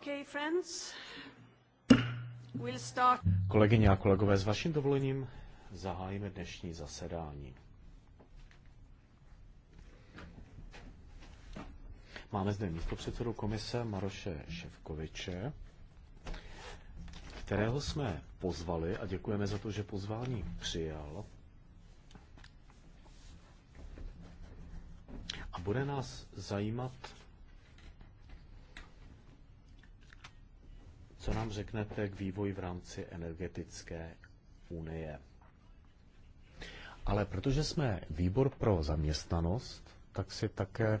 Okay, friends. We'll start. Kolegyně a kolegové, s vaším dovolením zahájíme dnešní zasedání. Máme zde místo předsedu komise Maroše Ševkoviče, kterého jsme pozvali a děkujeme za to, že pozvání přijal. A bude nás zajímat Co nám řeknete k vývoji v rámci energetické unie? Ale protože jsme výbor pro zaměstnanost, tak si také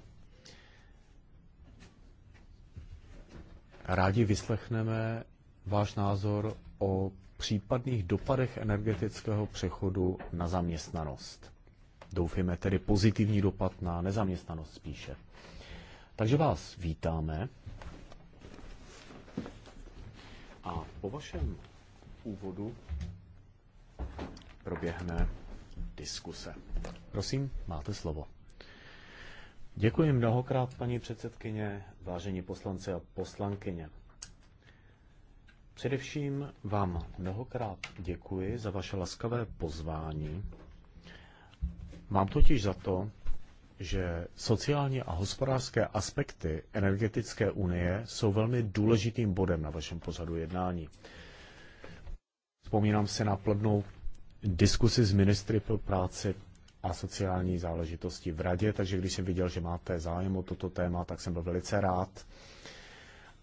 rádi vyslechneme váš názor o případných dopadech energetického přechodu na zaměstnanost. Doufíme tedy pozitivní dopad na nezaměstnanost spíše. Takže vás vítáme a po vašem úvodu proběhne diskuse. Prosím, máte slovo. Děkuji mnohokrát, paní předsedkyně, vážení poslanci a poslankyně. Především vám mnohokrát děkuji za vaše laskavé pozvání. Mám totiž za to, že sociální a hospodářské aspekty energetické unie jsou velmi důležitým bodem na vašem pořadu jednání. Vzpomínám se na plodnou diskusi s ministry pro práci a sociální záležitosti v radě, takže když jsem viděl, že máte zájem o toto téma, tak jsem byl velice rád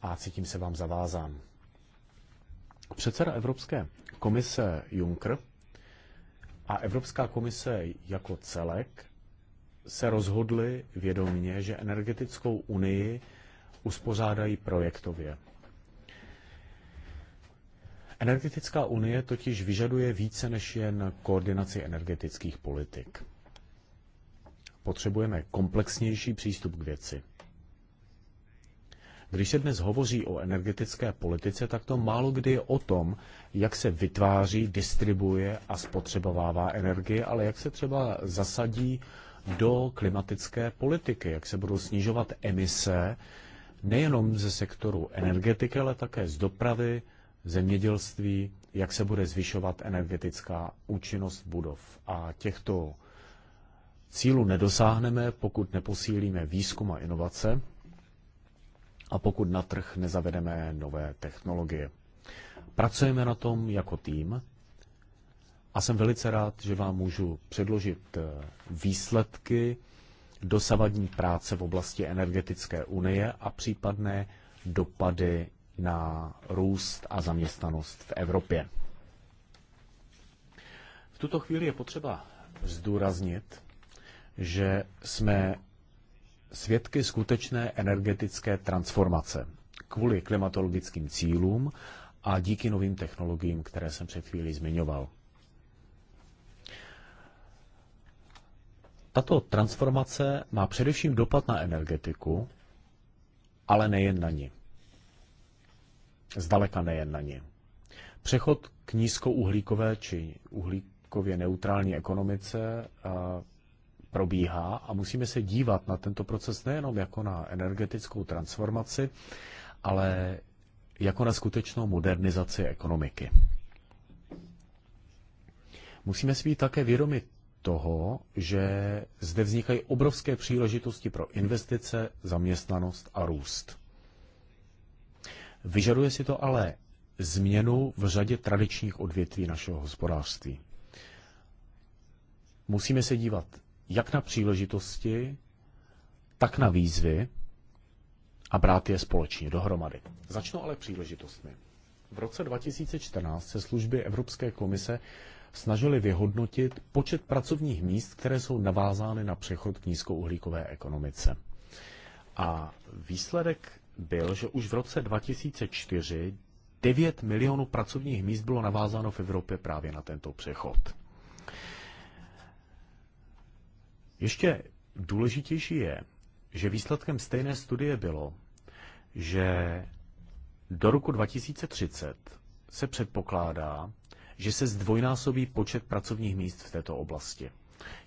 a cítím se vám zavázán. Předseda Evropské komise Juncker a Evropská komise jako celek se rozhodli vědomně, že energetickou unii uspořádají projektově. Energetická unie totiž vyžaduje více než jen koordinaci energetických politik. Potřebujeme komplexnější přístup k věci. Když se dnes hovoří o energetické politice, tak to málo kdy je o tom, jak se vytváří, distribuje a spotřebovává energie, ale jak se třeba zasadí do klimatické politiky, jak se budou snižovat emise nejenom ze sektoru energetiky, ale také z dopravy, zemědělství, jak se bude zvyšovat energetická účinnost budov. A těchto cílů nedosáhneme, pokud neposílíme výzkum a inovace a pokud na trh nezavedeme nové technologie. Pracujeme na tom jako tým a jsem velice rád, že vám můžu předložit eh, výsledky dosavadní práce v oblasti energetické unie a případné dopady na růst a zaměstnanost v Evropě. V tuto chvíli je potřeba zdůraznit, že jsme svědky skutečné energetické transformace kvůli klimatologickým cílům a díky novým technologiím, které jsem před chvílí zmiňoval. Tato transformace má především dopad na energetiku, ale nejen na ní. Zdaleka nejen na ní. Přechod k nízkouhlíkové či uhlíkově neutrální ekonomice eh, probíhá a musíme se dívat na tento proces nejenom jako na energetickou transformaci, ale jako na skutečnou modernizaci ekonomiky. Musíme si být také vědomit toho, že zde vznikají obrovské příležitosti pro investice, zaměstnanost a růst. Vyžaduje si to ale změnu v řadě tradičních odvětví našeho hospodářství. Musíme se dívat jak na příležitosti, tak na výzvy a brát je společně dohromady. Začnu ale příležitostmi. V roce 2014 se služby Evropské komise snažili vyhodnotit počet pracovních míst, které jsou navázány na přechod k nízkouhlíkové ekonomice. A výsledek byl, že už v roce 2004 9 milionů pracovních míst bylo navázáno v Evropě právě na tento přechod. Ještě důležitější je, že výsledkem stejné studie bylo, že do roku 2030 se předpokládá, že se zdvojnásobí počet pracovních míst v této oblasti.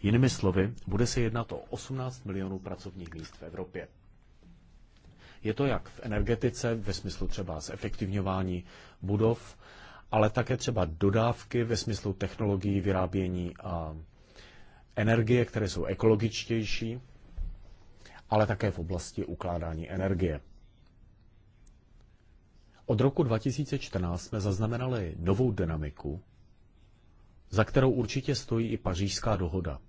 Jinými slovy, bude se jednat o 18 milionů pracovních míst v Evropě. Je to jak v energetice, ve smyslu třeba zefektivňování budov, ale také třeba dodávky ve smyslu technologií vyrábění a energie, které jsou ekologičtější, ale také v oblasti ukládání energie. Od roku 2014 jsme zaznamenali novou dynamiku, za kterou určitě stojí i pařížská dohoda.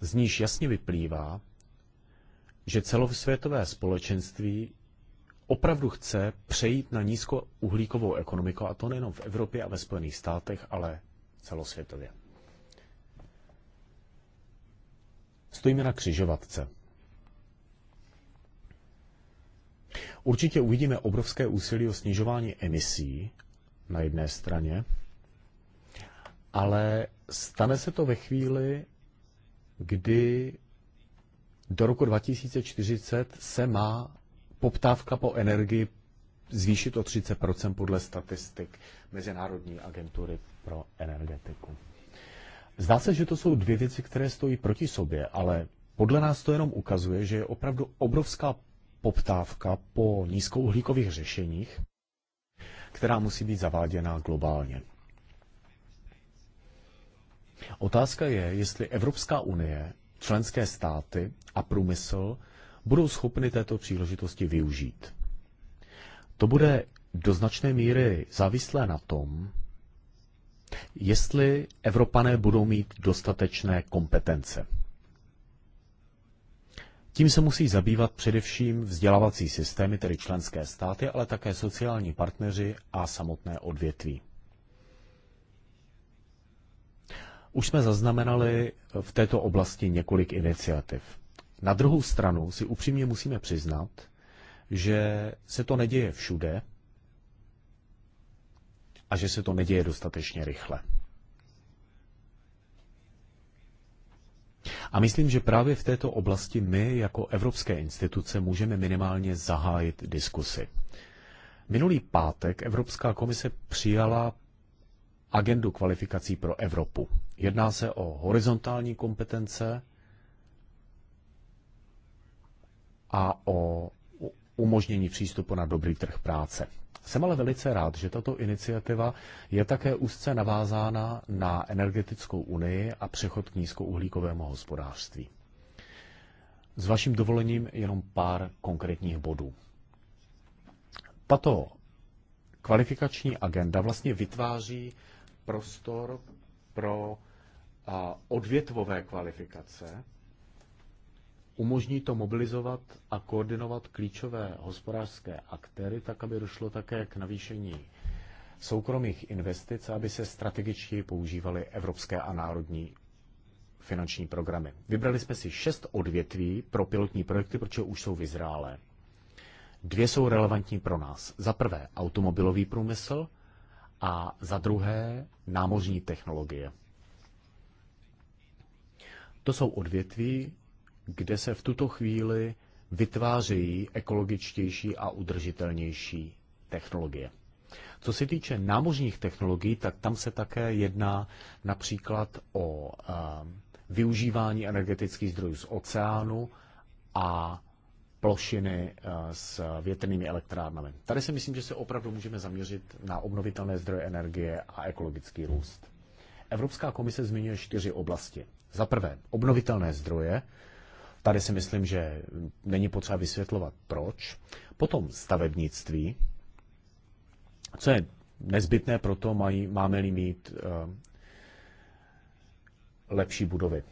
Z níž jasně vyplývá, že celosvětové společenství opravdu chce přejít na nízkouhlíkovou ekonomiku, a to nejenom v Evropě a ve Spojených státech, ale celosvětově. Stojíme na křižovatce. Určitě uvidíme obrovské úsilí o snižování emisí na jedné straně, ale stane se to ve chvíli, kdy do roku 2040 se má poptávka po energii zvýšit o 30 podle statistik Mezinárodní agentury pro energetiku. Zdá se, že to jsou dvě věci, které stojí proti sobě, ale podle nás to jenom ukazuje, že je opravdu obrovská poptávka po nízkouhlíkových řešeních, která musí být zaváděna globálně. Otázka je, jestli Evropská unie, členské státy a průmysl budou schopny této příležitosti využít. To bude do značné míry závislé na tom, jestli Evropané budou mít dostatečné kompetence. Tím se musí zabývat především vzdělávací systémy, tedy členské státy, ale také sociální partneři a samotné odvětví. Už jsme zaznamenali v této oblasti několik iniciativ. Na druhou stranu si upřímně musíme přiznat, že se to neděje všude a že se to neděje dostatečně rychle. A myslím, že právě v této oblasti my jako evropské instituce můžeme minimálně zahájit diskusy. Minulý pátek Evropská komise přijala agendu kvalifikací pro Evropu. Jedná se o horizontální kompetence a o umožnění přístupu na dobrý trh práce. Jsem ale velice rád, že tato iniciativa je také úzce navázána na energetickou unii a přechod k nízkouhlíkovému hospodářství. S vaším dovolením jenom pár konkrétních bodů. Tato kvalifikační agenda vlastně vytváří prostor pro odvětvové kvalifikace, Umožní to mobilizovat a koordinovat klíčové hospodářské aktéry, tak aby došlo také k navýšení soukromých investic, aby se strategičtěji používaly evropské a národní finanční programy. Vybrali jsme si šest odvětví pro pilotní projekty, protože už jsou vyzrálé. Dvě jsou relevantní pro nás. Za prvé automobilový průmysl a za druhé námořní technologie. To jsou odvětví, kde se v tuto chvíli vytvářejí ekologičtější a udržitelnější technologie. Co se týče námořních technologií, tak tam se také jedná například o eh, využívání energetických zdrojů z oceánu a plošiny eh, s větrnými elektrárnami. Tady si myslím, že se opravdu můžeme zaměřit na obnovitelné zdroje energie a ekologický růst. Evropská komise zmiňuje čtyři oblasti. Za prvé, obnovitelné zdroje, Tady si myslím, že není potřeba vysvětlovat proč. Potom stavebnictví. Co je nezbytné pro to, mají, máme-li mít eh, lepší budovy.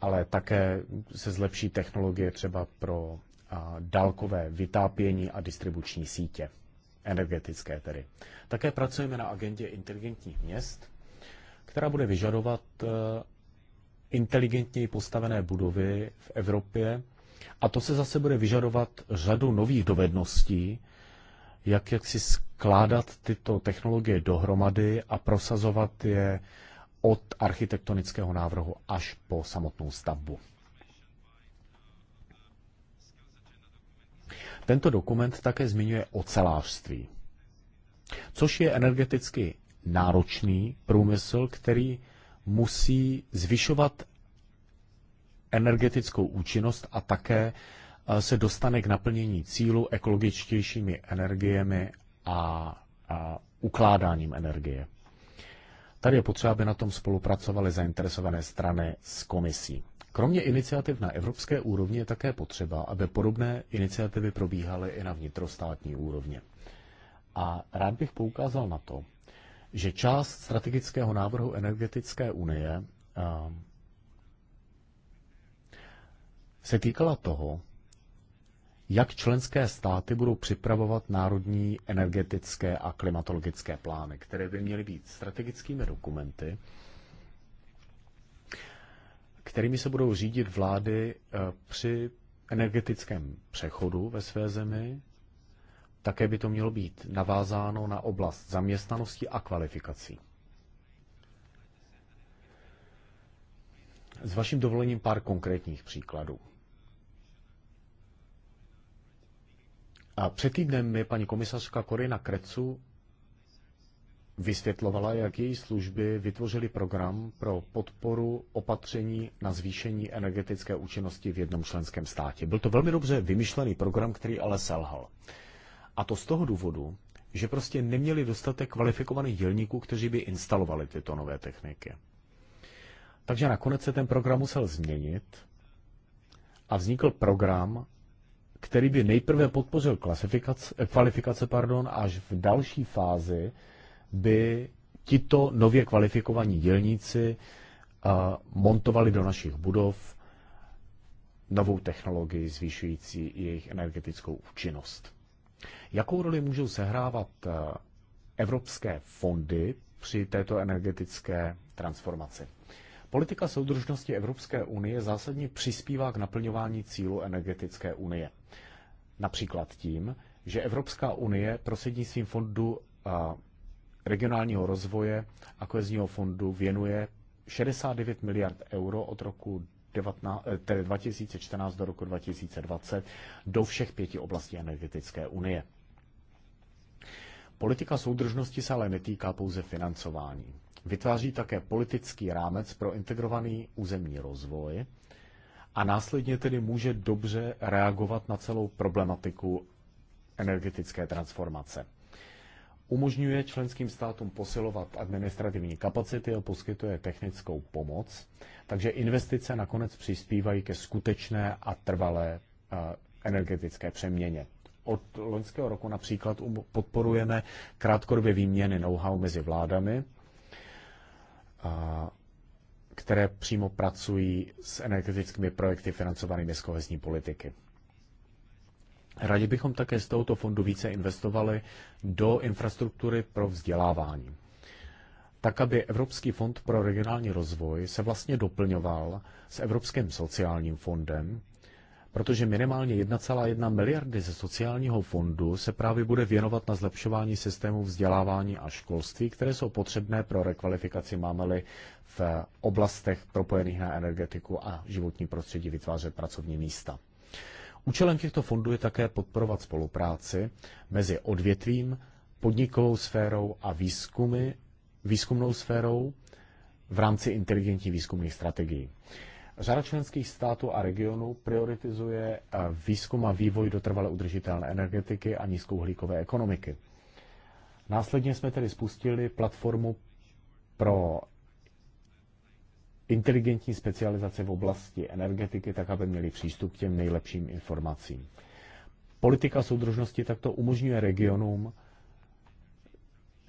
Ale také se zlepší technologie třeba pro eh, dálkové vytápění a distribuční sítě, energetické tedy. Také pracujeme na agendě inteligentních měst, která bude vyžadovat eh, inteligentněji postavené budovy v Evropě. A to se zase bude vyžadovat řadu nových dovedností, jak jak si skládat tyto technologie dohromady a prosazovat je od architektonického návrhu až po samotnou stavbu. Tento dokument také zmiňuje ocelářství, což je energeticky náročný průmysl, který musí zvyšovat energetickou účinnost a také eh, se dostane k naplnění cílu ekologičtějšími energiemi a, a ukládáním energie. Tady je potřeba, aby na tom spolupracovaly zainteresované strany s komisí. Kromě iniciativ na evropské úrovni je také potřeba, aby podobné iniciativy probíhaly i na vnitrostátní úrovni. A rád bych poukázal na to, že část strategického návrhu energetické unie se týkala toho, jak členské státy budou připravovat národní energetické a klimatologické plány, které by měly být strategickými dokumenty, kterými se budou řídit vlády e, při energetickém přechodu ve své zemi také by to mělo být navázáno na oblast zaměstnanosti a kvalifikací. S vaším dovolením pár konkrétních příkladů. A před týdnem mi paní komisařka Korina Krecu vysvětlovala, jak její služby vytvořily program pro podporu opatření na zvýšení energetické účinnosti v jednom členském státě. Byl to velmi dobře vymyšlený program, který ale selhal. A to z toho důvodu, že prostě neměli dostatek kvalifikovaných dělníků, kteří by instalovali tyto nové techniky. Takže nakonec se ten program musel změnit a vznikl program, který by nejprve podpořil klasifikace, eh, kvalifikace pardon, až v další fázi by tito nově kvalifikovaní dělníci eh, montovali do našich budov novou technologii zvýšující jejich energetickou účinnost. Jakou roli můžou sehrávat eh, evropské fondy při této energetické transformaci? Politika soudržnosti Evropské unie zásadně přispívá k naplňování cílu energetické unie. Například tím, že Evropská unie prostřednictvím fondu eh, regionálního rozvoje a kohezního fondu věnuje 69 miliard euro od roku 19, eh, tedy 2014 do roku 2020 do všech pěti oblastí energetické unie. Politika soudržnosti se ale netýká pouze financování. Vytváří také politický rámec pro integrovaný územní rozvoj a následně tedy může dobře reagovat na celou problematiku energetické transformace. Umožňuje členským státům posilovat administrativní kapacity a poskytuje technickou pomoc takže investice nakonec přispívají ke skutečné a trvalé eh, energetické přeměně. Od loňského roku například um, podporujeme krátkodobě výměny know-how mezi vládami, eh, které přímo pracují s energetickými projekty financovanými z kohezní politiky. Rádi bychom také z tohoto fondu více investovali do infrastruktury pro vzdělávání tak aby Evropský fond pro regionální rozvoj se vlastně doplňoval s Evropským sociálním fondem, protože minimálně 1,1 miliardy ze sociálního fondu se právě bude věnovat na zlepšování systému vzdělávání a školství, které jsou potřebné pro rekvalifikaci mámely v oblastech propojených na energetiku a životní prostředí vytvářet pracovní místa. Účelem těchto fondů je také podporovat spolupráci mezi odvětvím, podnikovou sférou a výzkumy výzkumnou sférou v rámci inteligentní výzkumných strategií. Řada členských států a regionů prioritizuje eh, výzkum a vývoj do trvale udržitelné energetiky a nízkouhlíkové ekonomiky. Následně jsme tedy spustili platformu pro inteligentní specializace v oblasti energetiky, tak aby měli přístup k těm nejlepším informacím. Politika soudržnosti takto umožňuje regionům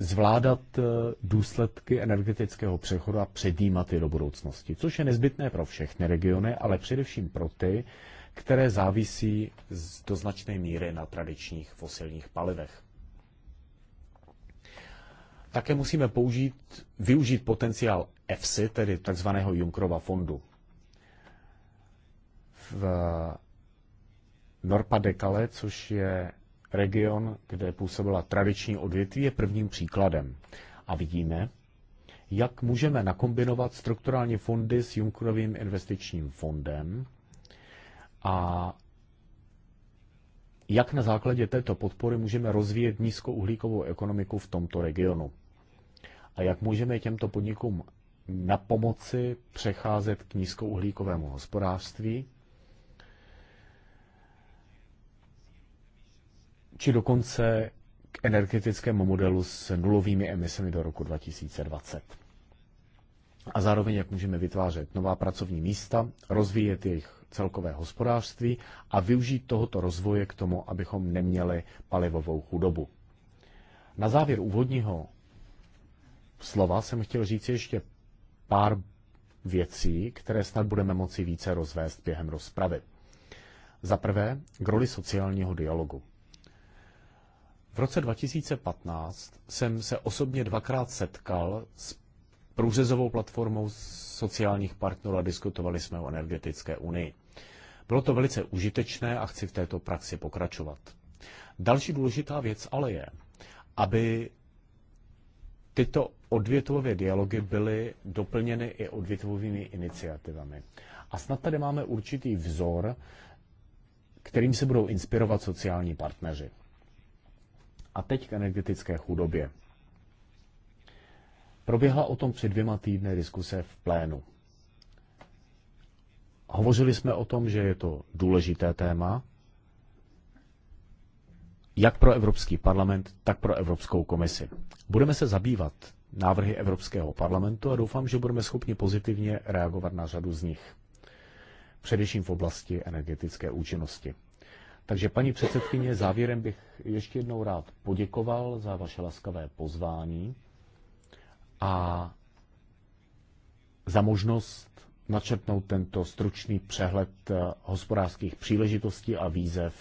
zvládat eh, důsledky energetického přechodu a předjímat je do budoucnosti, což je nezbytné pro všechny regiony, ale především pro ty, které závisí z do značné míry na tradičních fosilních palivech. Také musíme použít, využít potenciál EFSI, tedy tzv. Junkrova fondu. V Norpa Decale, což je Region, kde působila tradiční odvětví, je prvním příkladem. A vidíme, jak můžeme nakombinovat strukturální fondy s Junckerovým investičním fondem a jak na základě této podpory můžeme rozvíjet nízkouhlíkovou ekonomiku v tomto regionu a jak můžeme těmto podnikům na pomoci přecházet k nízkouhlíkovému hospodářství či dokonce k energetickému modelu s nulovými emisemi do roku 2020. A zároveň, jak můžeme vytvářet nová pracovní místa, rozvíjet jejich celkové hospodářství a využít tohoto rozvoje k tomu, abychom neměli palivovou chudobu. Na závěr úvodního slova jsem chtěl říct ještě pár věcí, které snad budeme moci více rozvést během rozpravy. Za prvé, k roli sociálního dialogu. V roce 2015 jsem se osobně dvakrát setkal s průřezovou platformou sociálních partnerů a diskutovali jsme o energetické unii. Bylo to velice užitečné a chci v této praxi pokračovat. Další důležitá věc ale je, aby tyto odvětvové dialogy byly doplněny i odvětvovými iniciativami. A snad tady máme určitý vzor, kterým se budou inspirovat sociální partneři. A teď k energetické chudobě. Proběhla o tom před dvěma týdny diskuse v plénu. Hovořili jsme o tom, že je to důležité téma, jak pro Evropský parlament, tak pro Evropskou komisi. Budeme se zabývat návrhy Evropského parlamentu a doufám, že budeme schopni pozitivně reagovat na řadu z nich, především v oblasti energetické účinnosti. Takže paní předsedkyně, závěrem bych ještě jednou rád poděkoval za vaše laskavé pozvání a za možnost načrtnout tento stručný přehled eh, hospodářských příležitostí a výzev,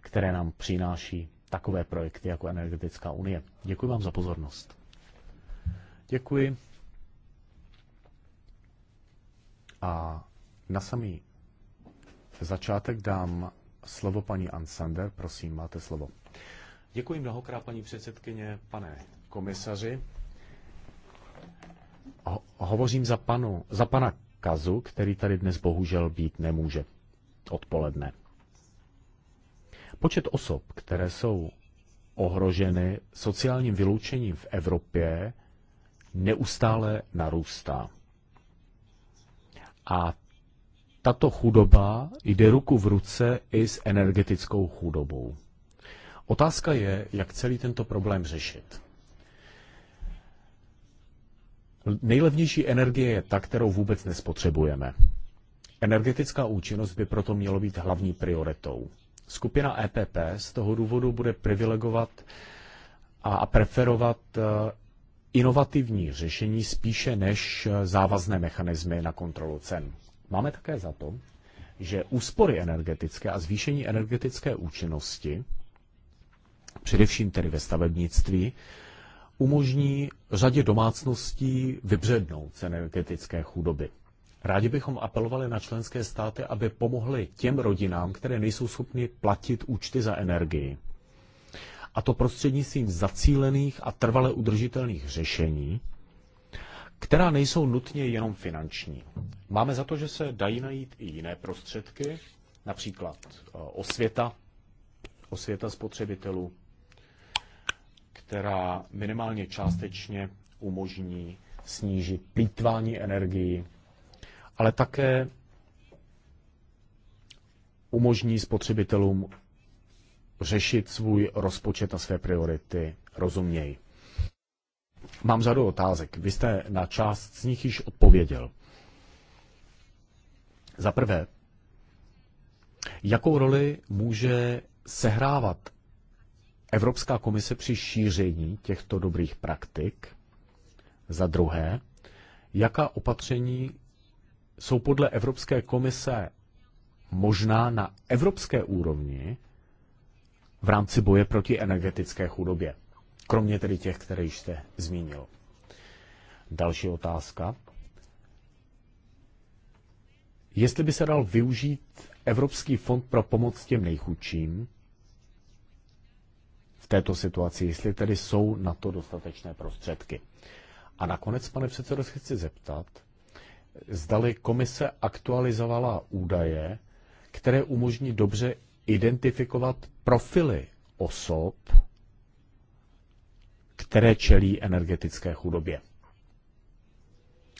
které nám přináší takové projekty jako Energetická unie. Děkuji vám za pozornost. Děkuji. A na samý začátek dám slovo paní Ansander. Prosím, máte slovo. Děkuji mnohokrát, paní předsedkyně, pane komisaři. Ho- hovořím za, panu, za pana Kazu, který tady dnes bohužel být nemůže odpoledne. Počet osob, které jsou ohroženy sociálním vyloučením v Evropě, neustále narůstá. A tato chudoba jde ruku v ruce i s energetickou chudobou. Otázka je, jak celý tento problém řešit. Nejlevnější energie je ta, kterou vůbec nespotřebujeme. Energetická účinnost by proto mělo být hlavní prioritou. Skupina EPP z toho důvodu bude privilegovat a preferovat e, inovativní řešení spíše než e, závazné mechanismy na kontrolu cen. Máme také za to, že úspory energetické a zvýšení energetické účinnosti, především tedy ve stavebnictví, umožní řadě domácností vybřednout z energetické chudoby. Rádi bychom apelovali na členské státy, aby pomohly těm rodinám, které nejsou schopny platit účty za energii. A to prostřednictvím zacílených a trvale udržitelných řešení, která nejsou nutně jenom finanční. Máme za to, že se dají najít i jiné prostředky, například e, osvěta, osvěta spotřebitelů, která minimálně částečně umožní snížit plítvání energii, ale také umožní spotřebitelům řešit svůj rozpočet a své priority rozuměji. Mám řadu otázek. Vy jste na část z nich již odpověděl. Za prvé, jakou roli může sehrávat Evropská komise při šíření těchto dobrých praktik? Za druhé, jaká opatření jsou podle Evropské komise možná na evropské úrovni v rámci boje proti energetické chudobě? Kromě tedy těch, které již jste zmínil. Další otázka. Jestli by se dal využít Evropský fond pro pomoc těm nejchudším v této situaci, jestli tedy jsou na to dostatečné prostředky. A nakonec, pane předsedo, se chci zeptat, zdali komise aktualizovala údaje, které umožní dobře identifikovat profily osob, které čelí energetické chudobě.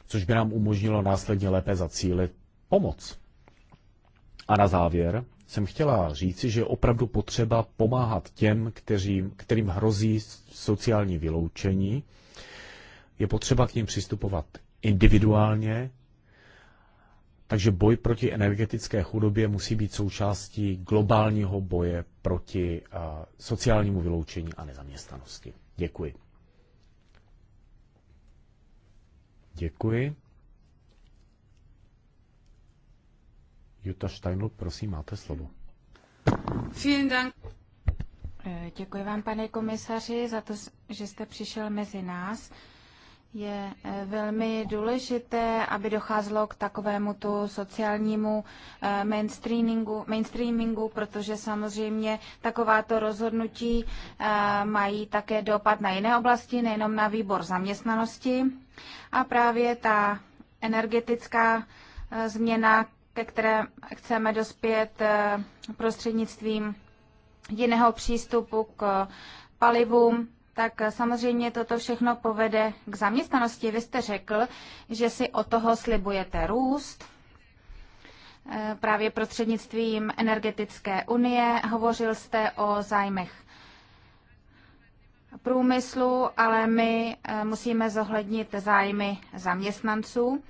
Což by nám umožnilo následně lépe zacílit pomoc. A na závěr jsem chtěla říci, že je opravdu potřeba pomáhat těm, kterým, kterým hrozí sociální vyloučení. Je potřeba k ním přistupovat individuálně, takže boj proti energetické chudobě musí být součástí globálního boje proti sociálnímu vyloučení a nezaměstnanosti. Děkuji. Děkuji. Jutta Steinl, prosím, máte slovo. Vielen Dank. Eh, děkuji vám, pane komisaři, za to, že jste přišel mezi nás. Je eh, velmi důležité, aby docházelo k takovému tu sociálnímu eh, mainstreamingu, mainstreamingu, protože samozřejmě takováto rozhodnutí mají také dopad na jiné oblasti, nejenom na výbor zaměstnanosti. A právě ta energetická eh, změna, ke které chceme dospět eh, prostřednictvím jiného přístupu k palivům, tak samozřejmě toto všechno povede k zaměstnanosti. Vy jste řekl, že si o toho slibujete růst eh, právě prostřednictvím energetické unie. Hovořil jste o zájmech průmyslu, ale my eh, musíme zohlednit zájmy zaměstnanců.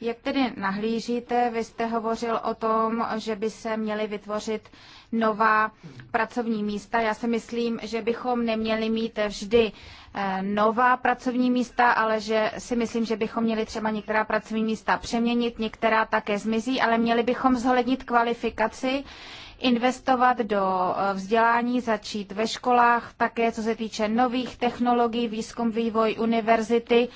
Jak tedy nahlížíte? Vy jste hovořil o tom, že by se měly vytvořit nová pracovní místa. Já si myslím, že bychom neměli mít vždy eh, nová pracovní místa, ale že si myslím, že bychom měli třeba některá pracovní místa přeměnit, některá také zmizí, ale měli bychom zohlednit kvalifikaci investovat do eh, vzdělání, začít ve školách, také co se týče nových technologií, výzkum, vývoj, univerzity,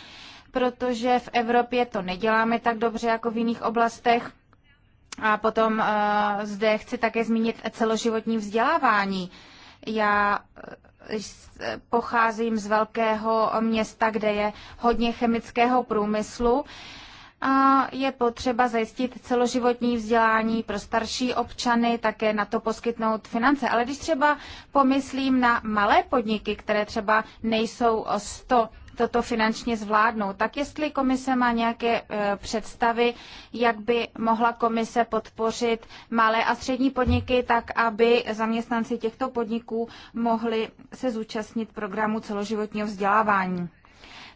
protože v Evropě to neděláme tak dobře jako v jiných oblastech. A potom uh, zde chci také zmínit celoživotní vzdělávání. Já eh, pocházím z velkého města, kde je hodně chemického průmyslu je potřeba zajistit celoživotní vzdělání pro starší občany, také na to poskytnout finance. Ale když třeba pomyslím na malé podniky, které třeba nejsou 100 toto finančně zvládnou. Tak jestli komise má nějaké e, představy, jak by mohla komise podpořit malé a střední podniky, tak aby zaměstnanci těchto podniků mohli se zúčastnit programu celoživotního vzdělávání.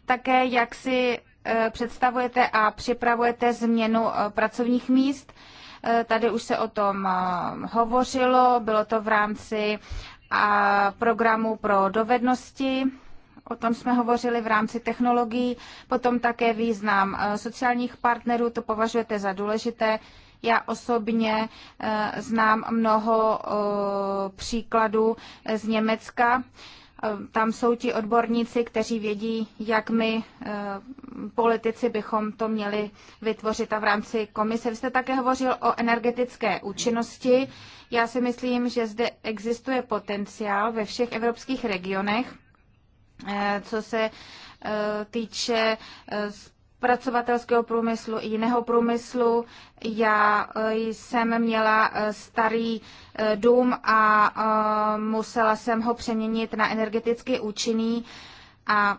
Také jak si Eh, představujete a připravujete změnu eh, pracovních míst. Eh, tady už se o tom hovořilo, bylo to v rámci programu pro dovednosti. O tom jsme hovořili v rámci technologií, potom také význam sociálních partnerů, to považujete za důležité. Já osobně znám mnoho příkladů z Německa, Ehm, tam jsou ti odborníci, kteří vědí, jak my ehm, politici bychom to měli vytvořit a v rámci komise. Vy jste také hovořil o energetické účinnosti. Já si myslím, že zde existuje potenciál ve všech evropských regionech, ehm, co se týče zpracovatelského průmyslu i jiného průmyslu. Já e, jsem měla e, starý e, dům a musela jsem ho přeměnit na energeticky účinný a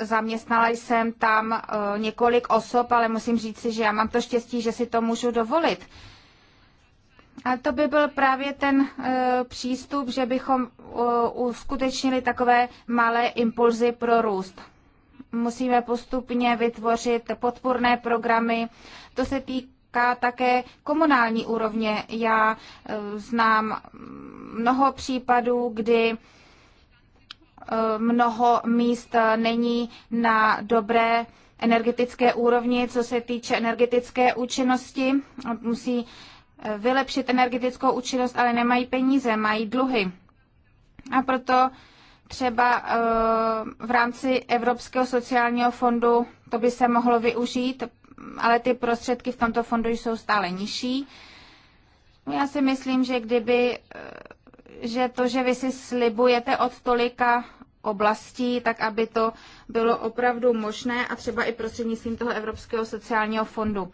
zaměstnala jsem tam několik osob, ale musím říct si, že já mám to štěstí, že si to můžu dovolit. A to by byl právě ten e, přístup, že bychom e, uskutečnili takové malé impulzy pro růst musíme postupně vytvořit podporné programy. To se týká také komunální úrovně. Já eh, znám mnoho případů, kdy eh, mnoho míst není na dobré energetické úrovni, co se týče energetické účinnosti. Musí eh, vylepšit energetickou účinnost, ale nemají peníze, mají dluhy. A proto třeba eh, v rámci Evropského sociálního fondu to by se mohlo využít, ale ty prostředky v tomto fondu jsou stále nižší. Já si myslím, že kdyby, eh, že to, že vy si slibujete od tolika oblastí, tak aby to bylo opravdu možné a třeba i prostřednictvím toho Evropského sociálního fondu.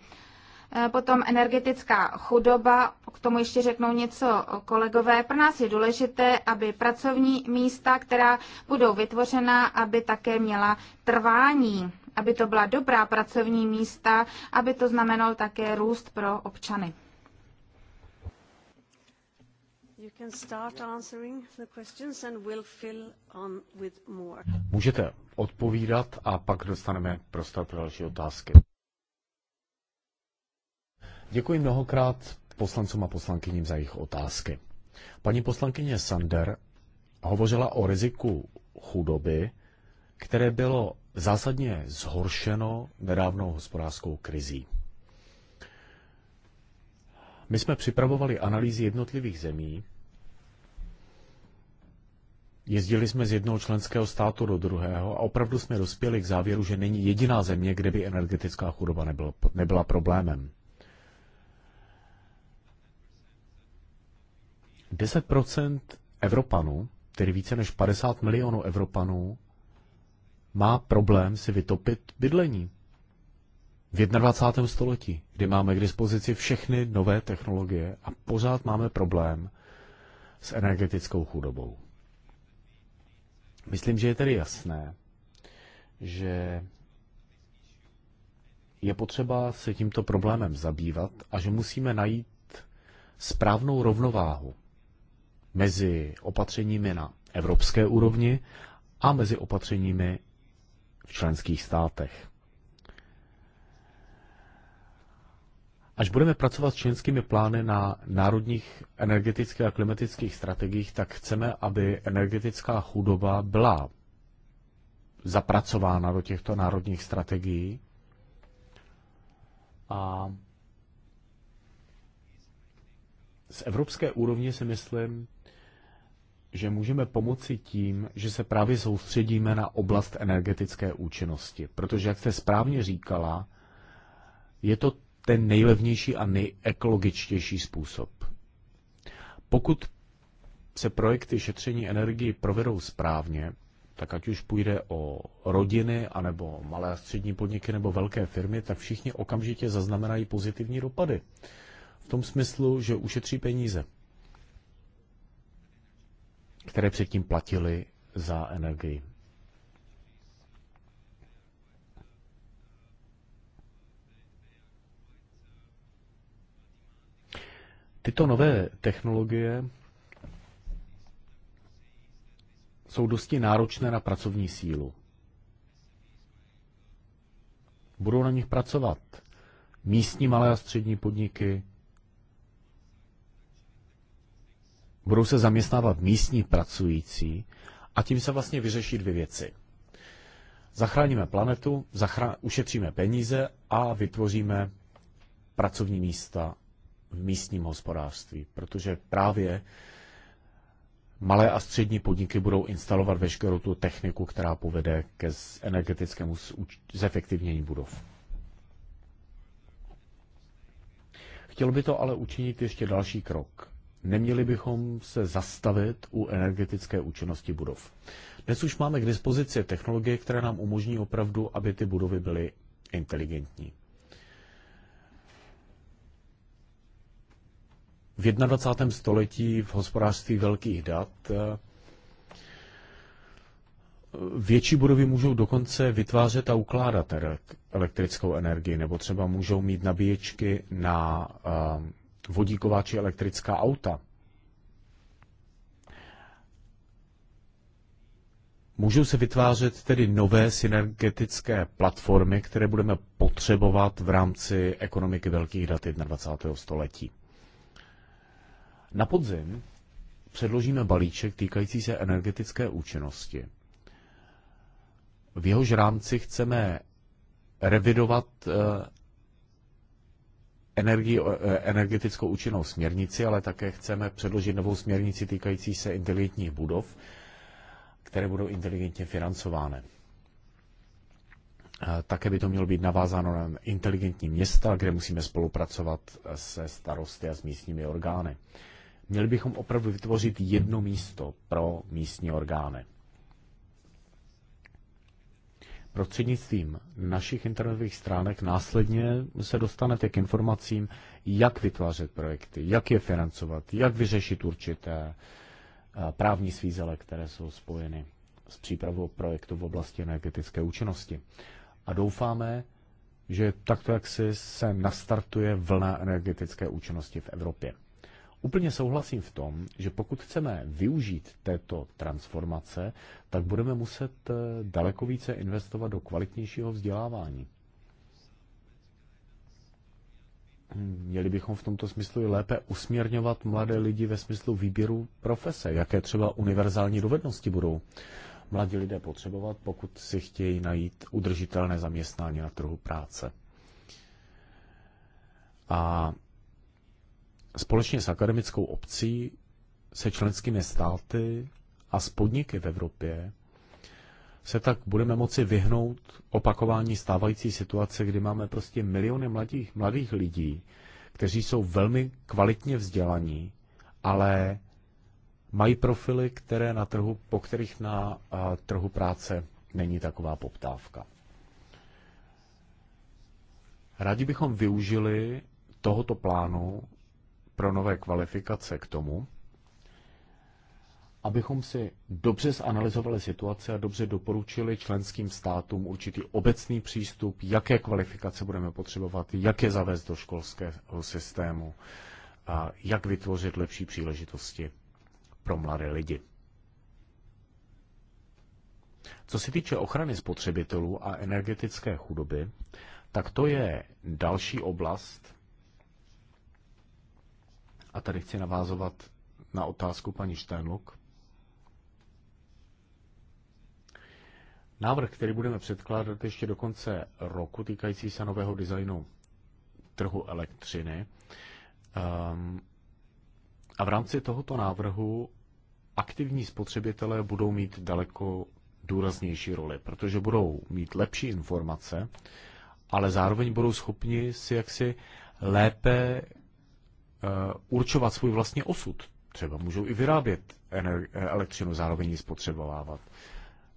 Eh, potom energetická chudoba, k tomu ještě řeknou něco kolegové. Pro nás je důležité, aby pracovní místa, která budou vytvořena, aby také měla trvání, aby to byla dobrá pracovní místa, aby to znamenalo také růst pro občany. Můžete odpovídat a pak dostaneme prostor pro další otázky. Děkuji mnohokrát poslancům a poslankyním za jejich otázky. Paní poslankyně Sander hovořila o riziku chudoby, které bylo zásadně zhoršeno nedávnou hospodářskou krizí. My jsme připravovali analýzy jednotlivých zemí, jezdili jsme z jednoho členského státu do druhého a opravdu jsme dospěli k závěru, že není jediná země, kde by energetická chudoba nebyla, nebyla problémem. 10% Evropanů, tedy více než 50 milionů Evropanů, má problém si vytopit bydlení. V 21. století, kdy máme k dispozici všechny nové technologie a pořád máme problém s energetickou chudobou. Myslím, že je tedy jasné, že je potřeba se tímto problémem zabývat a že musíme najít správnou rovnováhu mezi opatřeními na evropské úrovni a mezi opatřeními v členských státech. Až budeme pracovat s členskými plány na národních energetických a klimatických strategiích, tak chceme, aby energetická chudoba byla zapracována do těchto národních strategií. A z evropské úrovně si myslím, že můžeme pomoci tím, že se právě soustředíme na oblast energetické účinnosti. Protože, jak jste správně říkala, je to ten nejlevnější a nejekologičtější způsob. Pokud se projekty šetření energii provedou správně, tak ať už půjde o rodiny, anebo malé a střední podniky, nebo velké firmy, tak všichni okamžitě zaznamenají pozitivní dopady. V tom smyslu, že ušetří peníze které předtím platili za energii. Tyto nové technologie jsou dosti náročné na pracovní sílu. Budou na nich pracovat místní malé a střední podniky, budou se zaměstnávat místní pracující a tím se vlastně vyřeší dvě věci. Zachráníme planetu, zachrá- ušetříme peníze a vytvoříme pracovní místa v místním hospodářství, protože právě malé a střední podniky budou instalovat veškerou tu techniku, která povede ke energetickému zefektivnění budov. Chtěl by to ale učinit ještě další krok. Neměli bychom se zastavit u energetické účinnosti budov. Dnes už máme k dispozici technologie, které nám umožní opravdu, aby ty budovy byly inteligentní. V 21. století v hospodářství velkých dat eh, větší budovy můžou dokonce vytvářet a ukládat elektrickou energii, nebo třeba můžou mít nabíječky na eh, vodíková či elektrická auta. Můžou se vytvářet tedy nové synergetické platformy, které budeme potřebovat v rámci ekonomiky velkých dat 21. století. Na podzim předložíme balíček týkající se energetické účinnosti. V jehož rámci chceme revidovat eh, energii, e, energetickou účinnou směrnici, ale také chceme předložit novou směrnici týkající se inteligentních budov, které budou inteligentně financovány. Také by to mělo být navázáno na inteligentní města, kde musíme spolupracovat se starosty a s místními orgány. Měli bychom opravdu vytvořit jedno místo pro místní orgány. Prostřednictvím našich internetových stránek následně se dostanete k informacím, jak vytvářet projekty, jak je financovat, jak vyřešit určité eh, právní svízele, které jsou spojeny s přípravou projektu v oblasti energetické účinnosti. A doufáme, že takto jaksi se nastartuje vlna energetické účinnosti v Evropě. Úplně souhlasím v tom, že pokud chceme využít této transformace, tak budeme muset eh, daleko více investovat do kvalitnějšího vzdělávání. Měli bychom v tomto smyslu i lépe usměrňovat mladé lidi ve smyslu výběru profese, jaké třeba univerzální dovednosti budou mladí lidé potřebovat, pokud si chtějí najít udržitelné zaměstnání na trhu práce. A společně s akademickou obcí, se členskými státy a s podniky v Evropě se tak budeme moci vyhnout opakování stávající situace, kdy máme prostě miliony mladých, mladých lidí, kteří jsou velmi kvalitně vzdělaní, ale mají profily, které na trhu, po kterých na a, trhu práce není taková poptávka. Rádi bychom využili tohoto plánu pro nové kvalifikace k tomu, abychom si dobře zanalizovali situaci a dobře doporučili členským státům určitý obecný přístup, jaké kvalifikace budeme potřebovat, jak je zavést do školského systému a jak vytvořit lepší příležitosti pro mladé lidi. Co se týče ochrany spotřebitelů a energetické chudoby, tak to je další oblast, a tady chci navázovat na otázku paní Štenluk. Návrh, který budeme předkládat ještě do konce roku, týkající se nového designu trhu elektřiny. Um, a v rámci tohoto návrhu aktivní spotřebitelé budou mít daleko důraznější roli, protože budou mít lepší informace, ale zároveň budou schopni si jaksi lépe Eh, určovat svůj vlastní osud. Třeba můžou i vyrábět eh, elektřinu, zároveň ji spotřebovávat.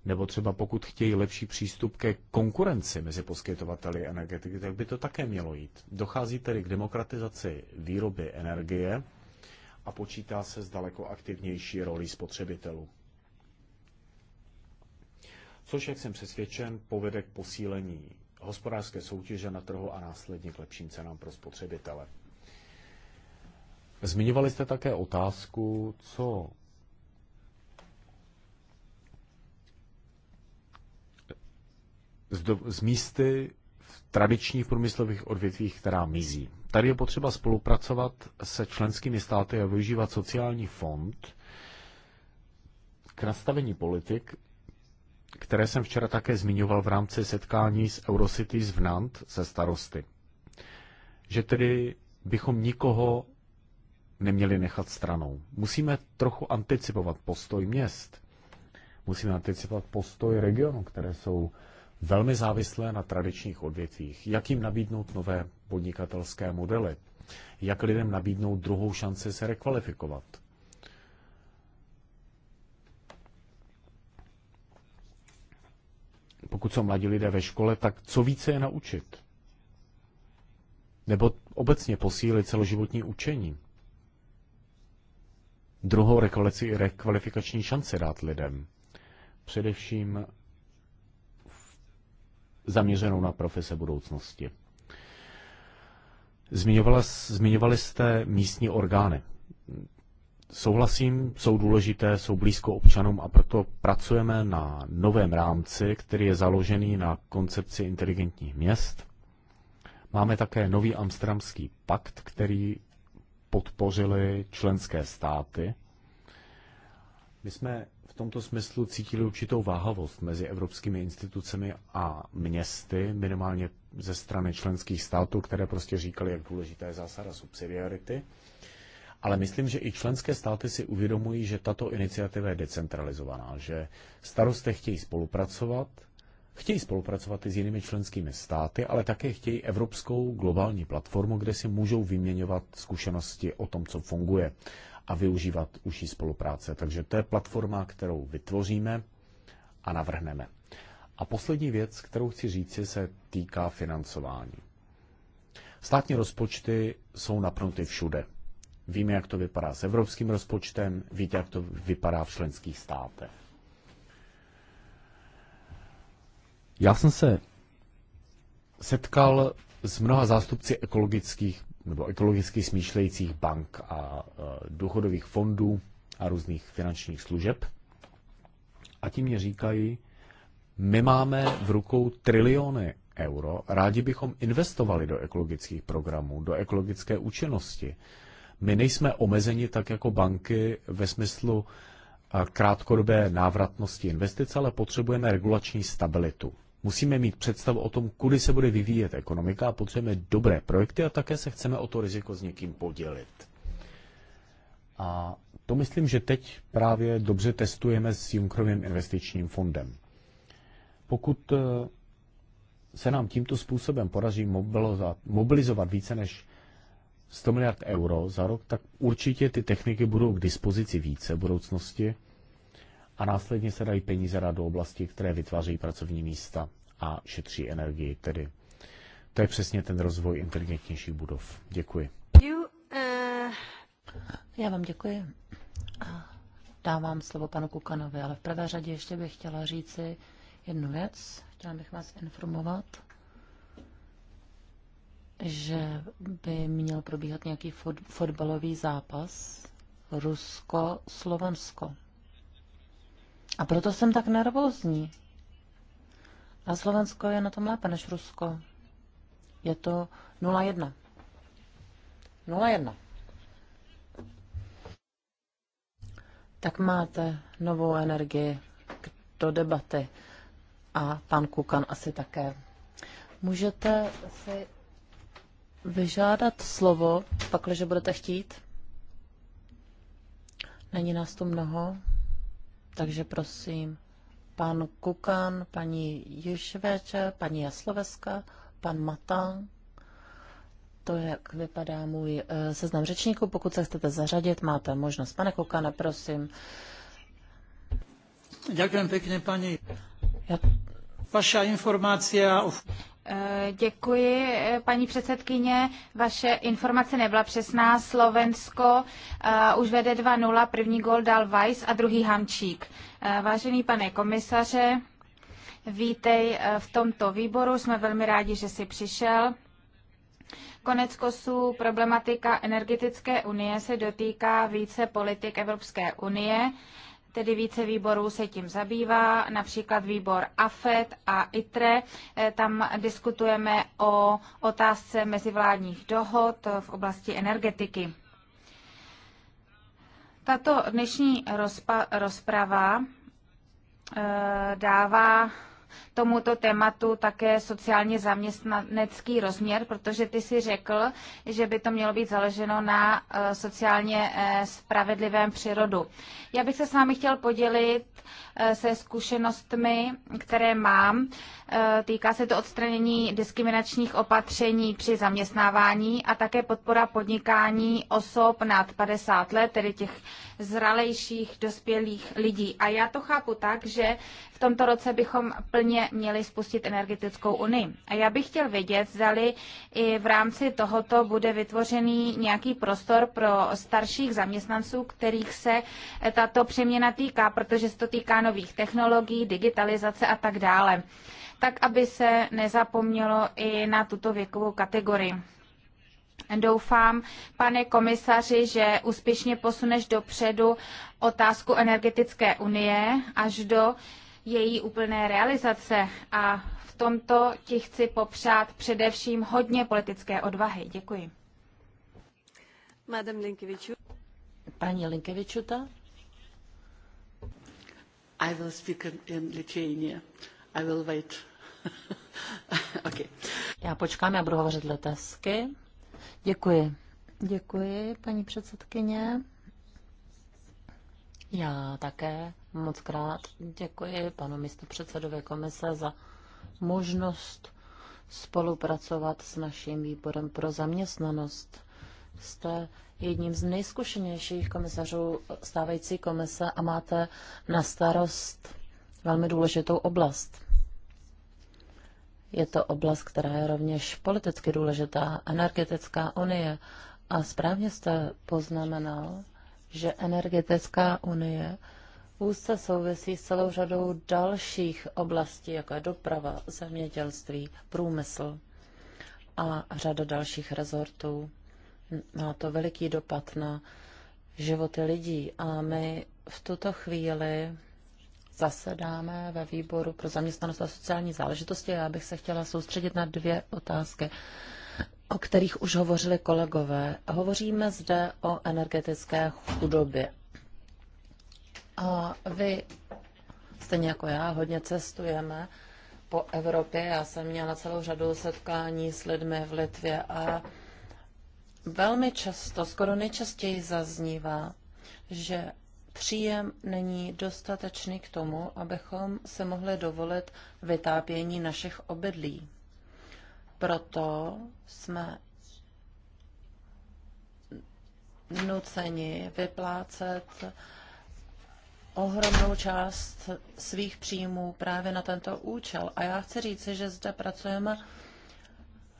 Nebo třeba pokud chtějí lepší přístup ke konkurenci mezi poskytovateli energetiky, tak by to také mělo jít. Dochází tedy k demokratizaci výroby energie a počítá se s daleko aktivnější roli spotřebitelů. Což, jak jsem přesvědčen, povede k posílení hospodářské soutěže na trhu a následně k lepším cenám pro spotřebitele. Zmiňovali jste také otázku, co z, do, z místy v tradičních průmyslových odvětvích, která mizí. Tady je potřeba spolupracovat se členskými státy a využívat sociální fond k nastavení politik, které jsem včera také zmiňoval v rámci setkání s Eurocities v Nant se starosty. Že tedy bychom nikoho neměli nechat stranou. Musíme trochu anticipovat postoj měst. Musíme anticipovat postoj regionů, které jsou velmi závislé na tradičních odvětvích. Jak jim nabídnout nové podnikatelské modely? Jak lidem nabídnout druhou šanci se rekvalifikovat? Pokud jsou mladí lidé ve škole, tak co více je naučit? Nebo obecně posílit celoživotní učení? druhou rekvalifikační šanci dát lidem. Především zaměřenou na profese budoucnosti. Zmiňovala, zmiňovali jste místní orgány. Souhlasím, jsou důležité, jsou blízko občanům a proto pracujeme na novém rámci, který je založený na koncepci inteligentních měst. Máme také nový amsterdamský pakt, který podpořili členské státy. My jsme v tomto smyslu cítili určitou váhavost mezi evropskými institucemi a městy, minimálně ze strany členských států, které prostě říkali, jak důležitá je zásada subsidiarity. Ale myslím, že i členské státy si uvědomují, že tato iniciativa je decentralizovaná, že starosté chtějí spolupracovat, Chtějí spolupracovat i s jinými členskými státy, ale také chtějí evropskou globální platformu, kde si můžou vyměňovat zkušenosti o tom, co funguje a využívat užší spolupráce. Takže to je platforma, kterou vytvoříme a navrhneme. A poslední věc, kterou chci říci, se týká financování. Státní rozpočty jsou napnuty všude. Víme, jak to vypadá s evropským rozpočtem, víte, jak to vypadá v členských státech. Já jsem se setkal s mnoha zástupci ekologických nebo ekologicky smýšlejících bank a e, důchodových fondů a různých finančních služeb. A ti mě říkají, my máme v rukou triliony euro, rádi bychom investovali do ekologických programů, do ekologické účinnosti. My nejsme omezeni tak jako banky ve smyslu e, krátkodobé návratnosti investic, ale potřebujeme regulační stabilitu. Musíme mít představu o tom, kudy se bude vyvíjet ekonomika a potřebujeme dobré projekty a také se chceme o to riziko s někým podělit. A to myslím, že teď právě dobře testujeme s Junkrovým investičním fondem. Pokud eh, se nám tímto způsobem podaří mobilizovat více než 100 miliard euro za rok, tak určitě ty techniky budou k dispozici více v budoucnosti a následně se dají peníze dát do oblasti, které vytváří pracovní místa a šetří energii tedy. To je přesně ten rozvoj inteligentnějších budov. Děkuji. You, uh... Já vám děkuji. Dávám slovo panu Kukanovi, ale v prvé řadě ještě bych chtěla říci jednu věc. Chtěla bych vás informovat, že by měl probíhat nějaký fot- fotbalový zápas Rusko-Slovensko. A proto jsem tak nervózní. A Slovensko je na tom lépe než Rusko. Je to 0,1. 0,1. Tak máte novou energii do debaty. A pan Kukan asi také. Můžete si vyžádat slovo, pakliže budete chtít. Není nás tu mnoho. Takže prosím, pan Kukan, paní Jišveče, paní Jasloveska, pan Matan. To, jak vypadá můj eh, seznam řečníků, pokud se chcete zařadit, máte možnost. Pane Kukane, prosím. Děkujeme pěkně, paní. Já... Vaša informace o... Eh, děkuji, eh, paní předsedkyně. Vaše informace nebyla přesná. Slovensko eh, už vede 2-0, první gol dal Weiss a druhý Hamčík. Vážený pane komisaře, vítej v tomto výboru. Jsme velmi rádi, že jsi přišel. Konec kosů problematika energetické unie se dotýká více politik Evropské unie tedy více výborů se tím zabývá, například výbor AFET a ITRE. Eh, tam diskutujeme o otázce mezivládních dohod v oblasti energetiky. Tato dnešní rozpa, rozprava eh, dává tomuto tématu také sociálně zaměstnanecký rozměr, protože ty si řekl, že by to mělo být založeno na eh, sociálně eh, spravedlivém přírodu. Já bych se s vámi chtěl podělit eh, se zkušenostmi, které mám Eh, týká se to odstranění diskriminačních opatření při zaměstnávání a také podpora podnikání osob nad 50 let, tedy těch zralejších dospělých lidí. A já to chápu tak, že v tomto roce bychom plně měli spustit energetickou unii. A já bych chtěl vědět, zdali i v rámci tohoto bude vytvořený nějaký prostor pro starších zaměstnanců, kterých se tato přeměna týká, protože se to týká nových technologií, digitalizace a tak dále tak aby se nezapomnělo i na tuto věkovou kategorii. Doufám, pane komisaři, že úspěšně posuneš dopředu otázku energetické unie až do její úplné realizace a v tomto ti chci popřát především hodně politické odvahy. Děkuji. Pani Linkeviču. Paní Linkevičuta. I will speak in Lithuania. I will wait. okay. Já počkám, já budu hovořit letesky. Děkuji. Děkuji, paní předsedkyně. Já také moc krát děkuji panu místopředsedovi komise za možnost spolupracovat s naším výborem pro zaměstnanost. Jste jedním z nejzkušenějších komisařů stávající komise a máte na starost velmi důležitou oblast. Je to oblast, která je rovněž politicky důležitá, energetická unie. A správně jste poznamenal, že energetická unie úzce souvisí s celou řadou dalších oblastí, jako je doprava, zemědělství, průmysl a řada dalších rezortů. Má to veliký dopad na životy lidí a my v tuto chvíli zasedáme ve výboru pro zaměstnanost a sociální záležitosti. Já bych se chtěla soustředit na dvě otázky, o kterých už hovořili kolegové. Hovoříme zde o energetické chudobě. A vy, stejně jako já, hodně cestujeme po Evropě. Já jsem měla celou řadu setkání s lidmi v Litvě a velmi často, skoro nejčastěji zaznívá, že příjem není dostatečný k tomu, abychom se mohli dovolit vytápění našich obydlí. Proto jsme nuceni vyplácet ohromnou část svých příjmů právě na tento účel. A já chci říci, že zde pracujeme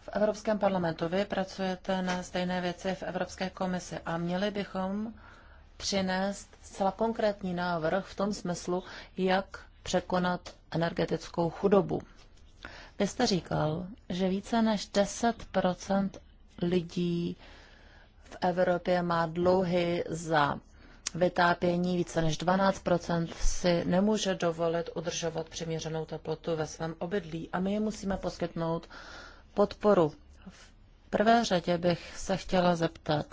v Evropském parlamentu. Vy pracujete na stejné věci v Evropské komisi a měli bychom přinést zcela konkrétní návrh v tom smyslu, jak překonat energetickou chudobu. Vy jste říkal, že více než 10 lidí v Evropě má dluhy za vytápění, více než 12 si nemůže dovolit udržovat přiměřenou teplotu ve svém obydlí a my je musíme poskytnout podporu. V prvé řadě bych se chtěla zeptat,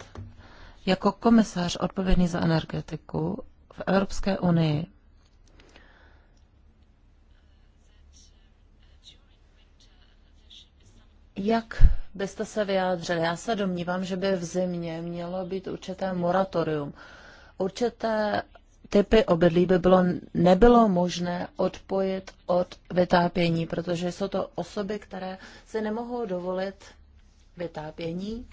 jako komisař odpovědný za energetiku v Evropské unii Jak byste se vyjádřili? Já se domnívám, že by v zimě mělo být určité moratorium. Určité typy obydlí by bylo, nebylo možné odpojit od vytápění, protože jsou to osoby, které se nemohou dovolit vytápění.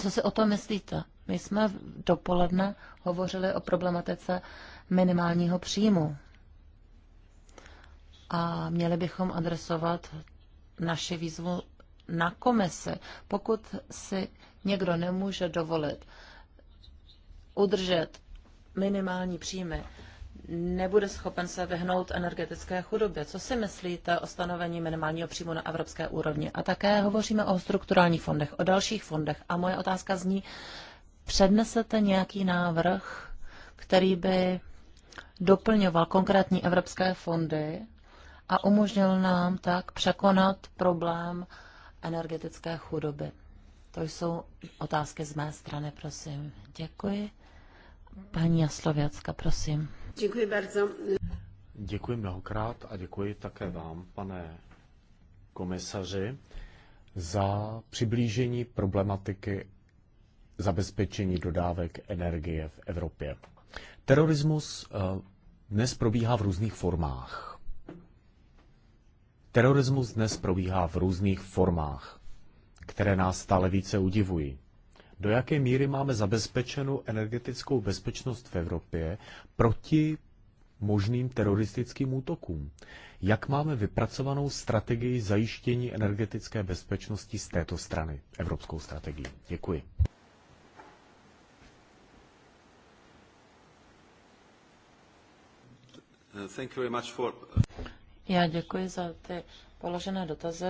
Co si o to myslíte? My jsme dopoledne hovořili o problematice minimálního příjmu. A měli bychom adresovat naši výzvu na komisi. Pokud si někdo nemůže dovolit udržet minimální příjmy, nebude schopen se vyhnout energetické chudobě. Co si myslíte o stanovení minimálního příjmu na evropské úrovni? A také hovoříme o strukturálních fondech, o dalších fondech. A moje otázka zní, přednesete nějaký návrh, který by doplňoval konkrétní evropské fondy a umožnil nám tak překonat problém energetické chudoby. To jsou otázky z mé strany, prosím. Děkuji. Paní Jaslověcka, prosím. Děkuji bardzo. Děkuji mnohokrát a děkuji také vám, pane komisaři, za přiblížení problematiky zabezpečení dodávek energie v Evropě. Terorismus eh, dnes probíhá v různých formách. Terorismus dnes probíhá v různých formách, které nás stále více udivují. Do jaké míry máme zabezpečenou energetickou bezpečnost v Evropě proti možným teroristickým útokům? Jak máme vypracovanou strategii zajištění energetické bezpečnosti z této strany, evropskou strategii? Děkuji. Thank you very much for... Já děkuji za ty položené dotazy.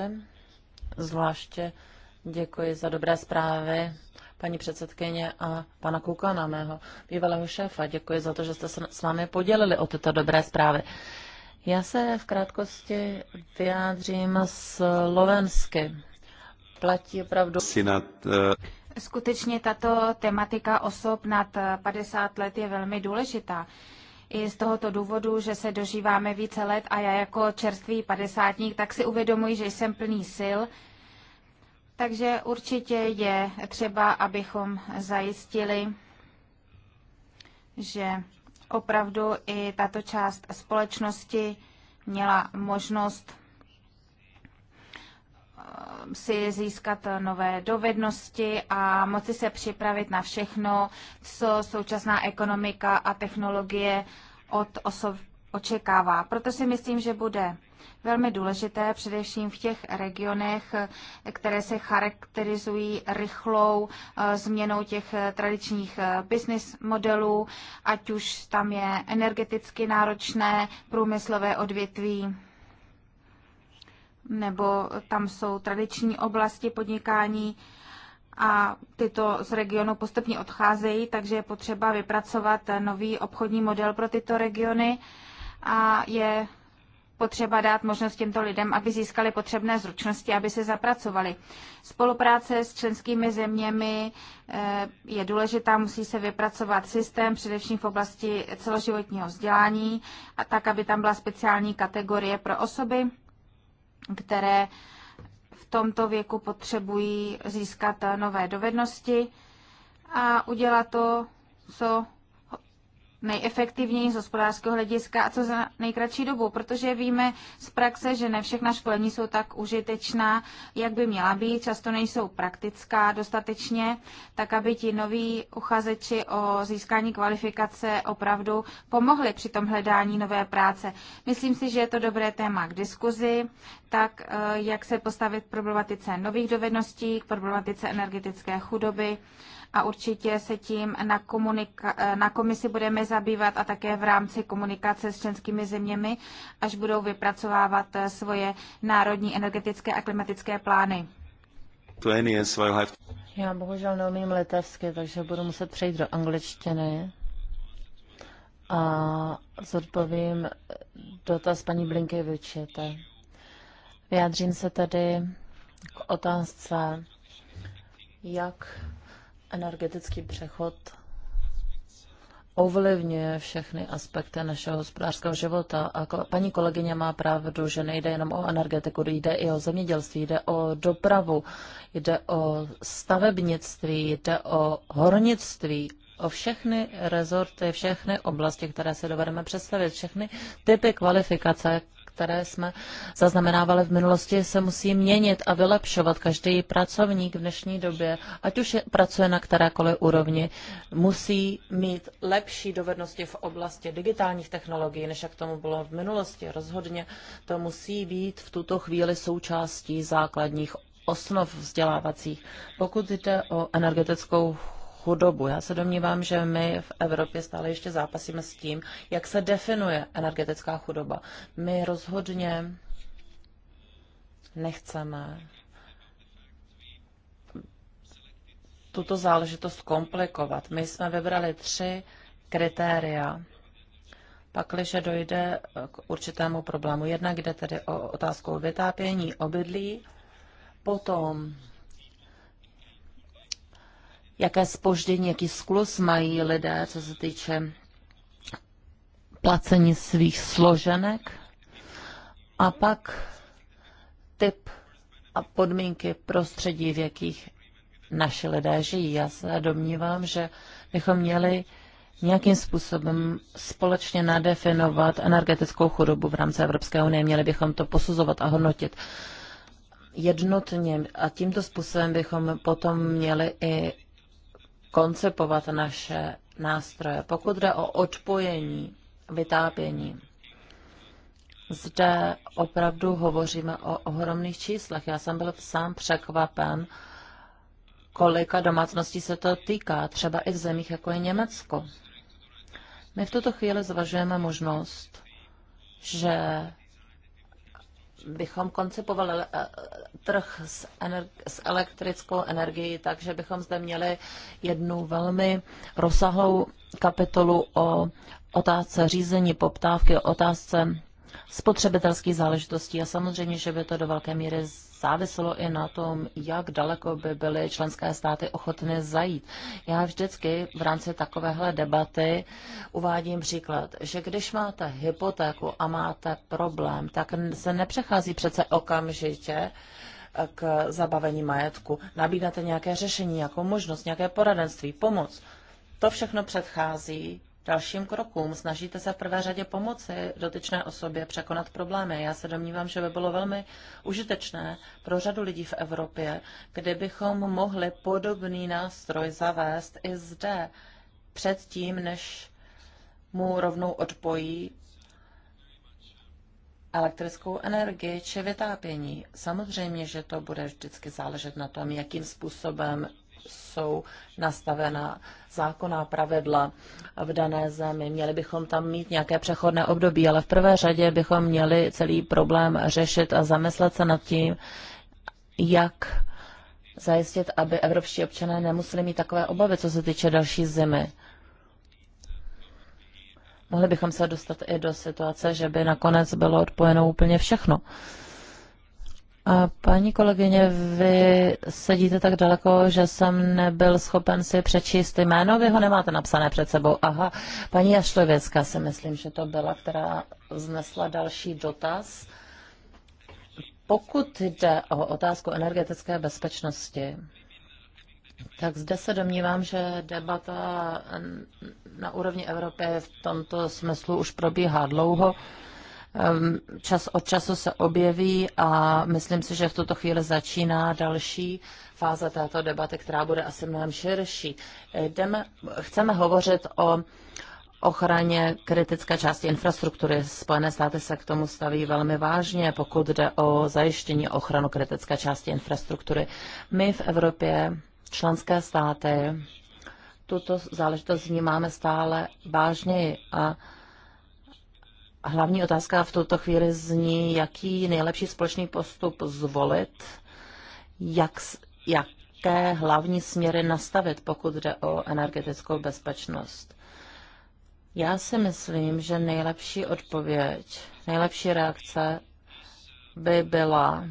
Zvláště děkuji za dobré zprávy paní předsedkyně a pana Kukana, mého bývalého šéfa. Děkuji za to, že jste se s vámi podělili o tyto dobré zprávy. Já se v krátkosti vyjádřím slovensky. Platí opravdu... Sinat, uh... Eh- Skutečně tato tematika osob nad 50 eh, let je velmi důležitá i z tohoto důvodu, že se dožíváme více let a já jako čerstvý padesátník, tak si uvědomuji, že jsem plný sil. Takže určitě je třeba, abychom zajistili, že opravdu i tato část společnosti měla možnost Um, si získat nové dovednosti a moci se připravit na všechno, co současná ekonomika a technologie od osob očekává. Proto si myslím, že bude velmi důležité, především v těch regionech, které se charakterizují rychlou uh, změnou těch uh, tradičních uh, business modelů, ať už tam je energeticky náročné průmyslové odvětví nebo tam jsou tradiční oblasti podnikání a tyto z regionu postupně odcházejí, takže je potřeba vypracovat nový obchodní model pro tyto regiony a je potřeba dát možnost těmto lidem, aby získali potřebné zručnosti, aby se zapracovali. Spolupráce s členskými zeměmi eh, je důležitá, musí se vypracovat systém, především v oblasti celoživotního vzdělání, a tak, aby tam byla speciální kategorie pro osoby, které v tomto věku potřebují získat nové dovednosti a udělat to, co nejefektivněji z hospodářského hlediska a co za nejkratší dobu, protože víme z praxe, že ne všechna školení jsou tak užitečná, jak by měla být, často nejsou praktická dostatečně, tak aby ti noví uchazeči o získání kvalifikace opravdu pomohli při tom hledání nové práce. Myslím si, že je to dobré téma k diskuzi, tak eh, jak se postavit k problematice nových dovedností, k problematice energetické chudoby, a určitě se tím na, komunika- na komisi budeme zabývat a také v rámci komunikace s členskými zeměmi, až budou vypracovávat eh, svoje národní energetické a klimatické plány. Já bohužel neumím litevsky, takže budu muset přejít do angličtiny a zodpovím dotaz paní Blinky Vyčete. Vyjádřím se tedy k otázce, jak energetický přechod ovlivňuje všechny aspekty našeho hospodářského života. A paní kolegyně má pravdu, že nejde jenom o energetiku, jde i o zemědělství, jde o dopravu, jde o stavebnictví, jde o hornictví, o všechny rezorty, všechny oblasti, které si dovedeme představit, všechny typy kvalifikace, které jsme zaznamenávali v minulosti, se musí měnit a vylepšovat. Každý pracovník v dnešní době, ať už je, pracuje na kterékoliv úrovni, musí mít lepší dovednosti v oblasti digitálních technologií, než jak tomu bylo v minulosti. Rozhodně to musí být v tuto chvíli součástí základních osnov vzdělávacích. Pokud jde o energetickou chudobu. Já se domnívám, že my v Evropě stále ještě zápasíme s tím, jak se definuje energetická chudoba. My rozhodně nechceme tuto záležitost komplikovat. My jsme vybrali tři kritéria, pakliže dojde k určitému problému. Jednak jde tedy o otázku vytápění obydlí, potom jaké spoždění, jaký sklus mají lidé, co se týče placení svých složenek a pak typ a podmínky prostředí, v jakých naši lidé žijí. Já se domnívám, že bychom měli nějakým způsobem společně nadefinovat energetickou chudobu v rámci Evropské unie. Měli bychom to posuzovat a hodnotit jednotně a tímto způsobem bychom potom měli i koncepovat naše nástroje. Pokud jde o odpojení, vytápění, zde opravdu hovoříme o ohromných číslech. Já jsem byl sám překvapen, kolika domácností se to týká, třeba i v zemích, jako je Německo. My v tuto chvíli zvažujeme možnost, že bychom koncipovali eh, trh s, energi- s elektrickou energií takže bychom zde měli jednu velmi rozsáhlou kapitolu o otázce řízení poptávky, o otázce spotřebitelských záležitostí a samozřejmě, že by to do velké míry záviselo i na tom, jak daleko by byly členské státy ochotné zajít. Já vždycky v rámci takovéhle debaty uvádím příklad, že když máte hypotéku a máte problém, tak se nepřechází přece okamžitě eh, k zabavení majetku. Nabídnete nějaké řešení, jako možnost, nějaké poradenství, pomoc. To všechno předchází dalším krokům. Snažíte se v prvé řadě pomoci dotyčné osobě překonat problémy. Já se domnívám, že by bylo velmi užitečné pro řadu lidí v Evropě, kdybychom mohli podobný nástroj zavést i zde, předtím, než mu rovnou odpojí elektrickou energii či vytápění. Samozřejmě, že to bude vždycky záležet na tom, jakým způsobem jsou nastavena zákonná pravidla v dané zemi. Měli bychom tam mít nějaké přechodné období, ale v prvé řadě bychom měli celý problém řešit a zamyslet se nad tím, jak zajistit, aby evropští občané nemuseli mít takové obavy, co se týče další zimy. Mohli bychom se dostat i do situace, že by nakonec bylo odpojeno úplně všechno paní kolegyně, vy sedíte tak daleko, že jsem nebyl schopen si přečíst jméno, vy ho nemáte napsané před sebou. Aha, paní Jašlověcka si myslím, že to byla, která znesla další dotaz. Pokud jde o otázku energetické bezpečnosti, tak zde se domnívám, že debata na úrovni Evropy v tomto smyslu už probíhá dlouho čas od času se objeví a myslím si, že v tuto chvíli začíná další fáze této debaty, která bude asi mnohem širší. Jdeme, chceme hovořit o ochraně kritické části infrastruktury. Spojené státy se k tomu staví velmi vážně, pokud jde o zajištění ochranu kritické části infrastruktury. My v Evropě, členské státy, tuto záležitost vnímáme stále vážněji a Hlavní otázka v tuto chvíli zní, jaký nejlepší společný postup zvolit, jak, jaké hlavní směry nastavit, pokud jde o energetickou bezpečnost. Já si myslím, že nejlepší odpověď, nejlepší reakce by byla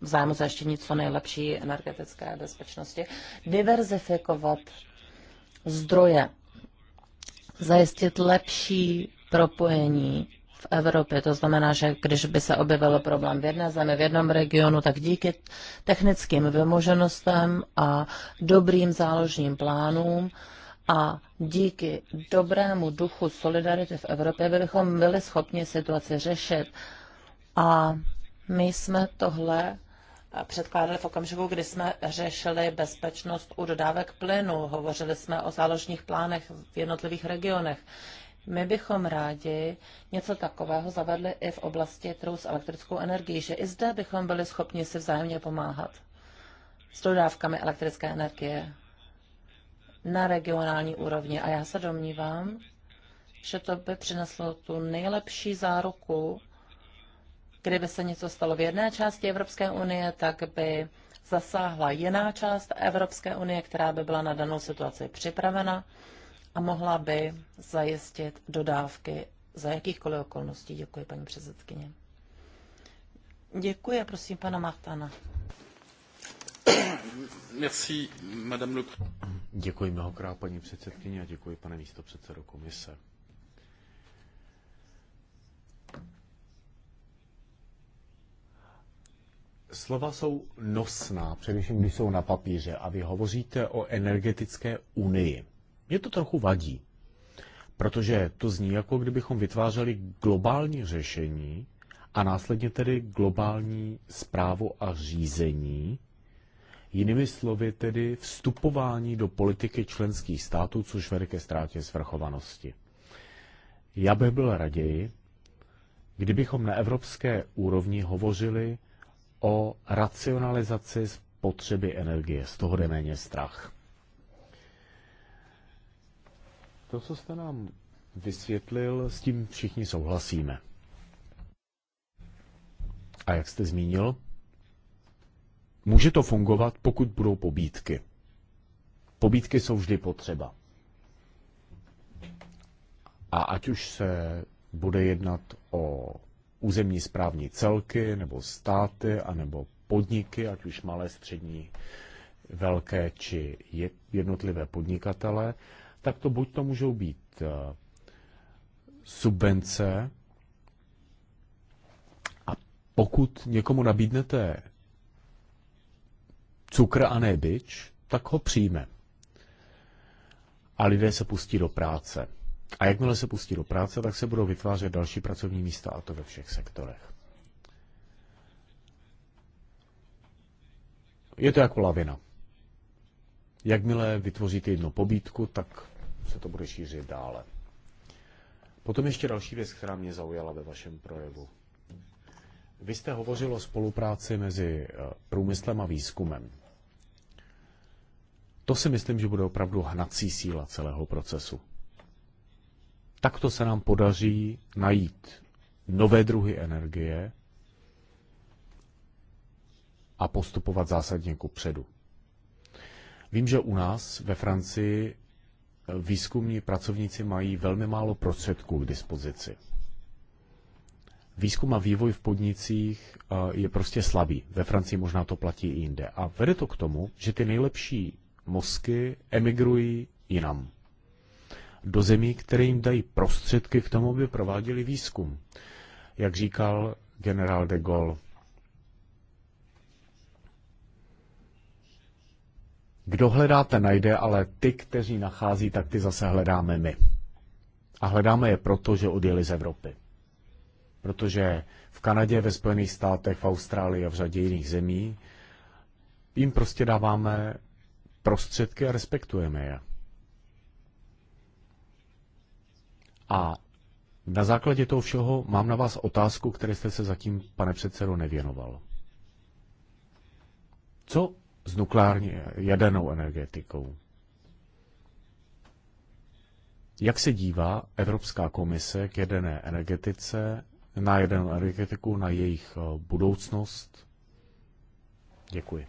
v zájmu zajištění co nejlepší energetické bezpečnosti, diverzifikovat zdroje, zajistit lepší propojení v Evropě. To znamená, že když by se objevil problém v jedné zemi, v jednom regionu, tak díky technickým vymoženostem a dobrým záložním plánům a díky dobrému duchu solidarity v Evropě bychom byli schopni situaci řešit. A my jsme tohle předkládali v okamžiku, kdy jsme řešili bezpečnost u dodávek plynu. Hovořili jsme o záložních plánech v jednotlivých regionech. My bychom rádi něco takového zavedli i v oblasti trhu s elektrickou energií, že i zde bychom byli schopni si vzájemně pomáhat s dodávkami elektrické energie na regionální úrovni. A já se domnívám, že to by přineslo tu nejlepší záruku, kdyby se něco stalo v jedné části Evropské unie, tak by zasáhla jiná část Evropské unie, která by byla na danou situaci připravena a mohla by zajistit dodávky za jakýchkoliv okolností. Děkuji, paní předsedkyně. Děkuji a prosím pana Martana. Merci, madame le... Děkuji mnohokrát, paní předsedkyně, a děkuji, pane místo předsedo komise. Slova jsou nosná, především když jsou na papíře, a vy hovoříte o energetické unii. Mě to trochu vadí, protože to zní jako kdybychom vytvářeli globální řešení a následně tedy globální zprávu a řízení, jinými slovy tedy vstupování do politiky členských států, což vede ke ztrátě svrchovanosti. Já bych byl raději, kdybychom na evropské úrovni hovořili o racionalizaci potřeby energie. Z toho jde méně strach. To, co jste nám vysvětlil, s tím všichni souhlasíme. A jak jste zmínil, může to fungovat, pokud budou pobídky. Pobídky jsou vždy potřeba. A ať už se bude jednat o územní správní celky, nebo státy, anebo podniky, ať už malé, střední, velké či jednotlivé podnikatele, tak to buď to můžou být eh, subvence, a pokud někomu nabídnete cukr a ne byč, tak ho přijme. A lidé se pustí do práce. A jakmile se pustí do práce, tak se budou vytvářet další pracovní místa, a to ve všech sektorech. Je to jako lavina. Jakmile vytvoříte jednu pobídku, tak se to bude šířit dále. Potom ještě další věc, která mě zaujala ve vašem projevu. Vy jste hovořil o spolupráci mezi eh, průmyslem a výzkumem. To si myslím, že bude opravdu hnací síla celého procesu. Takto se nám podaří najít nové druhy energie a postupovat zásadně ku předu. Vím, že u nás ve Francii výzkumní pracovníci mají velmi málo prostředků k dispozici. Výzkum a vývoj v podnicích eh, je prostě slabý. Ve Francii možná to platí i jinde. A vede to k tomu, že ty nejlepší mozky emigrují jinam. Do zemí, které jim dají prostředky k tomu, aby prováděli výzkum. Jak říkal generál de Gaulle, Kdo hledáte, najde, ale ty, kteří nachází, tak ty zase hledáme my. A hledáme je proto, že odjeli z Evropy. Protože v Kanadě, ve Spojených státech, v Austrálii a v řadě jiných zemí jim prostě dáváme prostředky a respektujeme je. A na základě toho všeho mám na vás otázku, které jste se zatím, pane předsedo, nevěnoval. Co s nukleární jadernou energetikou. Jak se dívá Evropská komise k jaderné energetice, na jadernou energetiku, na jejich eh, budoucnost? Děkuji.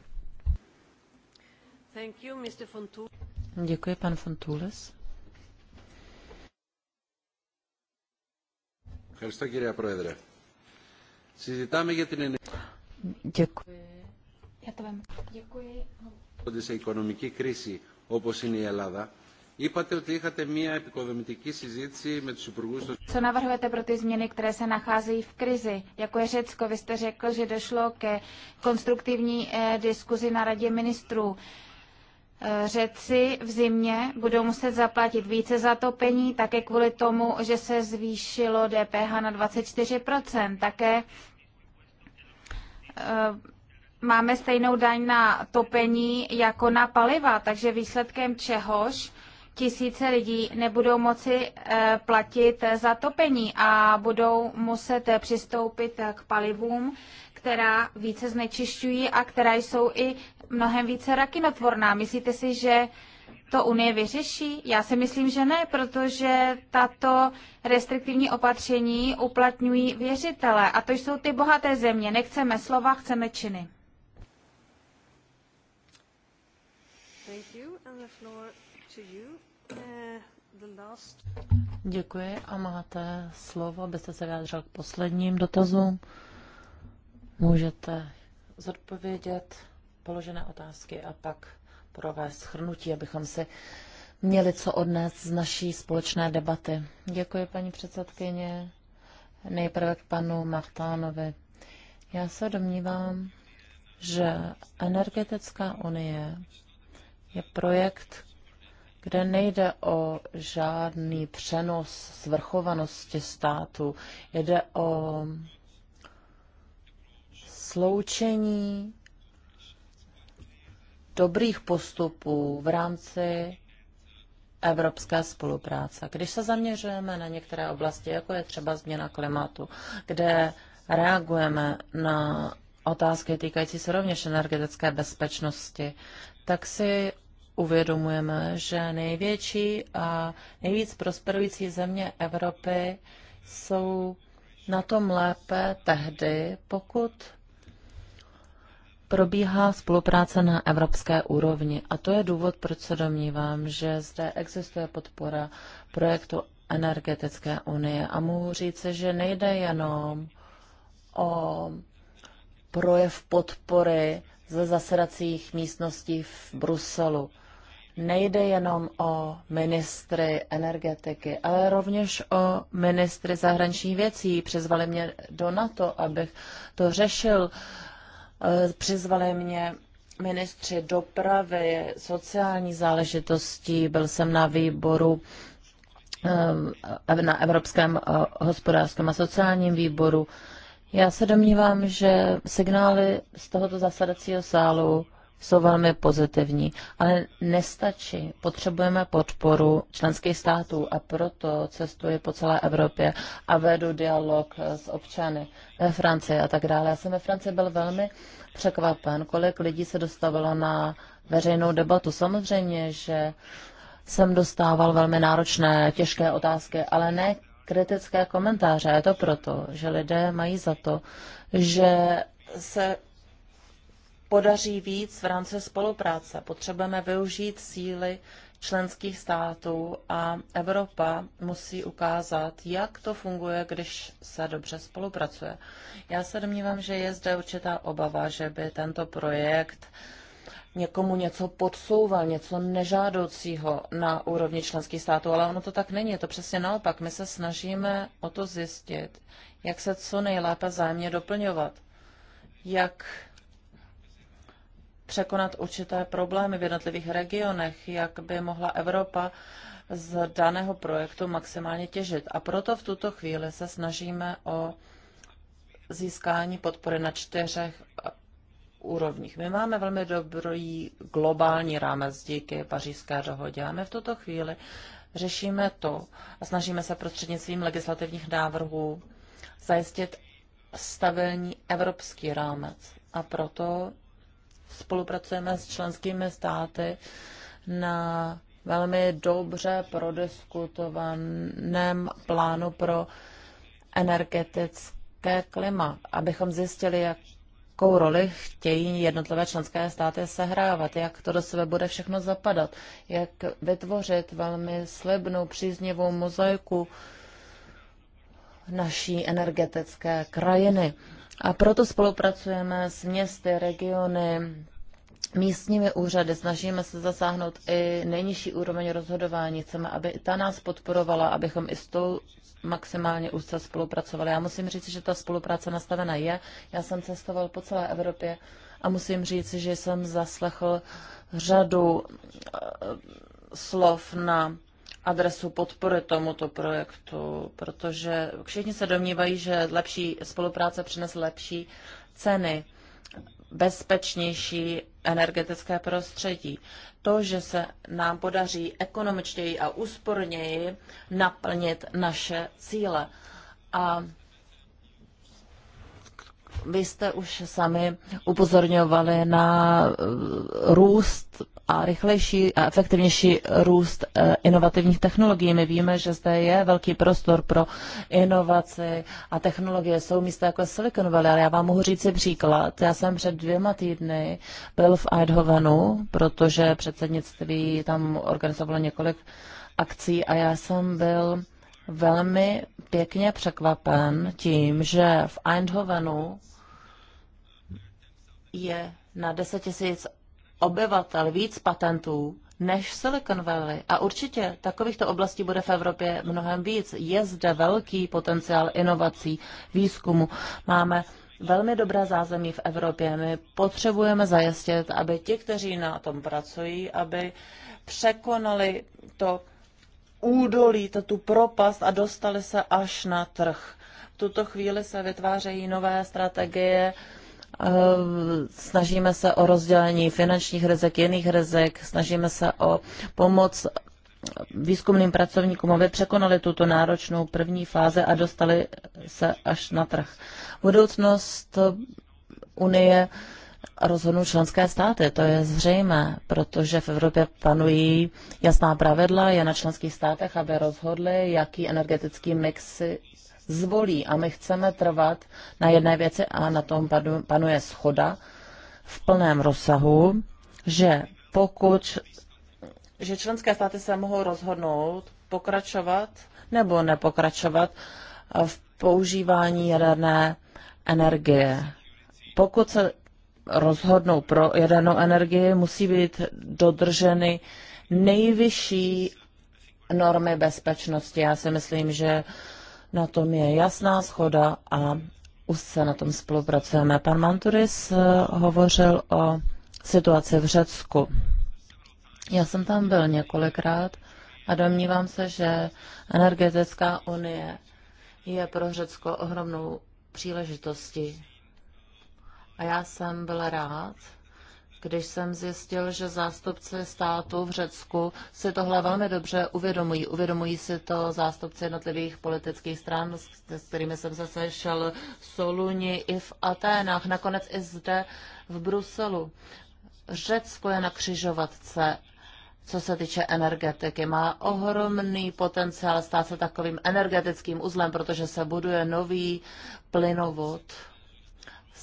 You, Děkuji, pan Fontules. Děkuji. Jatovem. Děkuji. Σε οικονομική κρίση όπως είναι Ελλάδα, είπατε ότι είχατε μία επικοδομητική συζήτηση με τους υπουργούς Co navrhujete pro ty změny, které se nacházejí v krizi? Jako je Řecko, vy jste řekl, že došlo ke konstruktivní eh, diskuzi na radě ministrů. Eh, Řeci v zimě budou muset zaplatit více za topení, také kvůli tomu, že se zvýšilo DPH na 24%. Také eh, máme stejnou daň na topení jako na paliva, takže výsledkem čehož tisíce lidí nebudou moci eh, platit za topení a budou muset přistoupit k palivům, která více znečišťují a která jsou i mnohem více rakinotvorná. Myslíte si, že to Unie vyřeší? Já si myslím, že ne, protože tato restriktivní opatření uplatňují věřitele a to jsou ty bohaté země. Nechceme slova, chceme činy. Uh, Děkuji a máte slovo, abyste se vyjádřil k posledním dotazům. Můžete zodpovědět položené otázky a pak provést shrnutí, abychom si měli co odnést z naší společné debaty. Děkuji, paní předsedkyně. Nejprve k panu Martánovi. Já se domnívám, že energetická unie je projekt, kde nejde o žádný přenos svrchovanosti státu. Jde o sloučení dobrých postupů v rámci evropské spolupráce. Když se zaměřujeme na některé oblasti, jako je třeba změna klimatu, kde reagujeme na otázky týkající se rovněž energetické bezpečnosti, tak si uvědomujeme, že největší a nejvíc prosperující země Evropy jsou na tom lépe tehdy, pokud probíhá spolupráce na evropské úrovni. A to je důvod, proč se domnívám, že zde existuje podpora projektu energetické unie. A mohu říct, že nejde jenom o projev podpory ze zasedacích místností v Bruselu. Nejde jenom o ministry energetiky, ale rovněž o ministry zahraničních věcí. Přizvali mě do NATO, abych to řešil. Eh, přizvali mě ministři dopravy, sociální záležitosti. Byl jsem na výboru eh, na Evropském eh, hospodářském a sociálním výboru já se domnívám, že signály z tohoto zasadacího sálu jsou velmi pozitivní, ale nestačí. Potřebujeme podporu členských států a proto cestuji po celé Evropě a vedu dialog s občany ve Francii a tak dále. Já jsem ve Francii byl velmi překvapen, kolik lidí se dostavilo na veřejnou debatu. Samozřejmě, že jsem dostával velmi náročné, těžké otázky, ale ne kritické komentáře. Je to proto, že lidé mají za to, že se podaří víc v rámci spolupráce. Potřebujeme využít síly členských států a Evropa musí ukázat, jak to funguje, když se dobře spolupracuje. Já se domnívám, že je zde určitá obava, že by tento projekt uh, někomu něco podsouval, něco nežádoucího na úrovni členských států, ale ono to tak není, je to přesně naopak. My se snažíme o to zjistit, jak se co nejlépe zájemně doplňovat, jak překonat určité problémy v jednotlivých regionech, jak by mohla Evropa z daného projektu maximálně těžit. A proto v tuto chvíli se snažíme o získání podpory na čtyřech úrovních. My máme velmi dobrý globální rámec díky pařížské dohodě a my v tuto chvíli řešíme to a snažíme se prostřednictvím legislativních návrhů zajistit stabilní evropský rámec. A proto spolupracujeme s členskými státy na velmi dobře prodiskutovaném plánu pro energetické klima, abychom zjistili, jak jakou roli chtějí jednotlivé členské státy sehrávat, jak to do sebe bude všechno zapadat, jak vytvořit velmi slibnou příznivou mozaiku naší energetické krajiny. A proto spolupracujeme s městy, regiony, místními úřady, snažíme se zasáhnout i nejnižší úroveň rozhodování. Chceme, aby ta nás podporovala, abychom i s tou maximálně úzce spolupracovali. Já musím říct, že ta spolupráce nastavena je. Já jsem cestoval po celé Evropě a musím říct, že jsem zaslechl řadu eh, slov na adresu podpory tomuto projektu, protože všichni se domnívají, že lepší spolupráce přinese lepší ceny bezpečnější energetické prostředí. To, že se nám podaří ekonomičtěji a úsporněji naplnit naše cíle. A vy jste už sami upozorňovali na eh, růst a rychlejší a efektivnější růst eh, inovativních technologií. My víme, že zde je velký prostor pro inovaci a technologie jsou místa jako Silicon Valley, ale já vám mohu říct si příklad. Já jsem před dvěma týdny byl v Eidhovenu, protože předsednictví tam organizovalo několik akcí a já jsem byl velmi pěkně překvapen tím, že v Eindhovenu je na 10 tisíc obyvatel víc patentů než Silicon Valley. A určitě takovýchto oblastí bude v Evropě mnohem víc. Je zde velký potenciál inovací, výzkumu. Máme velmi dobré zázemí v Evropě. My potřebujeme zajistit, aby ti, kteří na tom pracují, aby překonali to údolí, to tu propast a dostali se až na trh. V tuto chvíli se vytvářejí nové strategie, Eh, snažíme se o rozdělení finančních rizik, jiných rizik, snažíme se o pomoc výzkumným pracovníkům, aby překonali tuto náročnou první fázi a dostali se až na trh. Budoucnost Unie rozhodnou členské státy, to je zřejmé, protože v Evropě panují jasná pravidla, je na členských státech, aby rozhodli, jaký energetický mix si zvolí. A my chceme trvat na jedné věci a na tom panuje schoda v plném rozsahu, že pokud že členské státy se mohou rozhodnout pokračovat nebo nepokračovat v používání jaderné energie. Pokud se rozhodnou pro jadernou energii, musí být dodrženy nejvyšší normy bezpečnosti. Já si myslím, že na tom je jasná schoda a už se na tom spolupracujeme. Pan Manturis eh, hovořil o situaci v Řecku. Já jsem tam byl několikrát a domnívám se, že energetická unie je pro Řecko ohromnou příležitostí. A já jsem byl rád, když jsem zjistil, že zástupci státu v Řecku si tohle velmi dobře uvědomují. Uvědomují si to zástupci jednotlivých politických stran, s kterými jsem se sešel v Soluni i v Aténách, nakonec i zde v Bruselu. Řecko je na křižovatce co se týče energetiky. Má ohromný potenciál stát se takovým energetickým uzlem, protože se buduje nový plynovod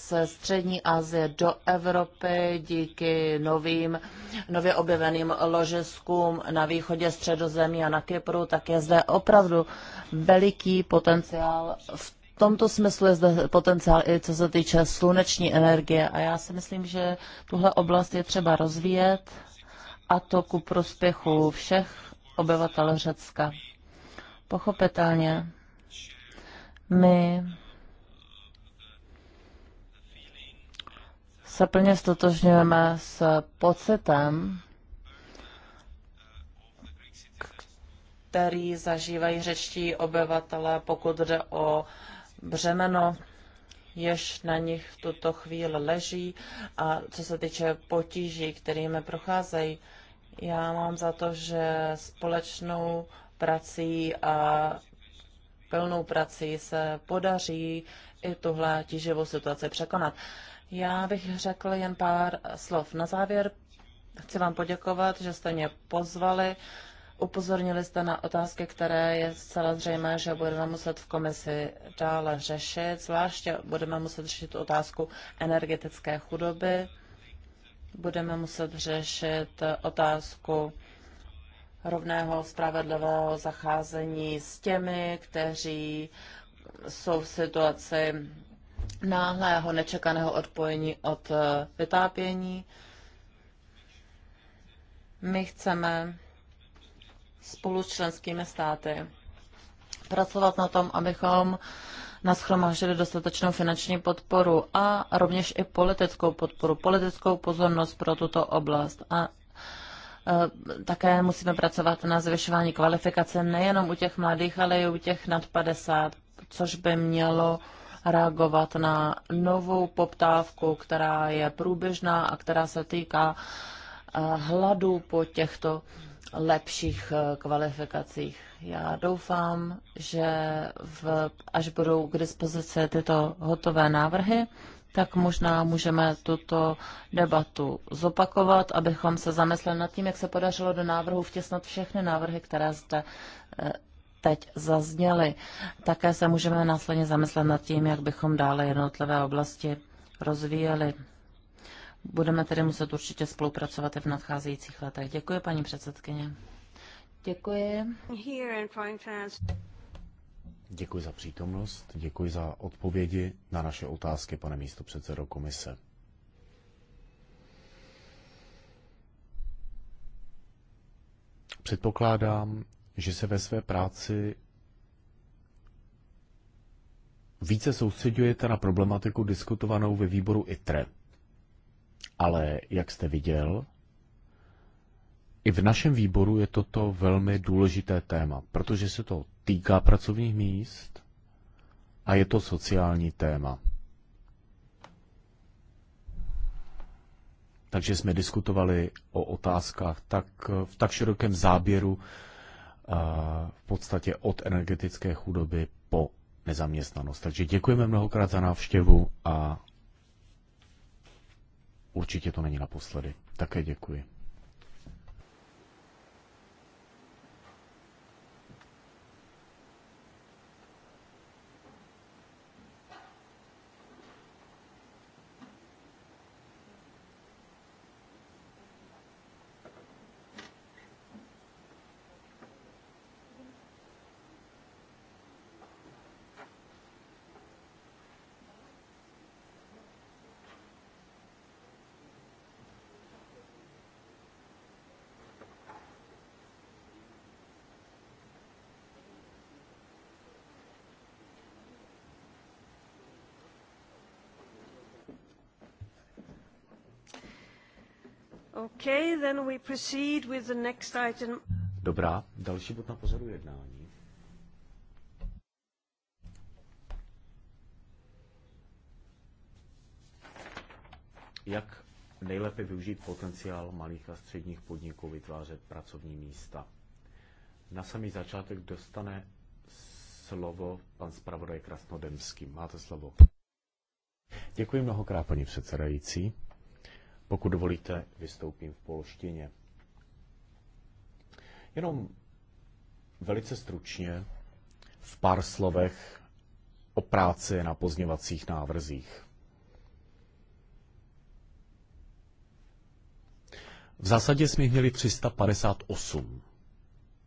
ze střední Asie do Evropy díky novým, nově objeveným ložiskům na východě středozemí a na Kypru, tak je zde opravdu veliký potenciál v v tomto smyslu je zde potenciál i co se týče sluneční energie a já si myslím, že tuhle oblast je třeba rozvíjet a to ku prospěchu všech obyvatel Řecka. Pochopitelně my se plně stotožňujeme s pocitem, který zažívají řečtí obyvatelé, pokud jde o břemeno, jež na nich v tuto chvíli leží a co se týče potíží, kterými procházejí. Já mám za to, že společnou prací a plnou prací se podaří i tuhle tíživou situaci překonat. Já bych řekl jen pár slov. Na závěr chci vám poděkovat, že jste mě pozvali. Upozornili jste na otázky, které je zcela zřejmé, že budeme muset v komisi dále řešit. Zvláště budeme muset řešit otázku energetické chudoby, budeme muset řešit otázku rovného spravedlivého zacházení s těmi, kteří jsou v situaci náhlého nečekaného odpojení od eh, vytápění. My chceme spolu s členskými státy pracovat na tom, abychom naschromáždili dostatečnou finanční podporu a rovněž i politickou podporu, politickou pozornost pro tuto oblast. A eh, také musíme pracovat na zvyšování kvalifikace nejenom u těch mladých, ale i u těch nad 50, což by mělo reagovat na novou poptávku, která je průběžná a která se týká eh, hladu po těchto lepších eh, kvalifikacích. Já doufám, že v, až budou k dispozici tyto hotové návrhy, tak možná můžeme tuto debatu zopakovat, abychom se zamysleli nad tím, jak se podařilo do návrhu vtěsnat všechny návrhy, které zde eh, teď zazněly. Také se můžeme následně zamyslet nad tím, jak bychom dále jednotlivé oblasti rozvíjeli. Budeme tedy muset určitě spolupracovat i v nadcházejících letech. Děkuji, paní předsedkyně. Děkuji. Děkuji za přítomnost, děkuji za odpovědi na naše otázky, pane místo předsedo komise. Předpokládám, že se ve své práci více soustředujete na problematiku diskutovanou ve výboru ITRE. Ale jak jste viděl, i v našem výboru je toto velmi důležité téma, protože se to týká pracovních míst a je to sociální téma. Takže jsme diskutovali o otázkách tak, v tak širokém záběru, v podstatě od energetické chudoby po nezaměstnanost. Takže děkujeme mnohokrát za návštěvu a určitě to není naposledy. Také děkuji. Okay, then we proceed with the next item. Dobrá, další bod na pozoru jednání. Jak nejlépe využít potenciál malých a středních podniků vytvářet pracovní místa. Na samý začátek dostane slovo pan zpravodaj Krasnodemský. Máte slovo. Děkuji mnohokrát, paní předsedající. Pokud dovolíte, vystoupím v polštině. Jenom velice stručně, v pár slovech o práci na pozněvacích návrzích. V zásadě jsme měli 358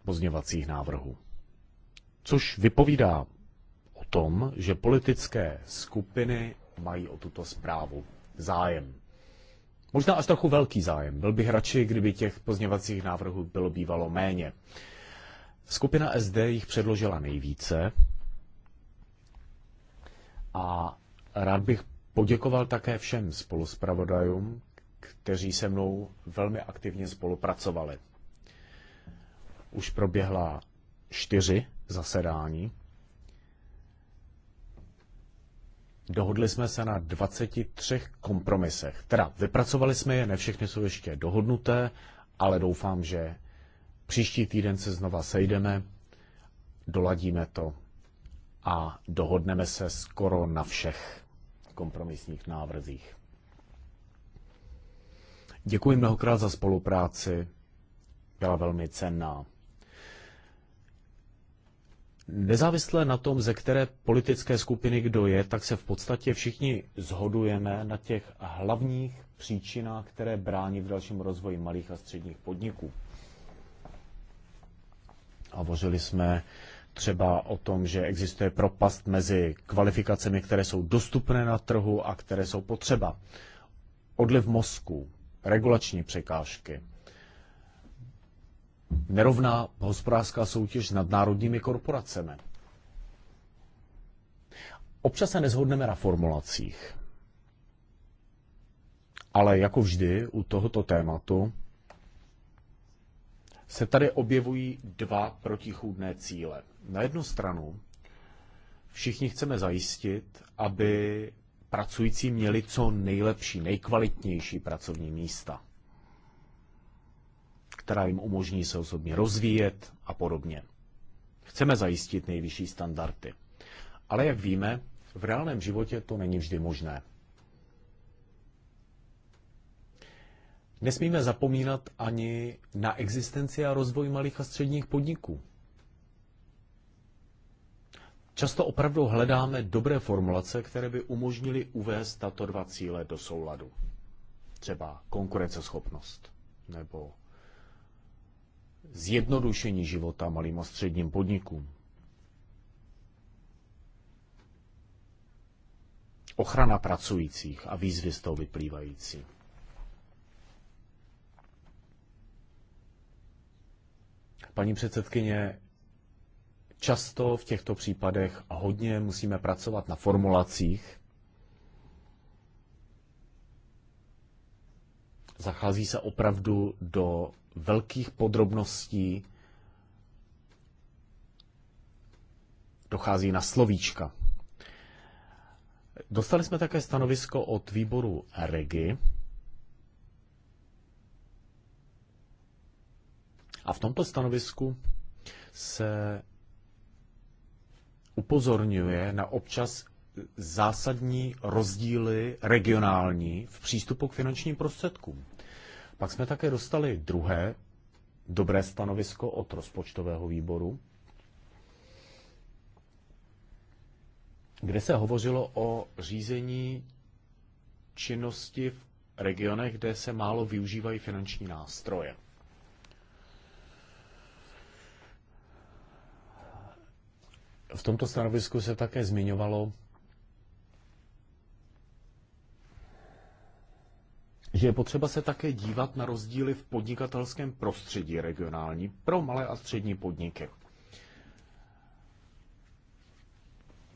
pozněvacích návrhů, což vypovídá o tom, že politické skupiny mají o tuto zprávu zájem. Možná až trochu velký zájem. Byl bych radši, kdyby těch pozněvacích návrhů bylo bývalo méně. Skupina SD jich předložila nejvíce a rád bych poděkoval také všem spoluspravodajům, kteří se mnou velmi aktivně spolupracovali. Už proběhla čtyři zasedání Dohodli jsme se na 23 kompromisech. Teda vypracovali jsme je, ne všechny jsou ještě dohodnuté, ale doufám, že příští týden se znova sejdeme, doladíme to a dohodneme se skoro na všech kompromisních návrzích. Děkuji mnohokrát za spolupráci, byla velmi cenná. Nezávisle na tom, ze které politické skupiny kdo je, tak se v podstatě všichni zhodujeme na těch hlavních příčinách, které brání v dalším rozvoji malých a středních podniků. A hovořili jsme třeba o tom, že existuje propast mezi kvalifikacemi, které jsou dostupné na trhu a které jsou potřeba. Odliv mozku, regulační překážky, nerovná hospodářská soutěž nad národními korporacemi. Občas se nezhodneme na formulacích, ale jako vždy u tohoto tématu se tady objevují dva protichůdné cíle. Na jednu stranu všichni chceme zajistit, aby pracující měli co nejlepší, nejkvalitnější pracovní místa která jim umožní se osobně rozvíjet a podobně. Chceme zajistit nejvyšší standardy. Ale jak víme, v reálném životě to není vždy možné. Nesmíme zapomínat ani na existenci a rozvoj malých a středních podniků. Často opravdu hledáme dobré formulace, které by umožnily uvést tato dva cíle do souladu. Třeba konkurenceschopnost nebo zjednodušení života malým a středním podnikům. Ochrana pracujících a výzvy z toho vyplývající. Paní předsedkyně, často v těchto případech hodně musíme pracovat na formulacích, Zachází se opravdu do velkých podrobností. Dochází na slovíčka. Dostali jsme také stanovisko od výboru REGI. A v tomto stanovisku se upozorňuje na občas zásadní rozdíly regionální v přístupu k finančním prostředkům. Pak jsme také dostali druhé dobré stanovisko od rozpočtového výboru, kde se hovořilo o řízení činnosti v regionech, kde se málo využívají finanční nástroje. V tomto stanovisku se také zmiňovalo že je potřeba se také dívat na rozdíly v podnikatelském prostředí regionální pro malé a střední podniky.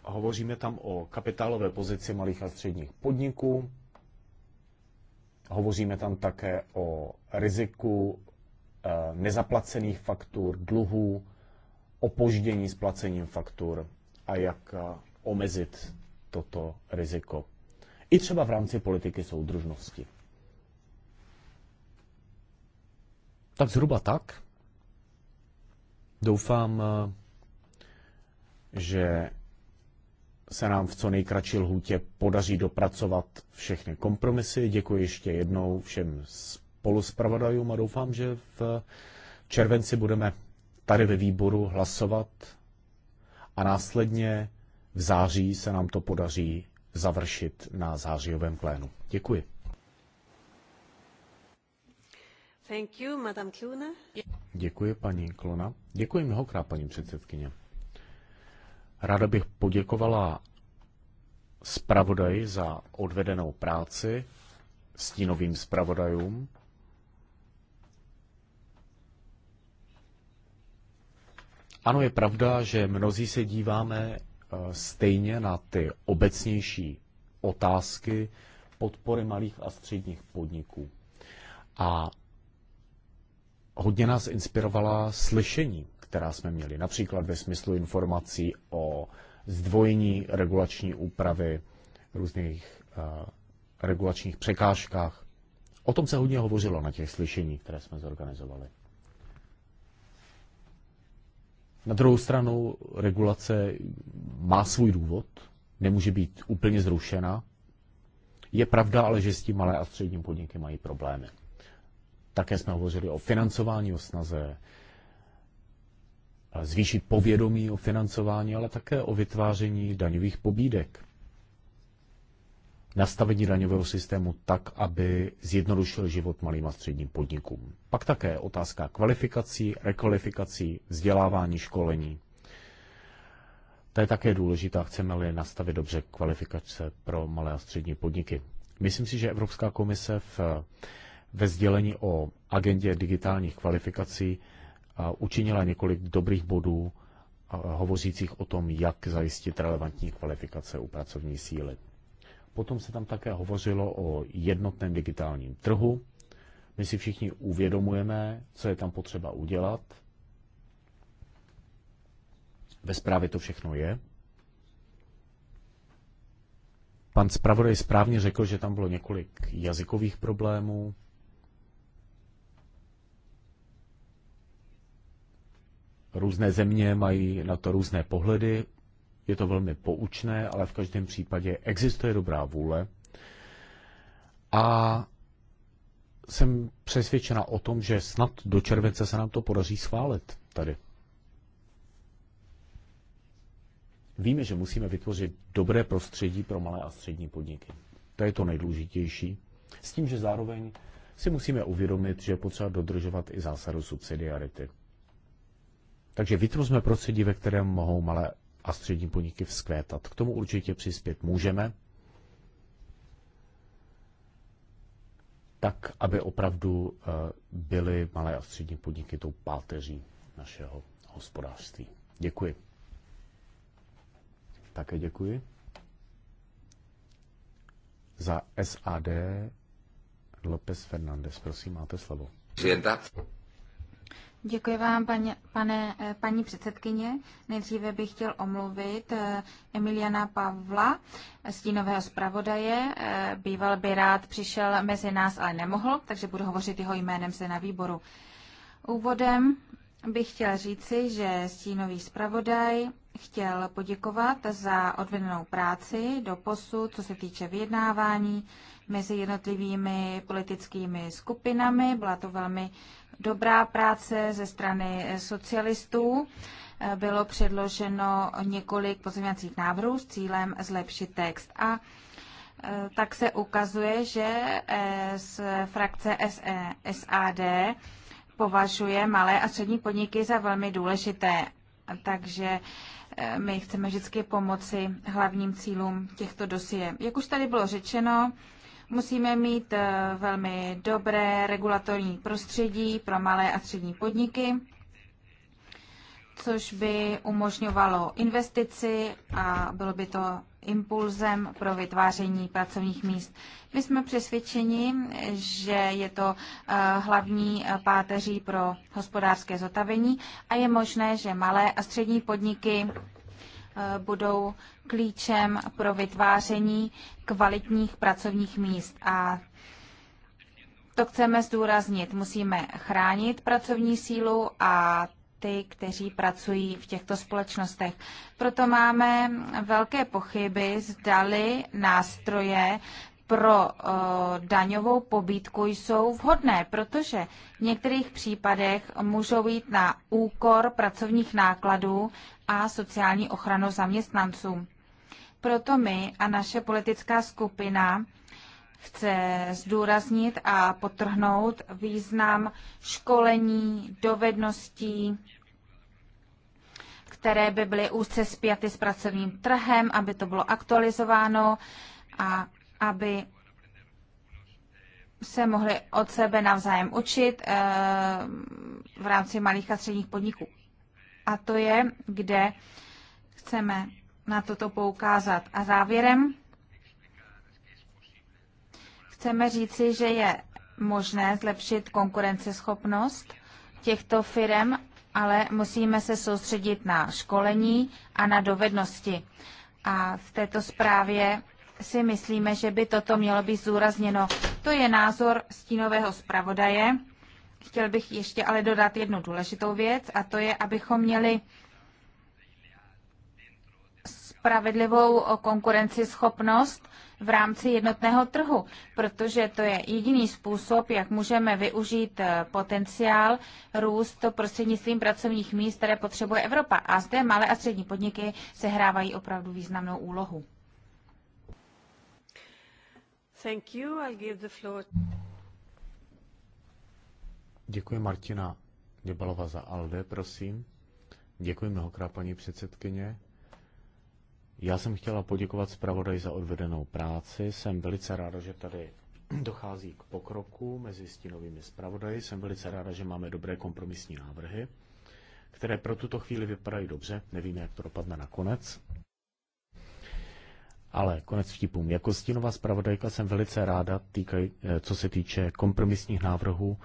Hovoříme tam o kapitálové pozici malých a středních podniků, hovoříme tam také o riziku eh, nezaplacených faktur, dluhů, opoždění s placením faktur a jak eh, omezit toto riziko. I třeba v rámci politiky soudržnosti. Tak zhruba tak. Doufám, eh, že se nám v co nejkratší lhůtě podaří dopracovat všechny kompromisy. Děkuji ještě jednou všem spoluspravodajům a doufám, že v červenci budeme tady ve výboru hlasovat a následně v září se nám to podaří završit na zářijovém plénu. Děkuji. Thank you, Madame Kluna. Děkuji, paní Klona. Děkuji mnohokrát, paní předsedkyně. Ráda bych poděkovala zpravodaji za odvedenou práci, stínovým zpravodajům. Ano, je pravda, že mnozí se díváme eh, stejně na ty obecnější otázky podpory malých a středních podniků. A hodně nás inspirovala slyšení, která jsme měli, například ve smyslu informací o zdvojení regulační úpravy, různých uh, regulačních překážkách. O tom se hodně hovořilo na těch slyšeních, které jsme zorganizovali. Na druhou stranu regulace má svůj důvod, nemůže být úplně zrušena. Je pravda ale, že s tím malé a střední podniky mají problémy. Také jsme hovořili o financování, o snaze eh, zvýšit povědomí o financování, ale také o vytváření daňových pobídek. Nastavení daňového systému tak, aby zjednodušil život malým a středním podnikům. Pak také otázka kvalifikací, rekvalifikací, vzdělávání, školení. To je také důležité, chceme-li nastavit dobře kvalifikace pro malé a střední podniky. Myslím si, že Evropská komise v ve sdělení o agendě digitálních kvalifikací učinila několik dobrých bodů hovořících o tom, jak zajistit relevantní kvalifikace u pracovní síly. Potom se tam také hovořilo o jednotném digitálním trhu. My si všichni uvědomujeme, co je tam potřeba udělat. Ve zprávě to všechno je. Pan zpravodaj správně řekl, že tam bylo několik jazykových problémů. Různé země mají na to různé pohledy, je to velmi poučné, ale v každém případě existuje dobrá vůle. A jsem přesvědčena o tom, že snad do července se nám to podaří schválit tady. Víme, že musíme vytvořit dobré prostředí pro malé a střední podniky. To je to nejdůležitější. S tím, že zároveň si musíme uvědomit, že je potřeba dodržovat i zásadu subsidiarity. Takže vytvořme prostředí, ve kterém mohou malé a střední podniky vzkvétat. K tomu určitě přispět můžeme, tak, aby opravdu eh, byly malé a střední podniky tou páteří našeho hospodářství. Děkuji. Také děkuji. Za SAD López Fernández, prosím, máte slovo. Přijentat. Děkuji vám, paní, pane, eh, paní předsedkyně. Nejdříve bych chtěl omluvit eh, Emiliana Pavla, stínového zpravodaje. Eh, býval by rád přišel mezi nás, ale nemohl, takže budu hovořit jeho jménem se na výboru. Úvodem bych chtěl říci, že stínový zpravodaj chtěl poděkovat za odvedenou práci do posu, co se týče vyjednávání mezi jednotlivými politickými skupinami. Byla to velmi dobrá práce ze strany socialistů. Bylo předloženo několik pozměňovacích návrhů s cílem zlepšit text. A e, tak se ukazuje, že e, z frakce SAD e, považuje malé a střední podniky za velmi důležité. Takže my chceme vždycky pomoci hlavním cílům těchto dosie. Jak už tady bylo řečeno, Musíme mít eh, velmi dobré regulatorní prostředí pro malé a střední podniky, což by umožňovalo investici a bylo by to impulzem pro vytváření pracovních míst. My jsme přesvědčeni, že je to eh, hlavní páteří pro hospodářské zotavení a je možné, že malé a střední podniky Eh, budou klíčem pro vytváření kvalitních pracovních míst. A to chceme zdůraznit. Musíme chránit pracovní sílu a ty, kteří pracují v těchto společnostech. Proto máme velké pochyby, zdali nástroje pro eh, daňovou pobítku jsou vhodné, protože v některých případech můžou jít na úkor pracovních nákladů a sociální ochranu zaměstnanců. Proto my a naše politická skupina chce zdůraznit a potrhnout význam školení, dovedností, které by byly úzce zpěty s pracovním trhem, aby to bylo aktualizováno a aby se mohli od sebe navzájem učit eh, v rámci malých a středních podniků. A to je, kde chceme na toto poukázat. A závěrem chceme říci, že je možné zlepšit konkurenceschopnost těchto firm, ale musíme se soustředit na školení a na dovednosti. A v této zprávě si myslíme, že by toto mělo být zúrazněno. To je názor stínového zpravodaje. Chtěl bych ještě ale dodat jednu důležitou věc a to je, abychom měli spravedlivou konkurenceschopnost v rámci jednotného trhu, protože to je jediný způsob, jak můžeme využít eh, potenciál růst prostřednictvím pracovních míst, které potřebuje Evropa. A zde malé a střední podniky sehrávají opravdu významnou úlohu. Thank you. I'll give the floor. Děkuji Martina Děbalova za ALDE, prosím. Děkuji mnohokrát, paní předsedkyně. Já jsem chtěla poděkovat zpravodaj za odvedenou práci. Jsem velice ráda, že tady dochází k pokroku mezi stínovými zpravodaji. Jsem velice ráda, že máme dobré kompromisní návrhy, které pro tuto chvíli vypadají dobře. Nevíme, jak to dopadne nakonec. Ale konec vtipům. Jako stínová zpravodajka jsem velice ráda, týkaj, eh, co se týče kompromisních návrhů,